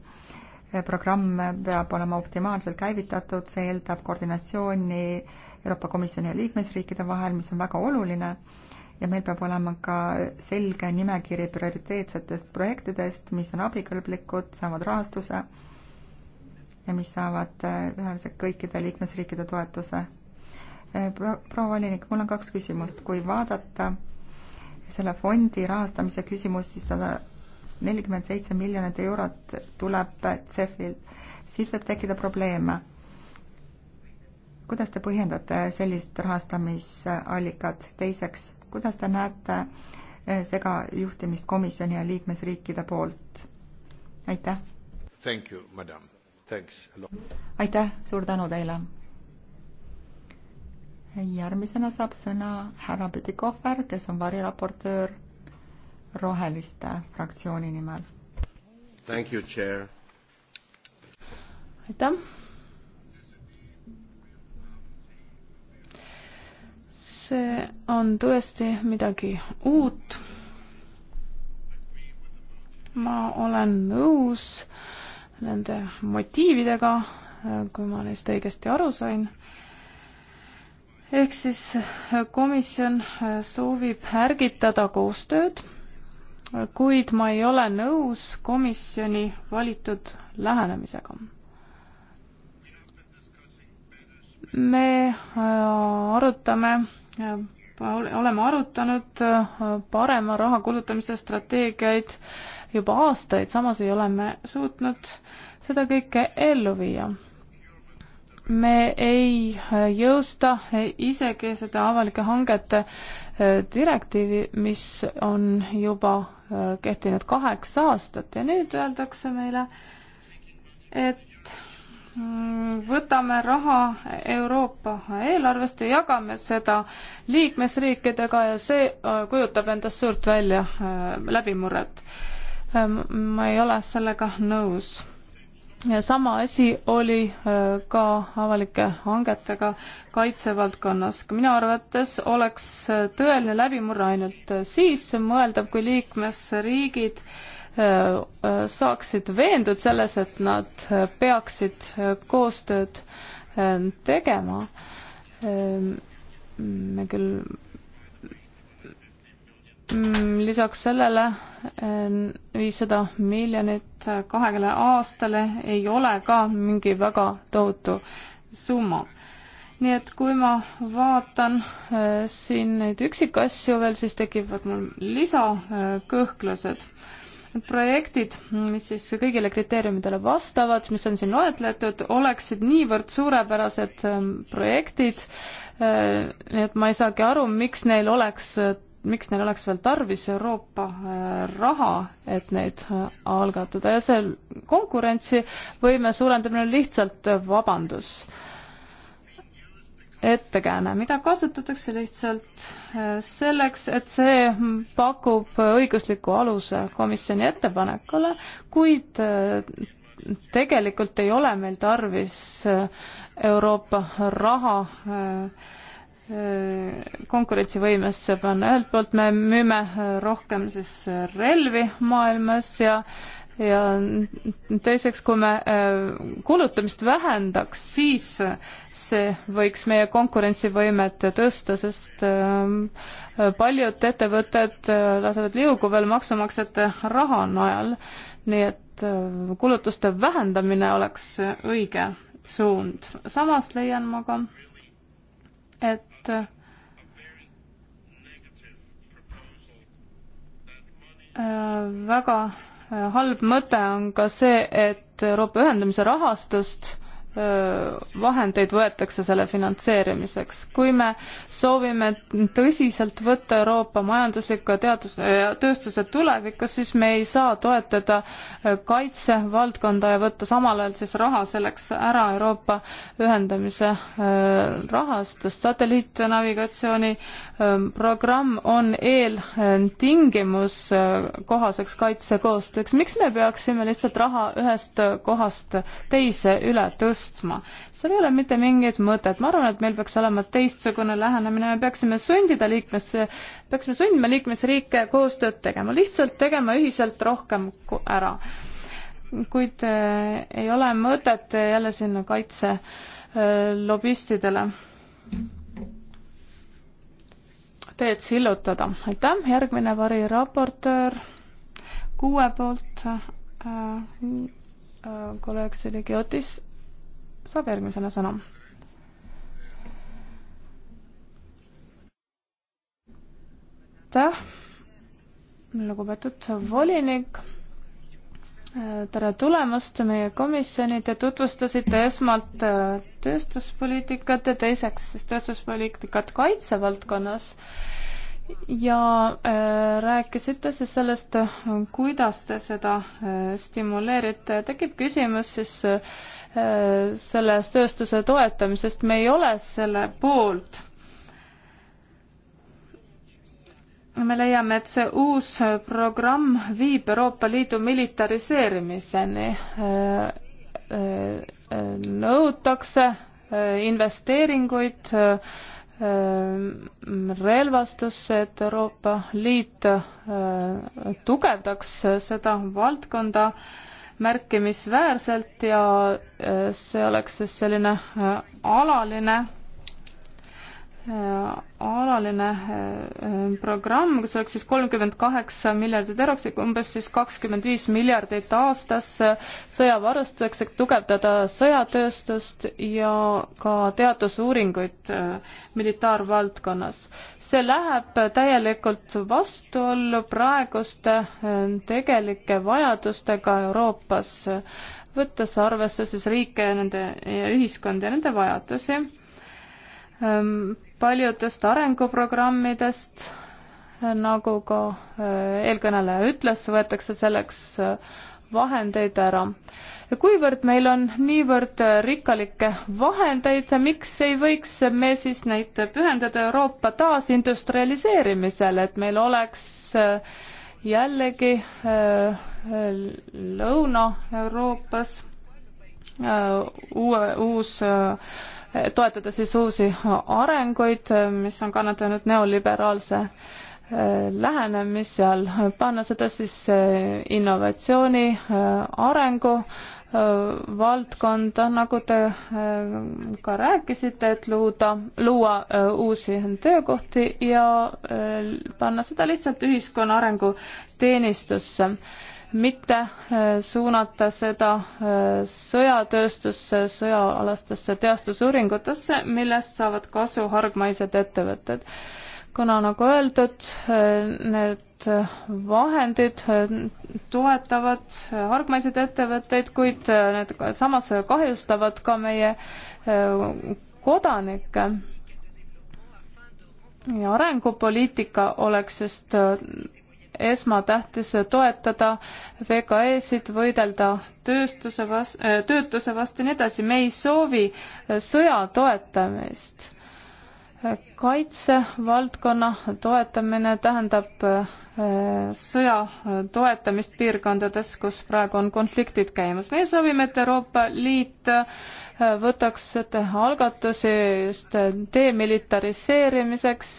programm peab olema optimaalselt käivitatud, see eeldab koordinatsiooni Euroopa Komisjoni ja liikmesriikide vahel, mis on väga oluline, ja meil peab olema ka selge nimekiri prioriteetsetest projektidest, mis on abikõlblikud, saavad rahastuse ja mis saavad eh, üheselt kõikide liikmesriikide toetuse. Eh, proua volinik, mul on kaks küsimust. kui vaadata selle fondi rahastamise küsimust, siis sada nelikümmend seitse miljonit eurot tuleb CEF-il. siit võib tekkida probleeme. kuidas te põhjendate sellist rahastamisallikat? teiseks, kuidas te näete eh, segajuhtimist komisjoni ja liikmesriikide poolt? aitäh! Thank you, madam aitäh, suur tänu teile. järgmisena saab sõna härra Pütikohver, kes on variraportöör Roheliste fraktsiooni nimel. aitäh. see on tõesti midagi uut. ma olen nõus äh, nende motiividega, kui ma neist õigesti aru sain. ehk siis komisjon soovib ärgitada koostööd, kuid ma ei ole nõus komisjoni valitud lähenemisega. me äh, arutame äh, oleme arutanud äh, parema raha kulutamise strateegiaid juba aastaid, samas ei ole me suutnud seda kõike ellu viia. me ei jõusta isegi seda avalike hangete äh, direktiivi, mis on juba äh, kehtinud kaheksa aastat ja nüüd öeldakse meile, et mm, võtame raha Euroopa eelarvest ja jagame seda liikmesriikidega ja see äh, kujutab endast suurt välja läbimurret. Ähm, ma ei ole sellega nõus. ja sama asi oli äh, ka avalike hangetega kaitsevaldkonnas. minu arvates oleks äh, tõeline läbimurre ainult äh, siis mõeldav, kui liikmesriigid saaksid veendud selles, et nad peaksid koostööd tegema. Ähm, me küll Mm, lisaks sellele eh, viissada miljonit kahekümne aastale ei ole ka mingi väga tohutu summa. nii et kui ma vaatan eh, siin neid üksikasju veel, siis tekivad mul lisakõhklused. projektid, mis siis kõigile kriteeriumidele vastavad, mis on siin loetletud, oleksid niivõrd suurepärased eh, projektid, nii et ma ei saagi aru, miks neil oleks miks neil oleks veel tarvis Euroopa äh, raha, et neid äh, algatada ja see konkurentsivõime suurendamine on lihtsalt äh, vabandus, ettekääne, mida kasutatakse lihtsalt selleks, et see pakub õigusliku aluse komisjoni ettepanekule, kuid tegelikult ei ole meil tarvis Euroopa raha äh, Äh, konkurentsivõimesse panna, ühelt poolt me müüme äh, rohkem siis äh, relvi maailmas ja ja teiseks, kui me kulutamist vähendaks, siis see võiks meie konkurentsivõimet tõsta, sest paljud ettevõtted lasevad liugu veel maksumaksjate raha najal. nii et kulutuste vähendamine oleks õige suund. samas leian ma ka et väga halb mõte on ka see, et Euroopa ühendamise rahastust vahendeid võetakse selle finantseerimiseks. kui me soovime tõsiselt võtta Euroopa majanduslikku ja teadus- ja tööstuse tulevikku, siis me ei saa toetada kaitsevaldkonda ja võtta samal ajal siis raha selleks ära Euroopa ühendamise rahastust. satelliitnavigatsiooni programm on eeltingimus kohaseks kaitsekoostööks. miks me peaksime lihtsalt raha ühest kohast teise üle tõstma? tõstma. seal ei ole mitte mingit mõtet, ma arvan, et meil peaks olema teistsugune lähenemine, me peaksime sundida liikmes, peaksime sundima liikmesriike koostööd tegema, lihtsalt tegema ühiselt rohkem ära. kuid äh, ei ole mõtet jälle sinna kaitse äh, lobistidele teed sillutada. aitäh, järgmine variraportöör kuue poolt äh, äh, kolleeg Sirgi Otis saab järgmisena sõna. aitäh, lugupeetud volinik. tere tulemast meie komisjoni, te tutvustasite esmalt äh, tööstuspoliitikat ja teiseks siis tööstuspoliitikat kaitsevaldkonnas ja äh, rääkisite siis sellest, äh, kuidas te seda äh, stimuleerite, tekib küsimus siis äh, selles tööstuse toetamisest, me ei ole selle poolt. me leiame, et see uus programm viib Euroopa Liidu militariseerimiseni. nõutakse investeeringuid relvastusse, et Euroopa Liit tugevdaks seda valdkonda märkimisväärselt ja äh, see oleks siis selline äh, alaline Äh, alaline äh, programm, kus oleks siis kolmkümmend kaheksa miljardit euroks ehk umbes siis kakskümmend viis miljardit aastas äh, sõjavarustuseks, et tugevdada sõjatööstust ja ka teadusuuringuid militaarvaldkonnas. see läheb täielikult vastuollu praeguste tegelike vajadustega Euroopas, võttes arvesse siis riike ja nende ja ühiskondi ja nende vajadusi ähm, paljudest arenguprogrammidest, nagu ka eh, eelkõneleja ütles, võetakse selleks eh, vahendeid ära. ja kuivõrd meil on niivõrd rikkalikke vahendeid, miks ei võiks me siis neid pühendada Euroopa taasindustrialiseerimisele, et meil oleks eh, jällegi Lõuna-Euroopas uue, uus toetada siis uusi arenguid, mis on kannatanud neoliberaalse äh, lähenemise all, panna seda siis äh, innovatsiooni äh, arengu valdkonda, nagu te ka rääkisite, et luuda, luua uusi töökohti ja panna seda lihtsalt ühiskonna arengu teenistusse mitte äh, suunata seda äh, sõjatööstusse, sõjaalastesse teadusuuringutesse, millest saavad kasu hargmaised ettevõtted. kuna nagu öeldud, äh, need vahendid toetavad hargmaiseid ettevõtteid, kuid need samas kahjustavad ka meie kodanikke ja arengupoliitika oleks just esmatähtis toetada VKE-sid, võidelda tööstuse vas-, äh, töötuse vastu ja nii edasi, me ei soovi äh, sõja toetamist. Äh, kaitsevaldkonna toetamine tähendab sõja toetamist piirkondades, kus praegu on konfliktid käimas. meie soovime, et Euroopa Liit võtaks algatusi just demilitariseerimiseks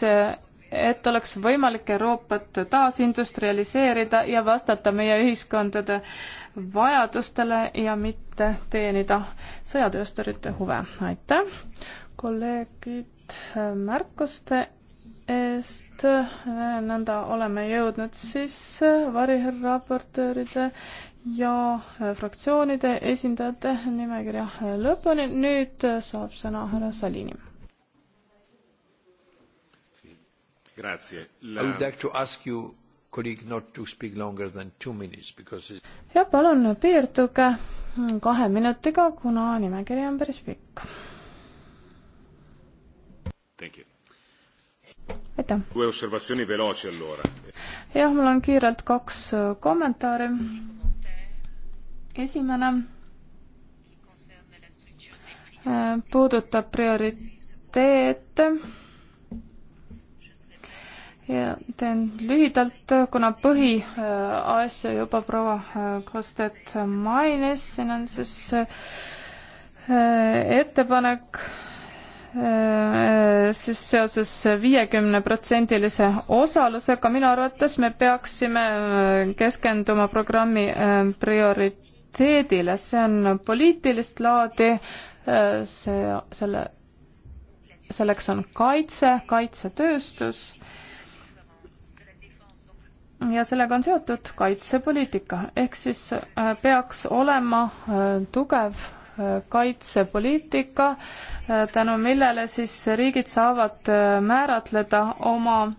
et oleks võimalik Euroopat taasindustrialiseerida ja vastata meie ühiskondade vajadustele ja mitte teenida sõjatöösturite huve. aitäh, kolleegid, märkuste eest. nõnda oleme jõudnud siis variraportööride ja fraktsioonide esindajate nimekirja lõpuni. nüüd saab sõna härra Salini Grazie. La... I would like to ask you, colleague, not to speak longer than two minutes because it... jah, palun piirduge kahe minutiga, kuna nimekiri on päris pikk. Thank you. aitäh. Due osservazioni veloci allora. jah, mul on kiirelt kaks äh, kommentaari. esimene äh, puudutab prioriteete ja teen lühidalt, kuna põhiasja juba proua äh, Kostet mainis, siin on siis äh, ettepanek äh, siis seoses viiekümneprotsendilise osalusega, minu arvates me peaksime keskenduma programmi prioriteedile, see on poliitilist laadi, see, selle, selleks on kaitse, kaitsetööstus ja sellega on seotud kaitsepoliitika, ehk siis äh, peaks olema äh, tugev äh, kaitsepoliitika, tänu millele siis riigid saavad määratleda oma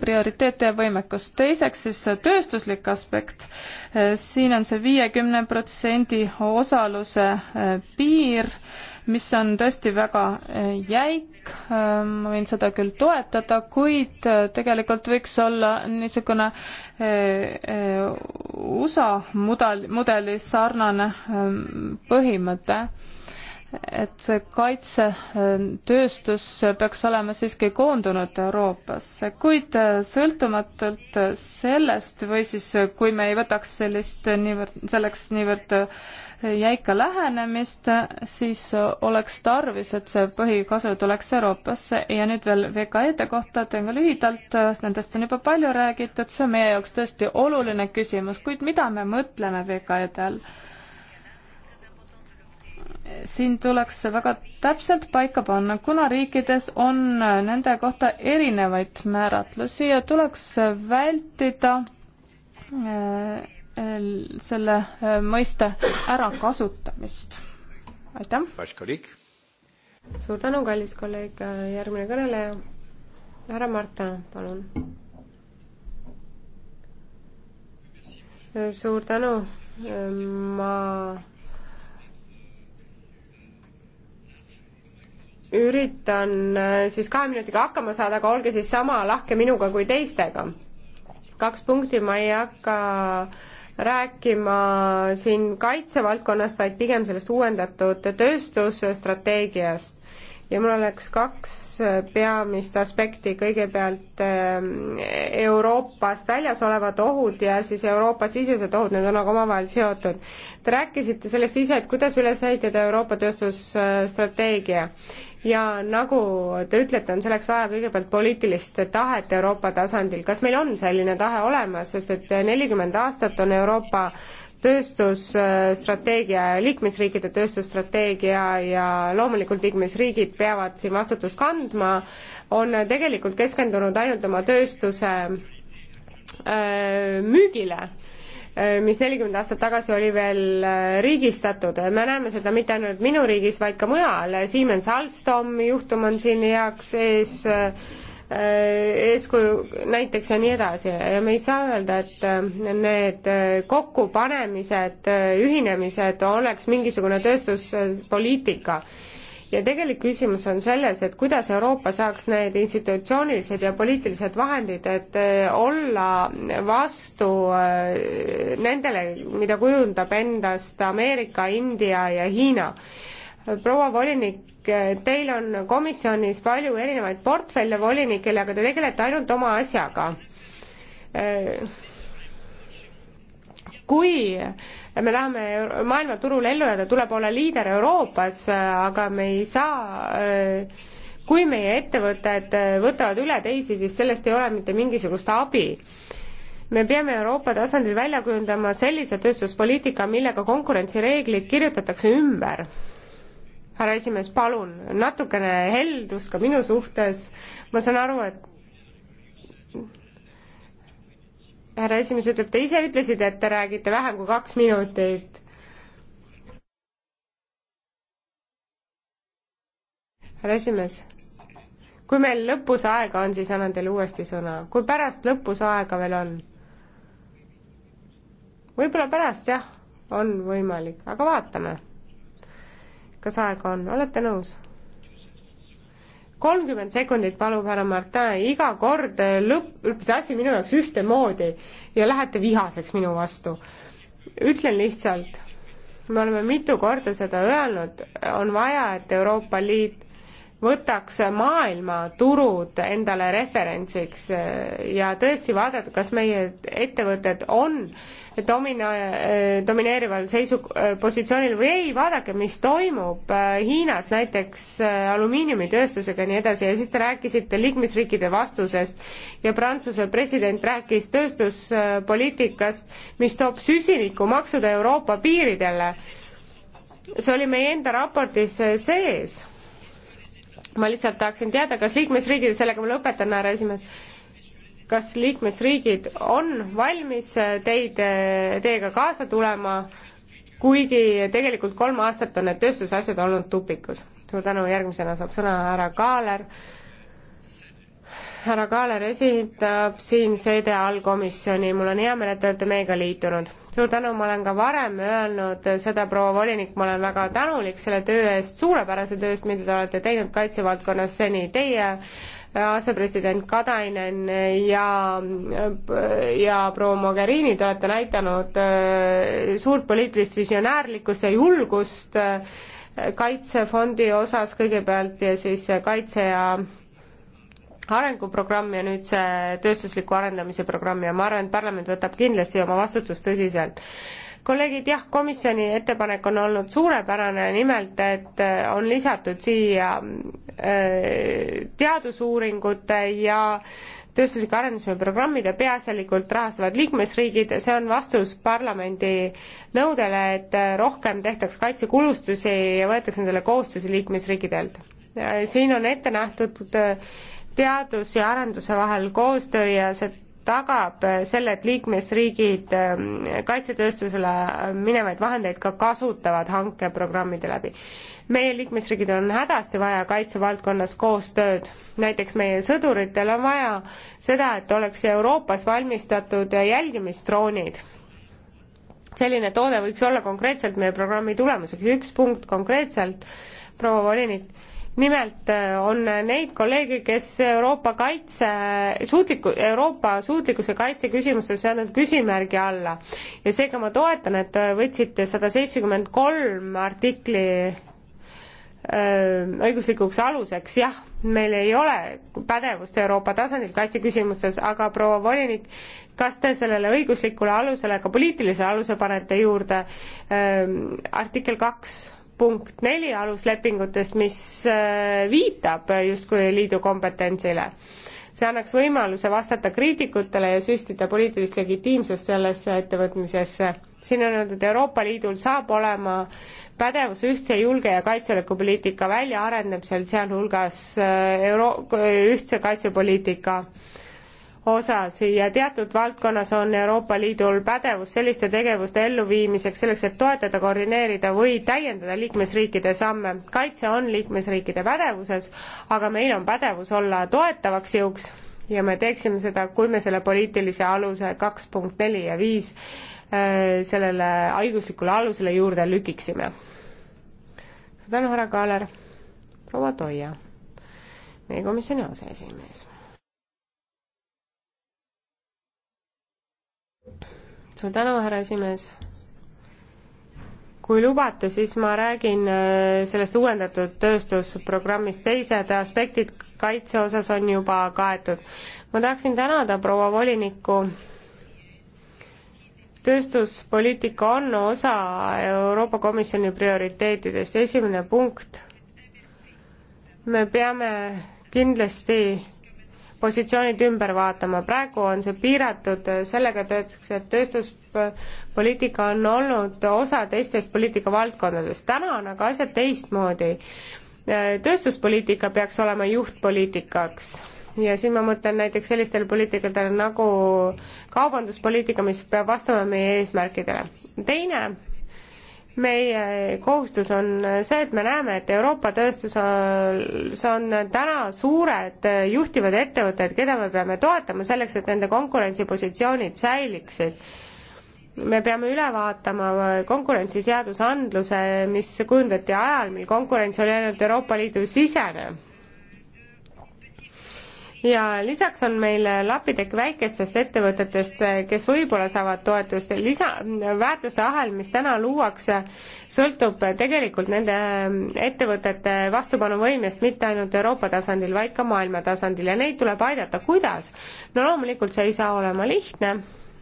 prioriteete ja võimekust. teiseks siis tööstuslik aspekt. siin on see viiekümne protsendi osaluse piir mis on tõesti väga eh, jäik, ähm, ma võin seda küll toetada, kuid äh, tegelikult võiks olla niisugune äh, äh, USA mudel, mudeli sarnane ähm, põhimõte et see kaitsetööstus ähm, peaks olema siiski koondunud Euroopasse, kuid sõltumatult sellest või siis, kui me ei võtaks sellist niivõrd, selleks niivõrd jäika lähenemist, siis oleks tarvis, et see põhikasu tuleks Euroopasse ja nüüd veel VKE-de kohta teen ka lühidalt, nendest on juba palju räägitud, see on meie jaoks tõesti oluline küsimus, kuid mida me mõtleme VKE-de all? siin tuleks väga täpselt paika panna, kuna riikides on nende kohta erinevaid määratlusi ja tuleks vältida äh, selle äh, mõiste ärakasutamist. aitäh! suur tänu, kallis kolleeg, äh, järgmine kõneleja, härra Marta, palun. Äh, suur tänu, ma üritan siis kahe minutiga hakkama saada, aga olge siis sama lahke minuga kui teistega. kaks punkti ma ei hakka äh, rääkima siin kaitsevaldkonnast, vaid pigem sellest uuendatud tööstusstrateegiast ja mul oleks kaks äh, peamist aspekti, kõigepealt ähm, Euroopast väljas olevad ohud ja siis Euroopa-sisesed ohud, need on nagu omavahel seotud. Te rääkisite sellest ise, et kuidas üles ehitada Euroopa tööstusstrateegia ja nagu te ütlete, on selleks vaja kõigepealt poliitilist tahet Euroopa tasandil. kas meil on selline tahe olemas, sest et äh, nelikümmend aastat on Euroopa tööstusstrateegia, liikmesriikide tööstusstrateegia ja loomulikult liikmesriigid peavad siin vastutust kandma, on tegelikult keskendunud ainult oma tööstuse äh, müügile äh, mis nelikümmend aastat tagasi oli veel äh, riigistatud. me näeme seda mitte ainult minu riigis, vaid ka mujal. Siemens Alstom juhtum on siin heaks ees Äh, eeskuju näiteks ja nii edasi ja me ei saa öelda, et äh, need äh, kokkupanemised, ühinemised oleks mingisugune tööstuspoliitika. ja tegelik küsimus on selles, et kuidas Euroopa saaks need institutsioonilised ja poliitilised vahendid, et olla vastu nendele, mida kujundab endast Ameerika, India ja Hiina proua volinik teil on komisjonis palju erinevaid portfelle volinikele, aga te tegelete ainult oma asjaga. kui me tahame maailmaturul ellu jääda, tuleb olla liider Euroopas, aga me ei saa kui meie ettevõtted võtavad üle teisi, siis sellest ei ole mitte mingisugust abi me peame Euroopa tasandil välja kujundama sellise tööstuspoliitika, millega konkurentsireeglid kirjutatakse ümber härra esimees, palun natukene heldust ka minu suhtes. ma saan aru, et härra esimees ütleb, te ise ütlesite, et te räägite vähem kui kaks minutit. härra esimees, kui meil lõpus aega on, siis annan teile uuesti sõna. kui pärast lõpus aega veel on? võib-olla pärast jah, on võimalik, aga vaatame kas aega on, olete nõus? kolmkümmend sekundit palub härra Martin, iga kord äh, lõppes asi minu jaoks ühtemoodi ja lähete vihaseks minu vastu. ütlen lihtsalt, me oleme mitu korda seda öelnud, on vaja, et Euroopa Liit võtaks maailmaturud endale referentsiks äh, ja tõesti vaadata, kas meie ettevõtted on domina-, äh, domineerival seisu-, äh, positsioonil või ei, vaadake, mis toimub Hiinas näiteks alumiiniumitööstusega ja nii edasi ja siis te rääkisite liikmesriikide vastusest ja Prantsuse president rääkis tööstuspoliitikast, mis toob süsinikumaksude Euroopa piiridele. see oli meie enda raportis sees ma lihtsalt tahaksin teada, kas liikmesriigid, sellega ma lõpetan, härra esimees, kas liikmesriigid on valmis äh, teid, äh, teiega kaasa tulema, kuigi tegelikult kolm aastat on need tööstusasjad olnud tupikus. suur tänu, järgmisena saab sõna härra Kaaler härra Kaaler esindab siin CDA allkomisjoni, mul on hea meel, et te olete meiega liitunud. suur tänu, ma olen ka varem öelnud seda, proua volinik, ma olen väga tänulik selle töö eest, suurepärase töö eest, mida te olete teinud kaitsevaldkonnas seni, teie äh, asepresident Katainen ja, äh, ja proua Mogherini, te olete näidanud äh, suurt poliitilist visionäärlikkust ja julgust kaitsefondi osas kõigepealt ja siis kaitse ja arenguprogramm ja nüüd see tööstusliku arendamise programm ja ma arvan, et parlament võtab kindlasti oma vastutust tõsiselt kolleegid, jah, komisjoni ettepanek on olnud suurepärane, nimelt et äh, on lisatud siia äh, teadusuuringute ja tööstuslike arendusprogrammide peaasjalikult rahastavad liikmesriigid, see on vastus parlamendi nõudele, et äh, rohkem tehtaks kaitsekulustusi ja võetaks endale kohustusi liikmesriikidelt. siin on ette nähtud teadus ja arenduse vahel koostöö ja see tagab selle, et liikmesriigid ähm, kaitsetööstusele minevaid vahendeid ka kasutavad hankeprogrammide läbi. meie liikmesriigid on hädasti vaja kaitsevaldkonnas koostööd, näiteks meie sõduritel on vaja seda, et oleks Euroopas valmistatud jälgimisdroonid. selline toode võiks olla konkreetselt meie programmi tulemuseks, üks punkt konkreetselt, proua volinik nimelt äh, on neid kolleege, kes Euroopa kaitse, suutliku, Euroopa suutlikkuse kaitse küsimustes seadnud küsimärgi alla. ja seega ma toetan, et võtsite sada seitsekümmend kolm artikli äh, õiguslikuks aluseks, jah, meil ei ole pädevust Euroopa tasandil kaitseküsimustes, aga proua volinik, kas te sellele õiguslikule alusele ka poliitilise aluse panete juurde ähm, artikkel kaks punkt neli aluslepingutest, mis äh, viitab justkui liidu kompetentsile. see annaks võimaluse vastata kriitikutele ja süstida poliitilist legitiimsust sellesse ettevõtmisesse. siin on öeldud, Euroopa Liidul saab olema pädevus ühtse julge- ja kaitsepoliitika väljaarendamisel, sealhulgas äh, euro-, ühtse kaitsepoliitika äh, osas ja teatud valdkonnas on Euroopa Liidul pädevus selliste tegevuste elluviimiseks, selleks et toetada, koordineerida või täiendada liikmesriikide samme. kaitse on liikmesriikide pädevuses, aga meil on pädevus olla toetavaks jõuks ja me teeksime seda, kui me selle poliitilise aluse kaks punkt neli ja viis äh, sellele õiguslikule alusele juurde lükiksime. suur tänu, härra Kaaler. proua Toia, meie komisjoni aseesimees suur tänu, härra esimees. kui lubate, siis ma räägin äh, sellest uuendatud tööstusprogrammist, teised aspektid kaitse osas on juba kaetud. ma tahaksin tänada proua volinikku tööstuspoliitika on osa Euroopa Komisjoni prioriteetidest, esimene punkt, me peame kindlasti positsioonid ümber vaatama. praegu on see piiratud sellega, et öeldakse, et tööstuspoliitika on olnud osa teistest poliitikavaldkondadest. täna on aga asjad teistmoodi. tööstuspoliitika peaks olema juhtpoliitikaks ja siin ma mõtlen näiteks sellistele poliitikatele nagu kaubanduspoliitika, mis peab vastama meie eesmärkidele. teine meie kohustus on see, et me näeme, et Euroopa tööstus on, on täna suured juhtivad ettevõtted, keda me peame toetama selleks, et nende konkurentsipositsioonid säiliksid. me peame üle vaatama konkurentsiseadusandluse, mis kujundati ajal, mil konkurents oli ainult Euroopa Liidu sisene ja lisaks on meil lapitekk väikestest ettevõtetest, kes võib-olla saavad toetust, lisa, väärtuste ahel, mis täna luuakse, sõltub tegelikult nende ähm, ettevõtete vastupanuvõimest mitte ainult Euroopa tasandil, vaid ka maailma tasandil ja neid tuleb aidata, kuidas? no loomulikult see ei saa olema lihtne,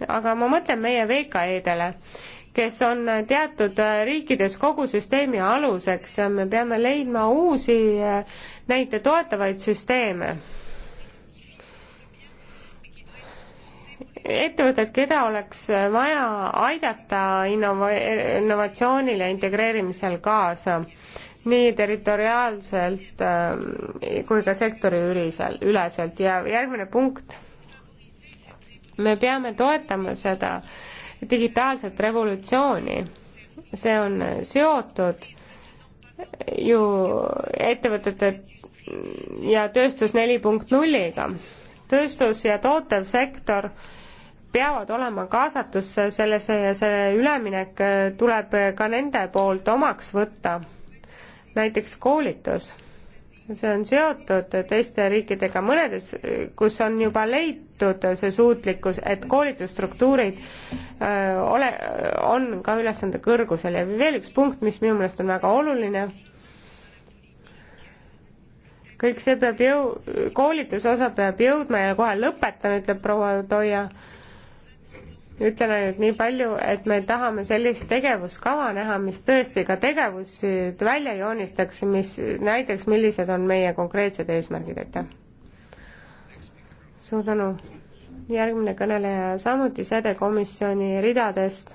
aga ma mõtlen meie VKE-dele kes on teatud riikides kogu süsteemi aluseks, me peame leidma uusi äh, neid toetavaid süsteeme ettevõtted, keda oleks vaja aidata innova-, innovatsioonile integreerimisel kaasa, nii territoriaalselt äh, kui ka sektori ülisel, üleselt ja järgmine punkt, me peame toetama seda digitaalset revolutsiooni, see on seotud ju ettevõtete ja tööstus neli punkt nulliga. tööstus ja tootev sektor äh, peavad olema kaasatusse sellesse ja see üleminek äh, tuleb ka nende poolt omaks võtta. näiteks koolitus, see on seotud teiste riikidega, mõnedes, kus on juba leitud see suutlikkus, et koolitusstruktuurid öö, äh, ole, on ka ülesande kõrgusel ja veel üks punkt, mis minu meelest on väga oluline, kõik see peab jõu-, koolituse osa peab jõudma ja kohe lõpetan, ütleb proua Toia ütlen ainult nii palju, et me tahame sellist tegevuskava näha, mis tõesti ka tegevusi välja joonistaks, mis näitaks, millised on meie konkreetsed eesmärgid, aitäh. suur tänu. järgmine kõneleja samuti sädekomisjoni ridadest.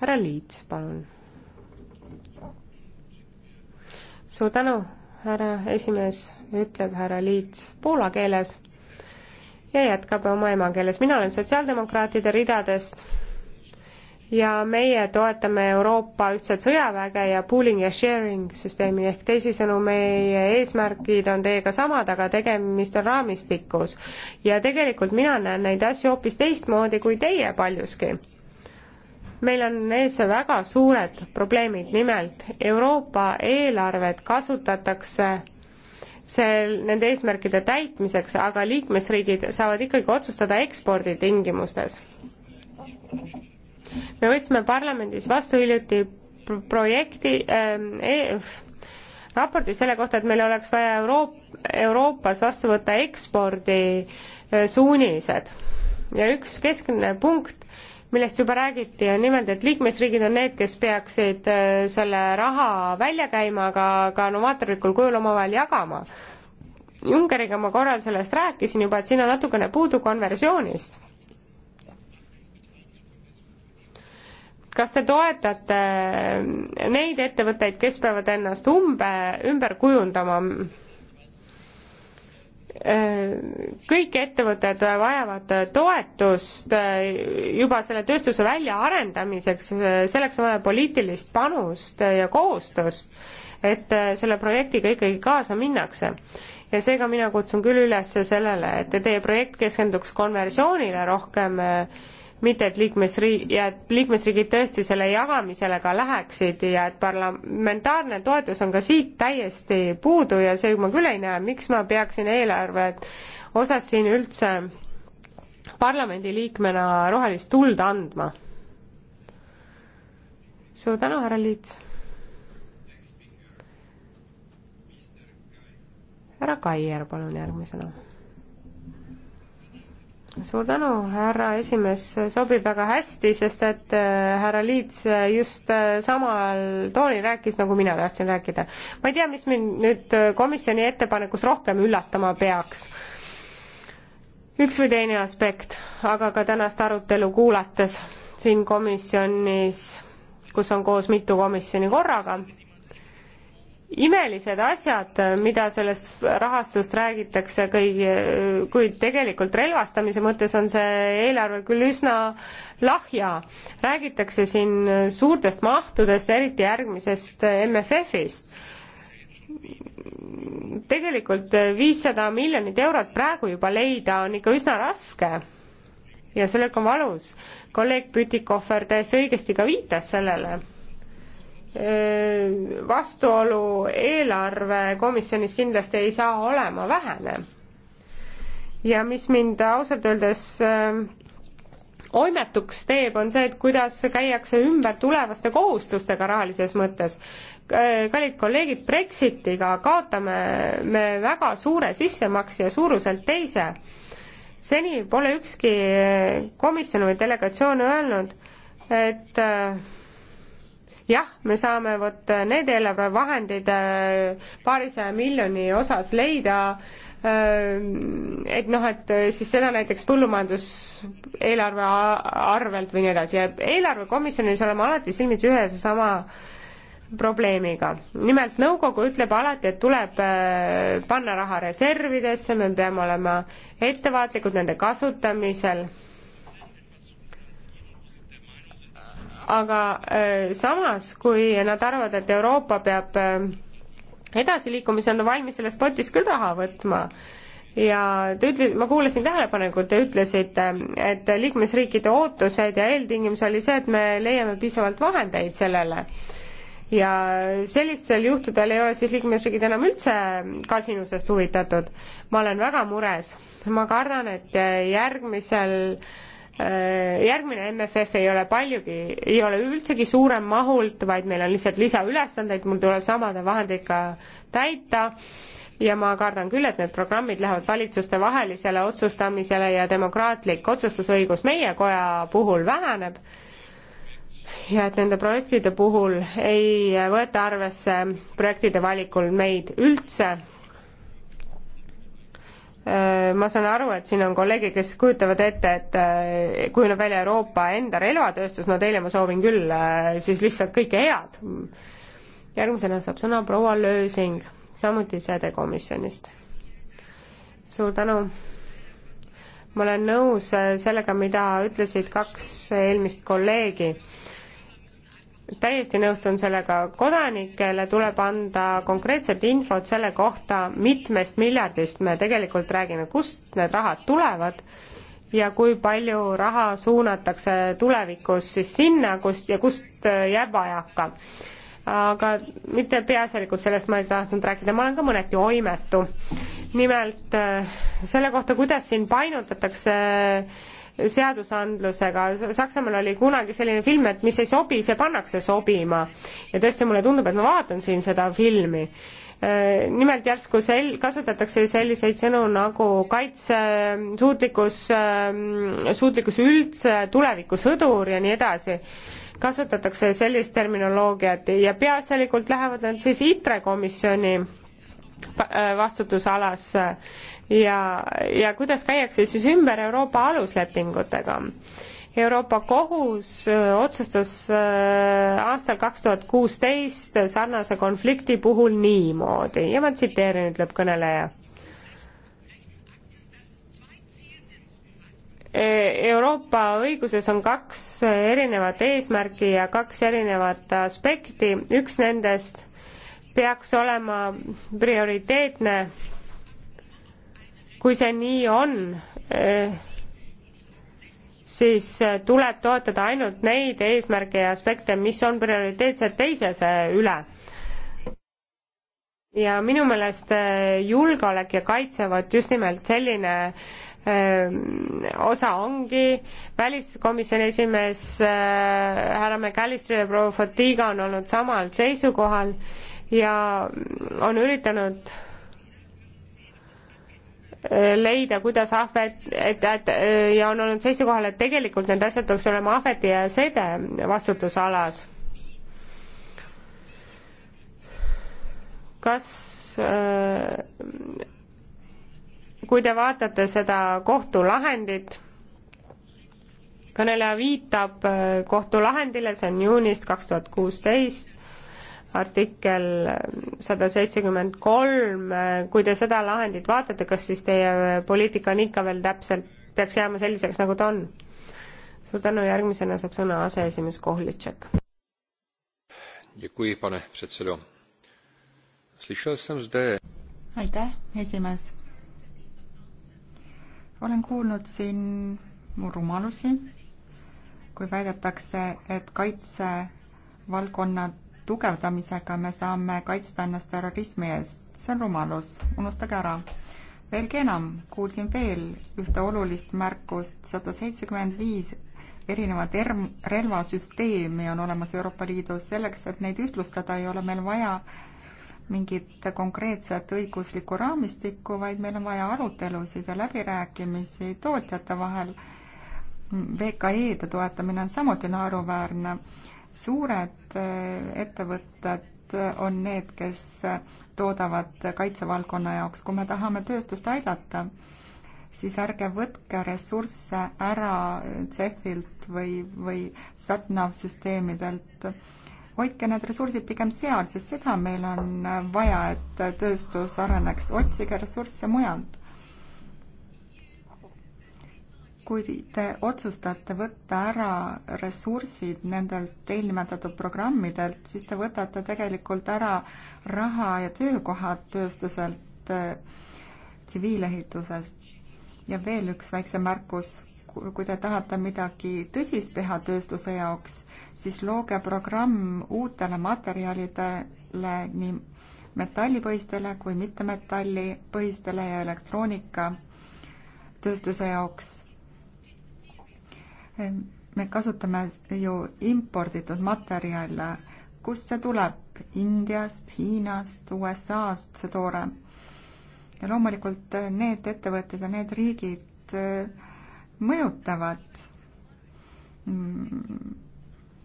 härra Liits, palun. suur tänu, härra esimees, ütleb härra Liits poola keeles ja jätkab oma emakeeles. mina olen sotsiaaldemokraatide ridadest ja meie toetame Euroopa ühtset sõjaväge ja pooling ja sharing süsteemi ehk teisisõnu, meie eesmärgid on teiega samad, aga tegemist on raamistikus. ja tegelikult mina näen neid asju hoopis teistmoodi kui teie paljuski. meil on ees väga suured probleemid, nimelt Euroopa eelarvet kasutatakse see, nende eesmärkide täitmiseks, aga liikmesriigid saavad ikkagi otsustada eksporditingimustes. me võtsime parlamendis vastu hiljuti projekti äh, e, raporti selle kohta, et meil oleks vaja Euroop-, Euroopas vastu võtta ekspordisuunised äh, ja üks keskne punkt millest juba räägiti, on nimelt, et liikmesriigid on need, kes peaksid äh, selle raha välja käima, aga ka novaatorlikul kujul omavahel jagama. Jungeriga ma korra sellest rääkisin juba, et siin on natukene puudu konversioonist. kas te toetate äh, neid ettevõtteid, kes peavad ennast umbe, ümber kujundama Äh, kõik ettevõtted vajavad toetust äh, juba selle tööstuse väljaarendamiseks, selleks on vaja poliitilist panust ja kohustust, et äh, selle projektiga ikkagi kaasa minnakse. ja seega mina kutsun küll üles sellele, et teie projekt keskenduks konversioonile rohkem äh, mitte et liikmesriik, ja et liikmesriigid tõesti selle jagamisele ka läheksid ja et parlamentaarne toetus on ka siit täiesti puudu ja see ma küll ei näe, miks ma peaksin eelarve osas siin üldse parlamendiliikmena rohelist tuld andma. suur tänu, härra Liits. härra Kaier, palun järgmisena suur tänu, härra esimees, sobib väga hästi, sest et äh, härra Liits äh, just äh, samal toonil rääkis, nagu mina tahtsin rääkida. ma ei tea, mis mind nüüd komisjoni ettepanekus rohkem üllatama peaks. üks või teine aspekt, aga ka tänast arutelu kuulates siin komisjonis, kus on koos mitu komisjoni korraga imelised asjad, mida sellest rahastust räägitakse kõigi, kuid tegelikult relvastamise mõttes on see eelarve küll üsna lahja. räägitakse siin suurtest mahtudest, eriti järgmisest MFF-ist. tegelikult viissada miljonit eurot praegu juba leida on ikka üsna raske ja see löök on valus. kolleeg Pütikohver täiesti õigesti ka viitas sellele vastuolu eelarve komisjonis kindlasti ei saa olema vähene. ja mis mind ausalt öeldes oimetuks teeb, on see, et kuidas käiakse ümber tulevaste kohustustega rahalises mõttes. kallid kolleegid, Brexitiga kaotame me väga suure sissemaksja suuruselt teise. seni pole ükski komisjon või delegatsioon öelnud, et äh, jah, me saame vot äh, need eelarvevahendid äh, paarisaja miljoni osas leida, äh, et noh, et siis seda näiteks põllumajanduseelarve arvelt või nii edasi ja eelarvekomisjonis oleme alati silmitsi ühe ja seesama probleemiga. nimelt nõukogu ütleb alati, et tuleb panna raha reservidesse, me peame olema ettevaatlikud nende kasutamisel aga äh, samas, kui nad arvavad, et Euroopa peab äh, edasi liikuma, siis on ta valmis sellest potist küll raha võtma. ja te ütle-, ma kuulasin tähelepanelikult, te ütlesite, et liikmesriikide ootused ja eeltingimus oli see, et me leiame piisavalt vahendeid sellele ja sellistel juhtudel ei ole siis liikmesriigid enam üldse kasinusest huvitatud. ma olen väga mures, ma kardan, et järgmisel äh, Äh, järgmine MFF ei ole paljugi, ei ole üldsegi suurem mahult, vaid meil on lihtsalt lisaülesandeid, mul tuleb samade vahenditega täita ja ma kardan küll, et need programmid lähevad valitsuste vahelisele otsustamisele ja demokraatlik otsustusõigus meie koja puhul väheneb ja et nende projektide puhul ei võeta arvesse projektide valikul meid üldse Äh, ma saan aru, et siin on kolleege, kes kujutavad ette, et äh, kujuneb välja Euroopa enda relvatööstus, no teile ma soovin küll äh, siis lihtsalt kõike head. järgmisena saab sõna proua Lösing, samuti sädekomisjonist. suur tänu. ma olen nõus sellega, mida ütlesid kaks eelmist kolleegi täiesti nõustun sellega, kodanikele tuleb anda konkreetset infot selle kohta, mitmest miljardist me tegelikult räägime, kust need rahad tulevad ja kui palju raha suunatakse tulevikus siis sinna, kust ja kust jääb vajaka. aga mitte peaasjalikult sellest ma ei tahtnud rääkida, ma olen ka mõneti oimetu. nimelt äh, selle kohta, kuidas siin painutatakse äh, seadusandlusega. Saksamaal oli kunagi selline film, et mis ei sobi, see pannakse sobima. ja tõesti, mulle tundub, et ma vaatan siin seda filmi äh, nimelt järsku sel-, kasutatakse selliseid sõnu nagu kaitsesuutlikkus, ähm, suutlikkus üldse, tulevikusõdur ja nii edasi. kasutatakse sellist terminoloogiat ja peaasjalikult lähevad nad siis ITRE komisjoni Äh, vastutusalas äh, ja, ja kuidas käiakse siis ümber Euroopa aluslepingutega. Euroopa Kohus äh, otsustas aastal kaks tuhat kuusteist sarnase konflikti puhul niimoodi ja ma tsiteerin, ütleb kõneleja e-, Euroopa õiguses on kaks erinevat eesmärki ja kaks erinevat aspekti, üks nendest peaks olema prioriteetne. kui see nii on, eh, siis eh, tuleb toetada ainult neid eesmärke ja aspekte, mis on prioriteetsed teisese üle. ja minu meelest eh, julgeolek ja kaitse, vot just nimelt selline osa ongi, väliskomisjoni esimees härra äh, McAllister ja proua Fatiga on olnud samal seisukohal ja on üritanud leida, kuidas ahvet, et, et ja on olnud seisukohal, et tegelikult need asjad peaks olema ahveti ja sede vastutusalas. kas äh, kui te vaatate seda kohtulahendit, kõneleja viitab äh, kohtulahendile, see on juunist kaks tuhat kuusteist, artikkel sada seitsekümmend kolm, kui te seda lahendit vaatate, kas siis teie poliitika on ikka veel täpselt, peaks jääma selliseks, nagu ta on? suur tänu, järgmisena saab sõna aseesimees Kohlitšek. aitäh, esimees. olen kuulnud siin rumalusi, kui väidetakse, et kaitsevaldkonnad tugevdamisega me saame kaitsta ennast terrorismi eest. see on rumalus, unustage ära. veelgi enam, kuulsin veel ühte olulist märkust, sada seitsekümmend viis erinevat erm-, relvasüsteemi on olemas Euroopa Liidus, selleks, et neid ühtlustada, ei ole meil vaja mingit konkreetset õiguslikku raamistikku, vaid meil on vaja arutelusid ja läbirääkimisi tootjate vahel. VKE-de toetamine on samuti naeruväärne suured äh, ettevõtted on need, kes toodavad kaitsevaldkonna jaoks, kui me tahame tööstust aidata, siis ärge võtke ressursse ära CEF-ilt või, või SatNav süsteemidelt. hoidke need ressursid pigem seal, sest seda meil on vaja, et tööstus areneks, otsige ressursse mujalt kui te otsustate võtta ära ressursid nendelt eelnimetatud programmidelt, siis te võtate tegelikult ära raha ja töökohad tööstuselt äh,, tsiviilehitusest. ja veel üks väiksem märkus, kui te tahate midagi tõsist teha tööstuse jaoks, siis looge programm uutele materjalidele, nii metallipõhistele kui mittemetallipõhistele ja elektroonikatööstuse jaoks me kasutame ju imporditud materjale, kust see tuleb? Indiast, Hiinast, USA-st, see toore. ja loomulikult eh, need ettevõtted ja need riigid eh, mõjutavad mm,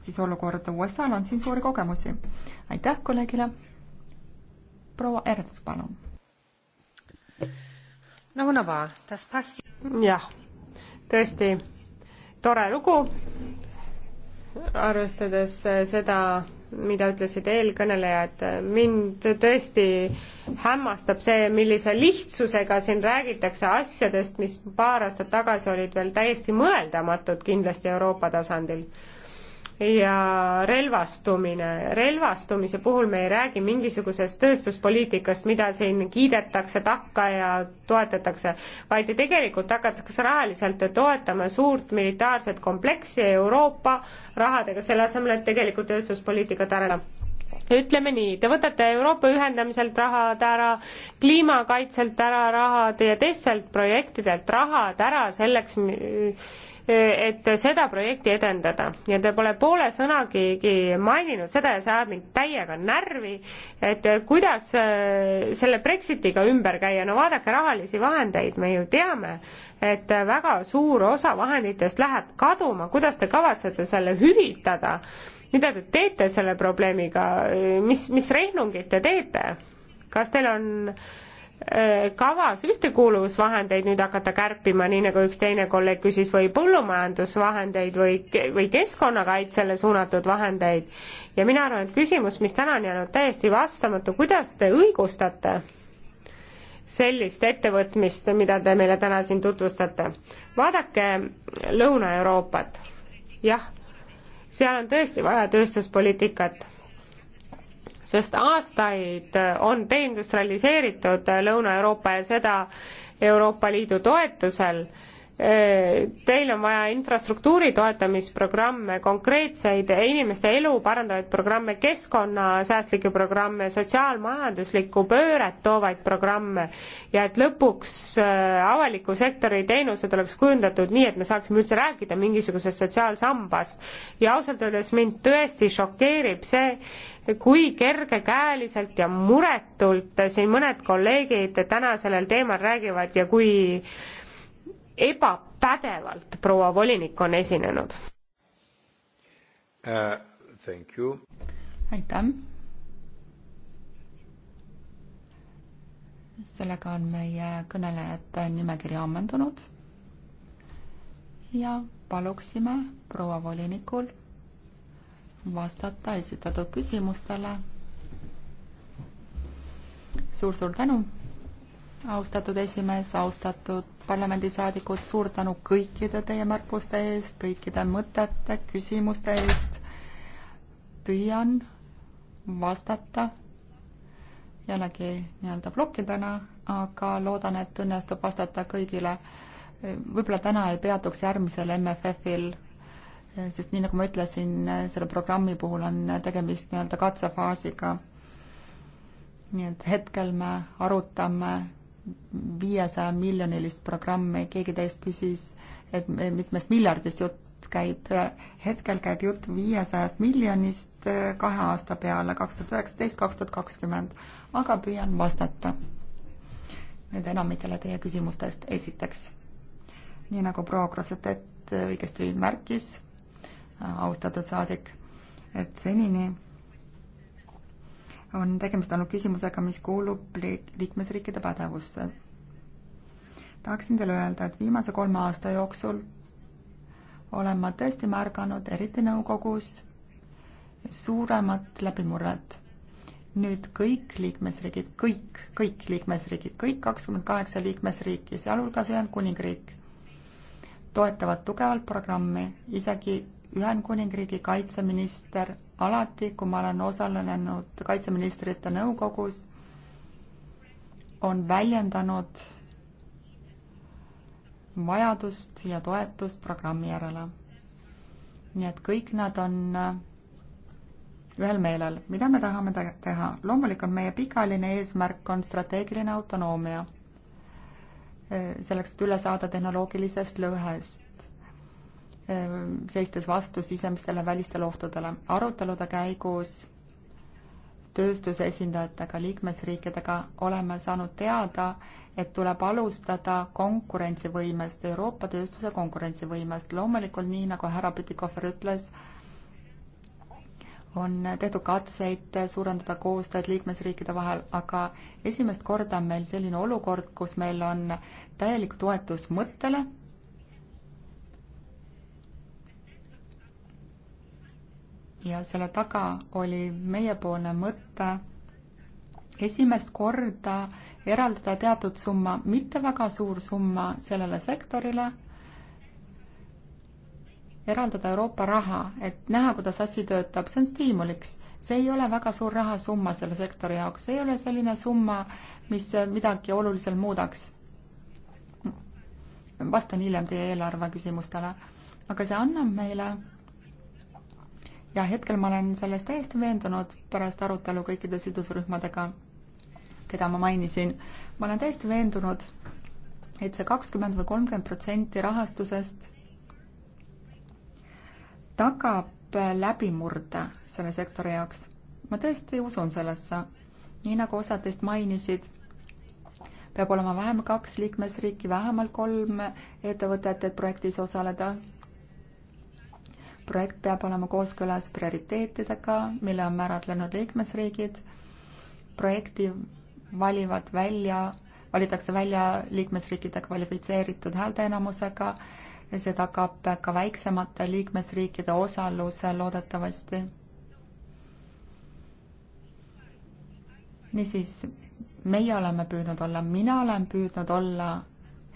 siis olukorda. USA-l on siin suuri kogemusi. aitäh kolleegile. proua Ernst, palun. jah, tõesti tore lugu, arvestades äh, seda, mida ütlesid eelkõnelejad, mind tõesti hämmastab see, millise lihtsusega siin räägitakse asjadest, mis paar aastat tagasi olid veel täiesti mõeldamatud kindlasti Euroopa tasandil ja relvastumine. relvastumise puhul me ei räägi mingisugusest tööstuspoliitikast, mida siin kiidetakse takka ja toetatakse, vaid tegelikult hakatakse rahaliselt toetama suurt militaarset kompleksi Euroopa rahadega, selle asemel, et tegelikult tööstuspoliitikat arendada ütleme nii, te võtate Euroopa ühendamiselt rahad ära, kliimakaitselt ära rahad ja teistelt projektidelt rahad ära selleks, et seda projekti edendada ja te pole poole sõnagigi maininud seda ja see ajab mind täiega närvi, et kuidas äh, selle Brexitiga ümber käia, no vaadake rahalisi vahendeid, me ju teame, et väga suur osa vahenditest läheb kaduma, kuidas te kavatsete selle hüvitada, mida te teete selle probleemiga, mis, mis rehnungit te teete, kas teil on äh, Äh, kavas ühtekuuluvusvahendeid nüüd hakata kärpima, nii nagu üks teine kolleeg küsis, või põllumajandusvahendeid või, või keskkonnakaitsele suunatud vahendeid. ja mina arvan, et küsimus, mis täna on jäänud täiesti vastamatu, kuidas te õigustate sellist ettevõtmist, mida te meile täna siin tutvustate. vaadake Lõuna-Euroopat. jah, seal on tõesti vaja tööstuspoliitikat sest aastaid on deindustrialiseeritud Lõuna-Euroopa ja seda Euroopa Liidu toetusel Teil on vaja infrastruktuuri toetamisprogramme, konkreetseid inimeste elu parandavaid programme, keskkonnasäästlikke programme, sotsiaalmajanduslikku pööret toovaid programme ja et lõpuks äh, avaliku sektori teenused oleks kujundatud nii, et me saaksime üldse rääkida mingisugusest sotsiaalsambast. ja ausalt öeldes mind tõesti šokeerib see, kui kergekäeliselt ja muretult siin mõned kolleegid täna sellel teemal räägivad ja kui äh, ebapädevalt proua volinik on esinenud uh,. aitäh. sellega on meie kõnelejate nimekiri ammendunud ja paluksime proua volinikul vastata esitatud küsimustele suur,. suur-suur tänu austatud esimees, austatud parlamendisaadikud, suur tänu kõikide teie märkuste eest, kõikide mõtete, küsimuste eest. püüan vastata jällegi nii-öelda plokkidena, aga loodan, et õnnestub vastata kõigile. võib-olla täna ei peatuks järgmisel MFF-il, sest nii, nagu ma ütlesin, selle programmi puhul on tegemist nii-öelda katsefaasiga. nii et hetkel me arutame viiesaja miljonilist programmi, keegi teist küsis, et mitmest miljardist jutt käib, hetkel käib jutt viiesajast miljonist eh, kahe aasta peale, kaks tuhat üheksateist, kaks tuhat kakskümmend, aga püüan vastata nüüd enamikele teie küsimustest. esiteks, nii nagu proua Grossetet õigesti märkis, austatud saadik, et senini on tegemist olnud küsimusega, mis kuulub liikmesriikide pädevusse. tahaksin teile öelda, et viimase kolme aasta jooksul olen ma tõesti märganud, eriti nõukogus, suuremat läbimurret. nüüd kõik liikmesriigid, kõik, kõik liikmesriigid, kõik kakskümmend kaheksa liikmesriiki, sealhulgas Ühendkuningriik, toetavad tugevalt programmi, isegi Ühendkuningriigi kaitseminister alati, kui ma olen osalenud kaitseministrite nõukogus, on väljendanud vajadust ja toetust programmi järele. nii et kõik nad on äh, ühel meelel, mida me tahame teha. loomulikult meie pikaajaline eesmärk on strateegiline autonoomia, äh, selleks, et üle saada tehnoloogilisest lõhest Ähm, seistes vastu sisemistele välistele ohtudele. arutelude käigus tööstuse esindajatega, liikmesriikidega oleme saanud teada, et tuleb alustada konkurentsivõimest, Euroopa tööstuse konkurentsivõimest. loomulikult, nii nagu härra Pütikofer ütles, on tehtud katseid suurendada koostööd liikmesriikide vahel, aga esimest korda on meil selline olukord, kus meil on täielik toetus mõttele, ja selle taga oli meiepoolne mõte esimest korda eraldada teatud summa, mitte väga suur summa sellele sektorile, eraldada Euroopa raha, et näha, kuidas asi töötab, see on stiimuliks. see ei ole väga suur rahasumma selle sektori jaoks, see ei ole selline summa, mis midagi oluliselt muudaks. vastan hiljem teie eelarve küsimustele. aga see annab meile ja hetkel ma olen selles täiesti veendunud pärast arutelu kõikide sidusrühmadega, keda ma mainisin, ma olen täiesti veendunud, et see kakskümmend või kolmkümmend protsenti rahastusest tagab läbimurde selle sektori jaoks. ma tõesti usun sellesse. nii nagu osad teist mainisid, peab olema vähemalt kaks liikmesriiki, vähemalt kolm ettevõtet, et projektis osaleda projekt peab olema kooskõlas prioriteetidega, mille on määratlenud liikmesriigid. projekti valivad välja, valitakse välja liikmesriikide kvalifitseeritud häälteenamusega ja see tagab ka väiksemate liikmesriikide osaluse loodetavasti. niisiis, meie oleme püüdnud olla, mina olen püüdnud olla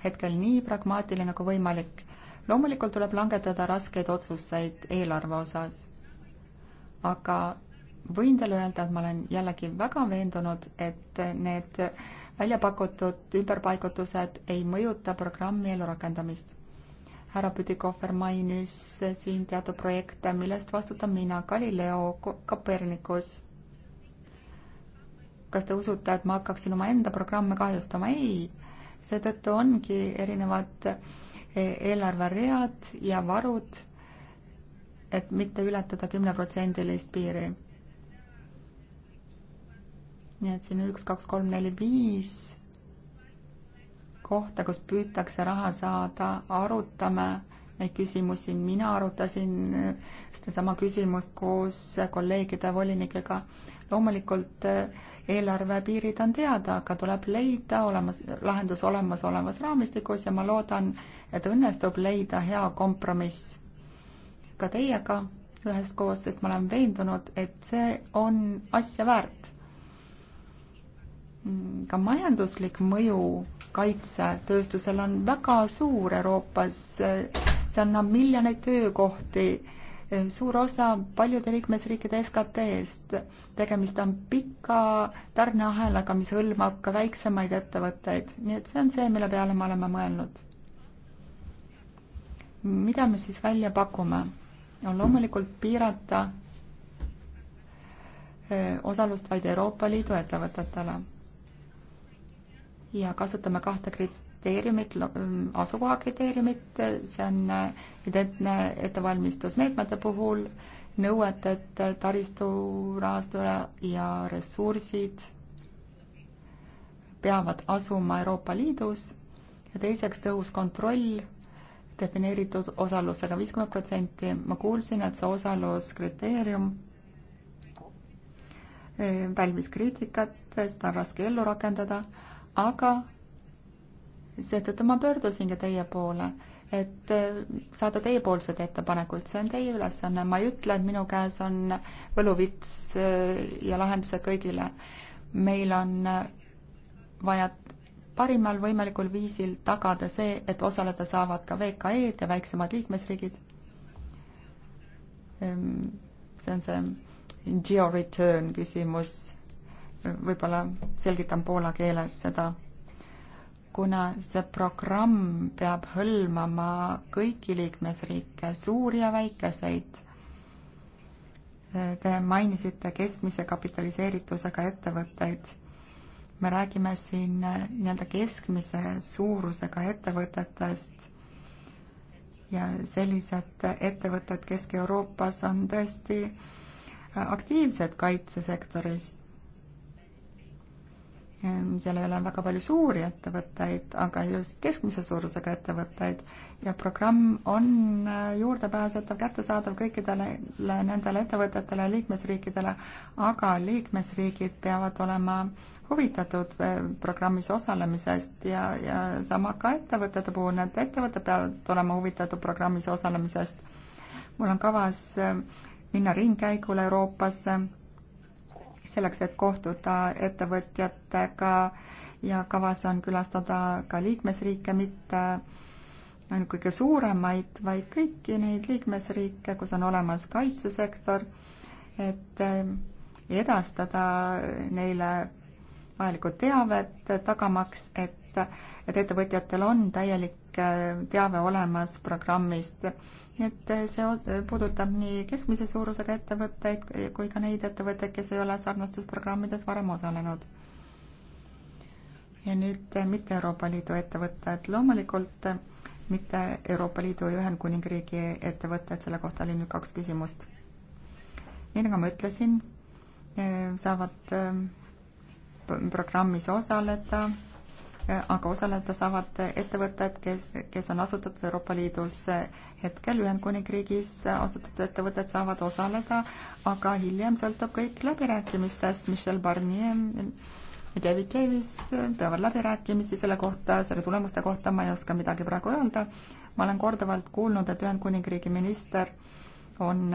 hetkel nii pragmaatiline kui võimalik loomulikult tuleb langetada raskeid otsuseid eelarve osas, aga võin teile öelda, et ma olen jällegi väga veendunud, et need välja pakutud ümberpaigutused ei mõjuta programmi elurakendamist. härra Püdikohver mainis siin teatud projekte, millest vastutan mina, Galileo Copernicus. kas te usute, et ma hakkaksin omaenda programme kahjustama? ei, seetõttu ongi erinevad E- eelarveread ja varud, et mitte ületada kümneprotsendilist piiri. nii et siin on üks, kaks, kolm, neli, viis kohta, kus püütakse raha saada, arutame neid küsimusi, mina arutasin äh, sedasama küsimust koos äh, kolleegide volinikega. loomulikult äh, eelarvepiirid on teada, aga tuleb leida olemas, lahendus olemasolevas raamistikus ja ma loodan, et õnnestub leida hea kompromiss ka teiega üheskoos, sest ma olen veendunud, et see on asja väärt. ka majanduslik mõju kaitsetööstusel on väga suur Euroopas, see annab miljoneid töökohti suur osa paljude liikmesriikide SKT-st. tegemist on pika tarneahelaga, mis hõlmab ka väiksemaid ettevõtteid, nii et see on see, mille peale me oleme mõelnud. mida me siis välja pakume? on loomulikult piirata osalust vaid Euroopa Liidu ettevõtetele ja kasutame kahte krit-, kriteeriumid, mm, asukoha kriteeriumid, see on äh, identne ettevalmistusmeetmete puhul, nõued, et äh, taristu rahastaja ja ressursid peavad asuma Euroopa Liidus ja teiseks tõhus kontroll defineeritud osalusega viiskümmend protsenti. ma kuulsin, et see osaluskriteerium äh, pälvis kriitikat, seda on raske ellu rakendada, aga seetõttu ma pöördusin ka teie poole, et äh, saada teiepoolsed ettepanekud, see on teie ülesanne, ma ei ütle, et minu käes on võluvits äh, ja lahendused kõigile. meil on äh, vaja parimal võimalikul viisil tagada see, et osaleda saavad ka VKE-d ja väiksemad liikmesriigid. Ehm, see on see geo return küsimus, võib-olla selgitan poola keeles seda kuna see programm peab hõlmama kõiki liikmesriike, suuri ja väikeseid. Te mainisite keskmise kapitaliseeritusega ettevõtteid. me räägime siin nii-öelda keskmise suurusega ettevõtetest ja sellised ettevõtted Kesk-Euroopas on tõesti aktiivsed kaitsesektoris Ehm, seal ei ole väga palju suuri ettevõtteid, aga just keskmise suurusega ettevõtteid ja programm on äh, juurdepääsetav, kättesaadav kõikidele nendele ettevõtetele ja liikmesriikidele, aga liikmesriigid peavad olema huvitatud äh, programmis osalemisest ja, ja sama ka ettevõtete puhul, need ettevõtted peavad olema huvitatud programmis osalemisest. mul on kavas äh, minna ringkäigule Euroopasse selleks, et kohtuda ettevõtjatega ja kavas on külastada ka liikmesriike, mitte ainult kõige suuremaid, vaid kõiki neid liikmesriike, kus on olemas kaitsesektor, et edastada neile vajalikku teavet, tagamaks, et, et ettevõtjatel on täielik teave olemas programmist nii et see puudutab nii keskmise suurusega ettevõtteid kui ka neid ettevõtteid, kes ei ole sarnastes programmides varem osalenud. ja nüüd mitte Euroopa Liidu ettevõtted, loomulikult mitte Euroopa Liidu ja Ühendkuningriigi ettevõtted, selle kohta oli nüüd kaks küsimust. nii nagu ma ütlesin, eh, saavad eh, programmis osaleda aga osaleda saavad ettevõtted, kes, kes on asutatud Euroopa Liidus hetkel Ühendkuningriigis, asutatud ettevõtted saavad osaleda, aga hiljem sõltub kõik läbirääkimistest, Michel Barnier ja David Davis peavad läbirääkimisi selle kohta, selle tulemuste kohta ma ei oska midagi praegu öelda. ma olen korduvalt kuulnud, et Ühendkuningriigi minister on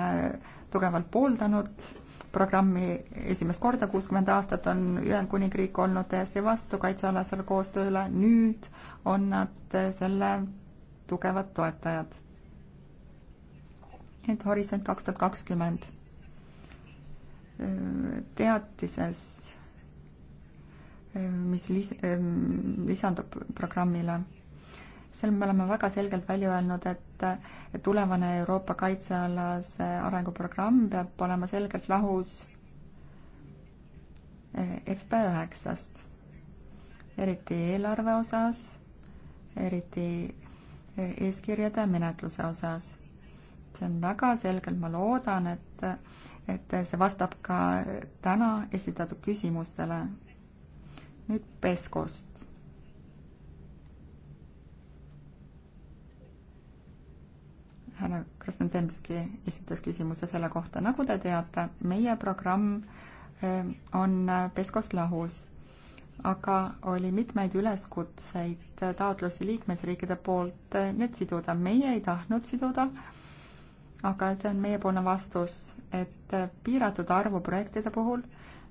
tugevalt pooldanud programmi esimest korda, kuuskümmend aastat on Ühendkuningriik olnud täiesti vastu kaitsealasele koostööle, nüüd on nad selle tugevad toetajad. nüüd Horisont kaks tuhat kakskümmend. teatises, mis lis-, lisandub programmile seal me oleme väga selgelt välja öelnud, et tulevane Euroopa kaitsealas arenguprogramm peab olema selgelt lahus eh, FP üheksast, eriti eelarve osas, eriti eh, eeskirjade menetluse osas. see on väga selgelt, ma loodan, et, et see vastab ka täna esitatud küsimustele. nüüd Peskost härra Krasnodemski esitas küsimuse selle kohta. nagu te teate, meie programm eh, on eh, Peskost lahus, aga oli mitmeid üleskutseid, eh, taotlusi liikmesriikide poolt need siduda. meie ei tahtnud siduda, aga see on meiepoolne vastus, et piiratud arvu projektide puhul,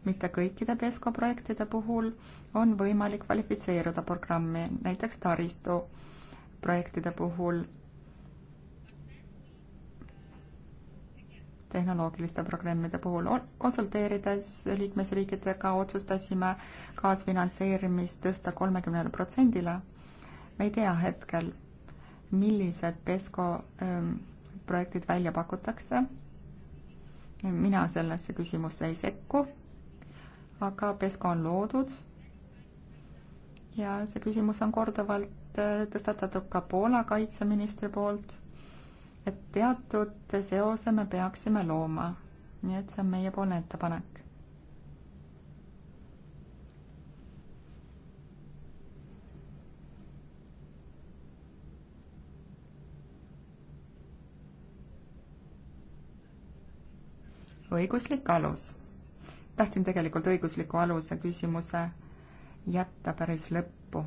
mitte kõikide Pesko projektide puhul, on võimalik kvalifitseeruda programmi, näiteks taristu projektide puhul tehnoloogiliste programmide puhul. konsulteerides liikmesriikidega otsustasime kaasfinantseerimist tõsta kolmekümnele protsendile. me ei tea hetkel, millised PESCO ähm, projektid välja pakutakse. mina sellesse küsimusse ei sekku, aga PESCO on loodud ja see küsimus on korduvalt äh, tõstatatud ka Poola kaitseministri poolt et teatud seose me peaksime looma. nii et see on meiepoolne ettepanek. õiguslik alus. tahtsin tegelikult õigusliku aluse küsimuse jätta päris lõppu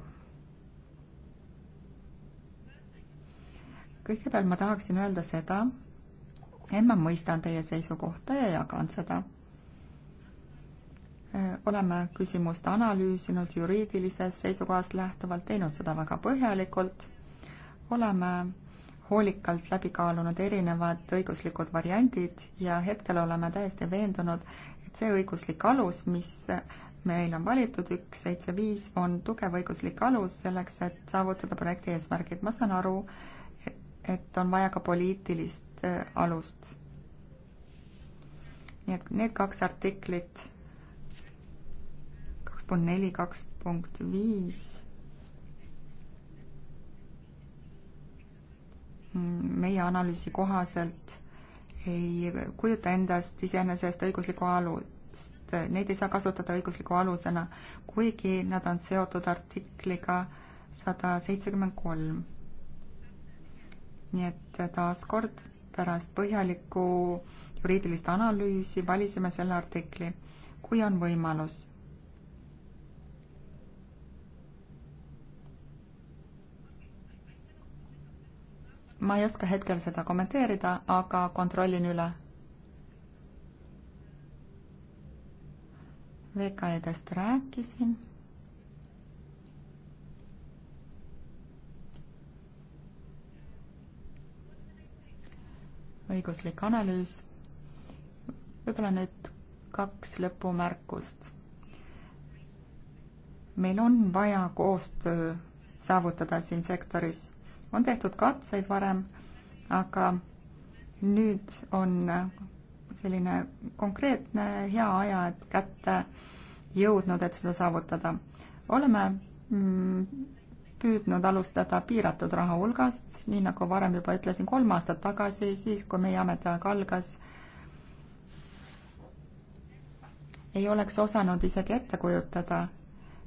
kõigepealt ma tahaksin öelda seda, et ma mõistan teie seisukohta ja jagan seda. Äh, oleme küsimust analüüsinud juriidilisest seisukohast lähtuvalt, teinud seda väga põhjalikult, oleme hoolikalt läbi kaalunud erinevad õiguslikud variandid ja hetkel oleme täiesti veendunud, et see õiguslik alus, mis meil on valitud üks, seitse, viis, on tugev õiguslik alus selleks, et saavutada projekti eesmärgid. ma saan aru, et on vaja ka poliitilist äh, alust. nii et need kaks artiklit, kaks punkt neli, kaks punkt viis, mm, meie analüüsi kohaselt ei kujuta endast iseenesest õiguslikku alust, neid ei saa kasutada õigusliku alusena, kuigi nad on seotud artikliga sada seitsekümmend kolm nii et äh, taaskord pärast põhjalikku juriidilist analüüsi valisime selle artikli, kui on võimalus. ma ei oska hetkel seda kommenteerida, aga kontrollin üle. VKE-dest rääkisin õiguslik analüüs. võib-olla nüüd kaks lõpumärkust. meil on vaja koostöö saavutada siin sektoris. on tehtud katseid varem, aga nüüd on selline konkreetne hea ajahetk kätte jõudnud, et seda saavutada. oleme mm, püüdnud alustada piiratud raha hulgast, nii nagu varem juba ütlesin, kolm aastat tagasi, siis kui meie ametiaeg algas, ei oleks osanud isegi ette kujutada,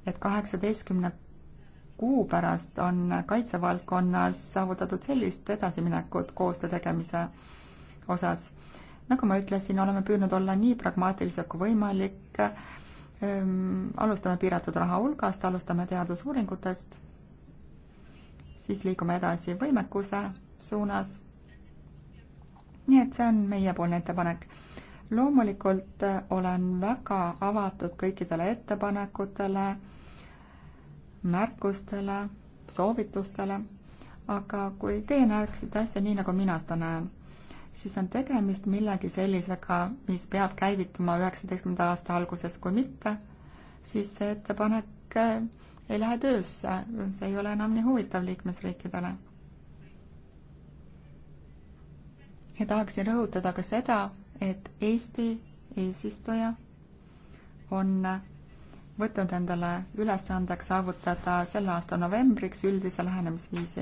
et kaheksateistkümne kuu pärast on kaitsevaldkonnas saavutatud sellist edasiminekut koostöö tegemise osas. nagu ma ütlesin, oleme püüdnud olla nii pragmaatilised kui võimalik, ehm, alustame piiratud raha hulgast, alustame teadusuuringutest siis liigume edasi võimekuse suunas. nii et see on meiepoolne ettepanek. loomulikult äh, olen väga avatud kõikidele ettepanekutele, märkustele, soovitustele, aga kui teie näeksite asja nii, nagu mina seda näen, siis on tegemist millegi sellisega, mis peab käivituma üheksateistkümnenda aasta alguses, kui mitte, siis see ettepanek äh, ei lähe töösse, see ei ole enam nii huvitav liikmesriikidele. ja tahaksin rõhutada ka seda, et Eesti eesistuja on võtnud endale ülesandeks saavutada selle aasta novembriks üldise lähenemisviisi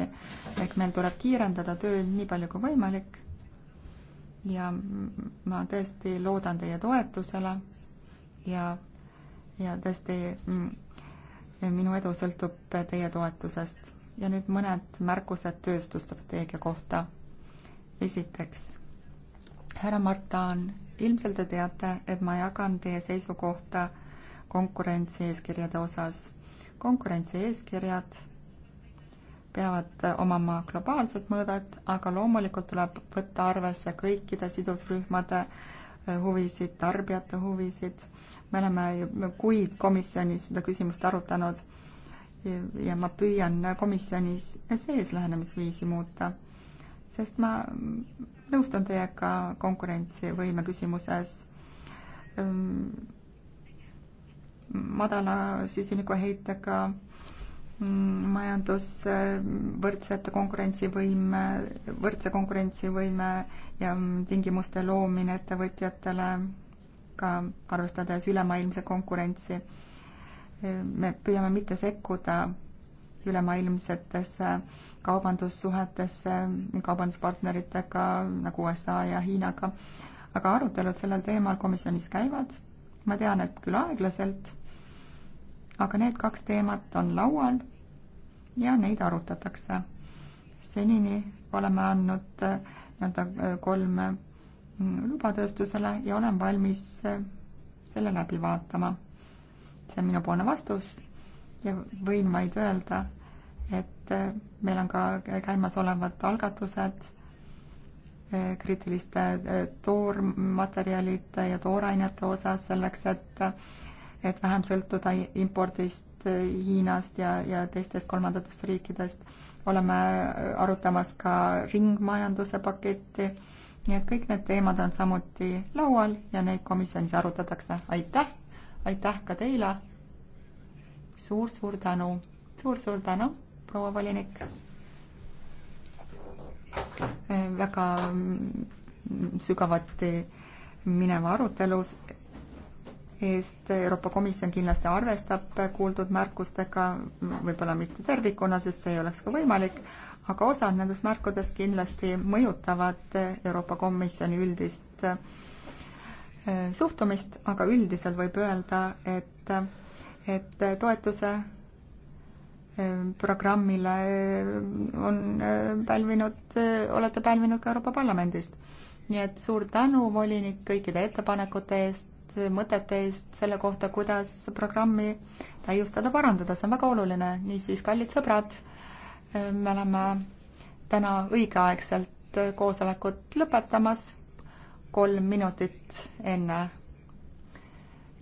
ehk meil tuleb kiirendada tööd nii palju kui võimalik. ja ma tõesti loodan teie toetusele ja, ja tõesti mm, minu edu sõltub teie toetusest. ja nüüd mõned märkused tööstusstrateegia kohta. esiteks, härra Martaan, ilmselt te teate, et ma jagan teie seisukohta konkurentsieeskirjade osas. konkurentsieeskirjad peavad omama globaalset mõõdet, aga loomulikult tuleb võtta arvesse kõikide sidusrühmade huvisid, tarbijate huvisid me oleme kuid komisjonis seda küsimust arutanud ja ma püüan komisjonis sees lähenemisviisi muuta, sest ma nõustun teiega konkurentsivõime küsimuses. Ehm, madala süsinikuheitega mm, majandus, ehm, võrdsete konkurentsivõime, võrdse konkurentsivõime ja mm, tingimuste loomine ettevõtjatele ka arvestades ülemaailmse konkurentsi. me püüame mitte sekkuda ülemaailmsetesse kaubandussuhetesse kaubanduspartneritega nagu USA ja Hiinaga, aga arutelud sellel teemal komisjonis käivad. ma tean, et küll aeglaselt, aga need kaks teemat on laual ja neid arutatakse. senini oleme andnud äh, nii-öelda äh, kolm lubatööstusele ja olen valmis äh, selle läbi vaatama. see on minupoolne vastus ja võin vaid öelda, et äh, meil on ka käimasolevad algatused äh, kriitiliste toormaterjalide ja toorainete osas selleks, et et vähem sõltuda impordist Hiinast ja, ja teistest kolmandatest riikidest. oleme arutamas ka ringmajanduse paketti nii et kõik need teemad on samuti laual ja neid komisjonis arutatakse. aitäh, aitäh ka teile suur,. suur-suur tänu suur,, suur-suur tänu, proua volinik. väga mm, sügavati mineva arutelu eest. Euroopa Komisjon kindlasti arvestab kuuldud märkustega, võib-olla mitte tervikuna, sest see ei oleks ka võimalik, aga osad nendest märkudest kindlasti mõjutavad Euroopa Komisjoni üldist äh, suhtumist, aga üldiselt võib öelda, et, et toetuse äh, programmile äh, on pälvinud, olete pälvinud ka Euroopa Parlamendist. nii et suur tänu, volinik, kõikide ettepanekute eest, mõtete eest selle kohta, kuidas programmi täiustada, parandada, see on väga oluline. niisiis, kallid sõbrad me oleme täna õigeaegselt koosolekut lõpetamas, kolm minutit enne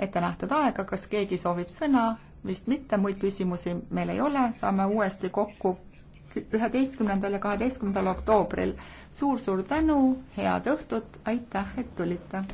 ettenähtud aega, kas keegi soovib sõna, vist mitte, muid küsimusi meil ei ole, saame uuesti kokku üheteistkümnendal ja kaheteistkümnendal oktoobril suur,. suur-suur tänu, head õhtut, aitäh, et tulite!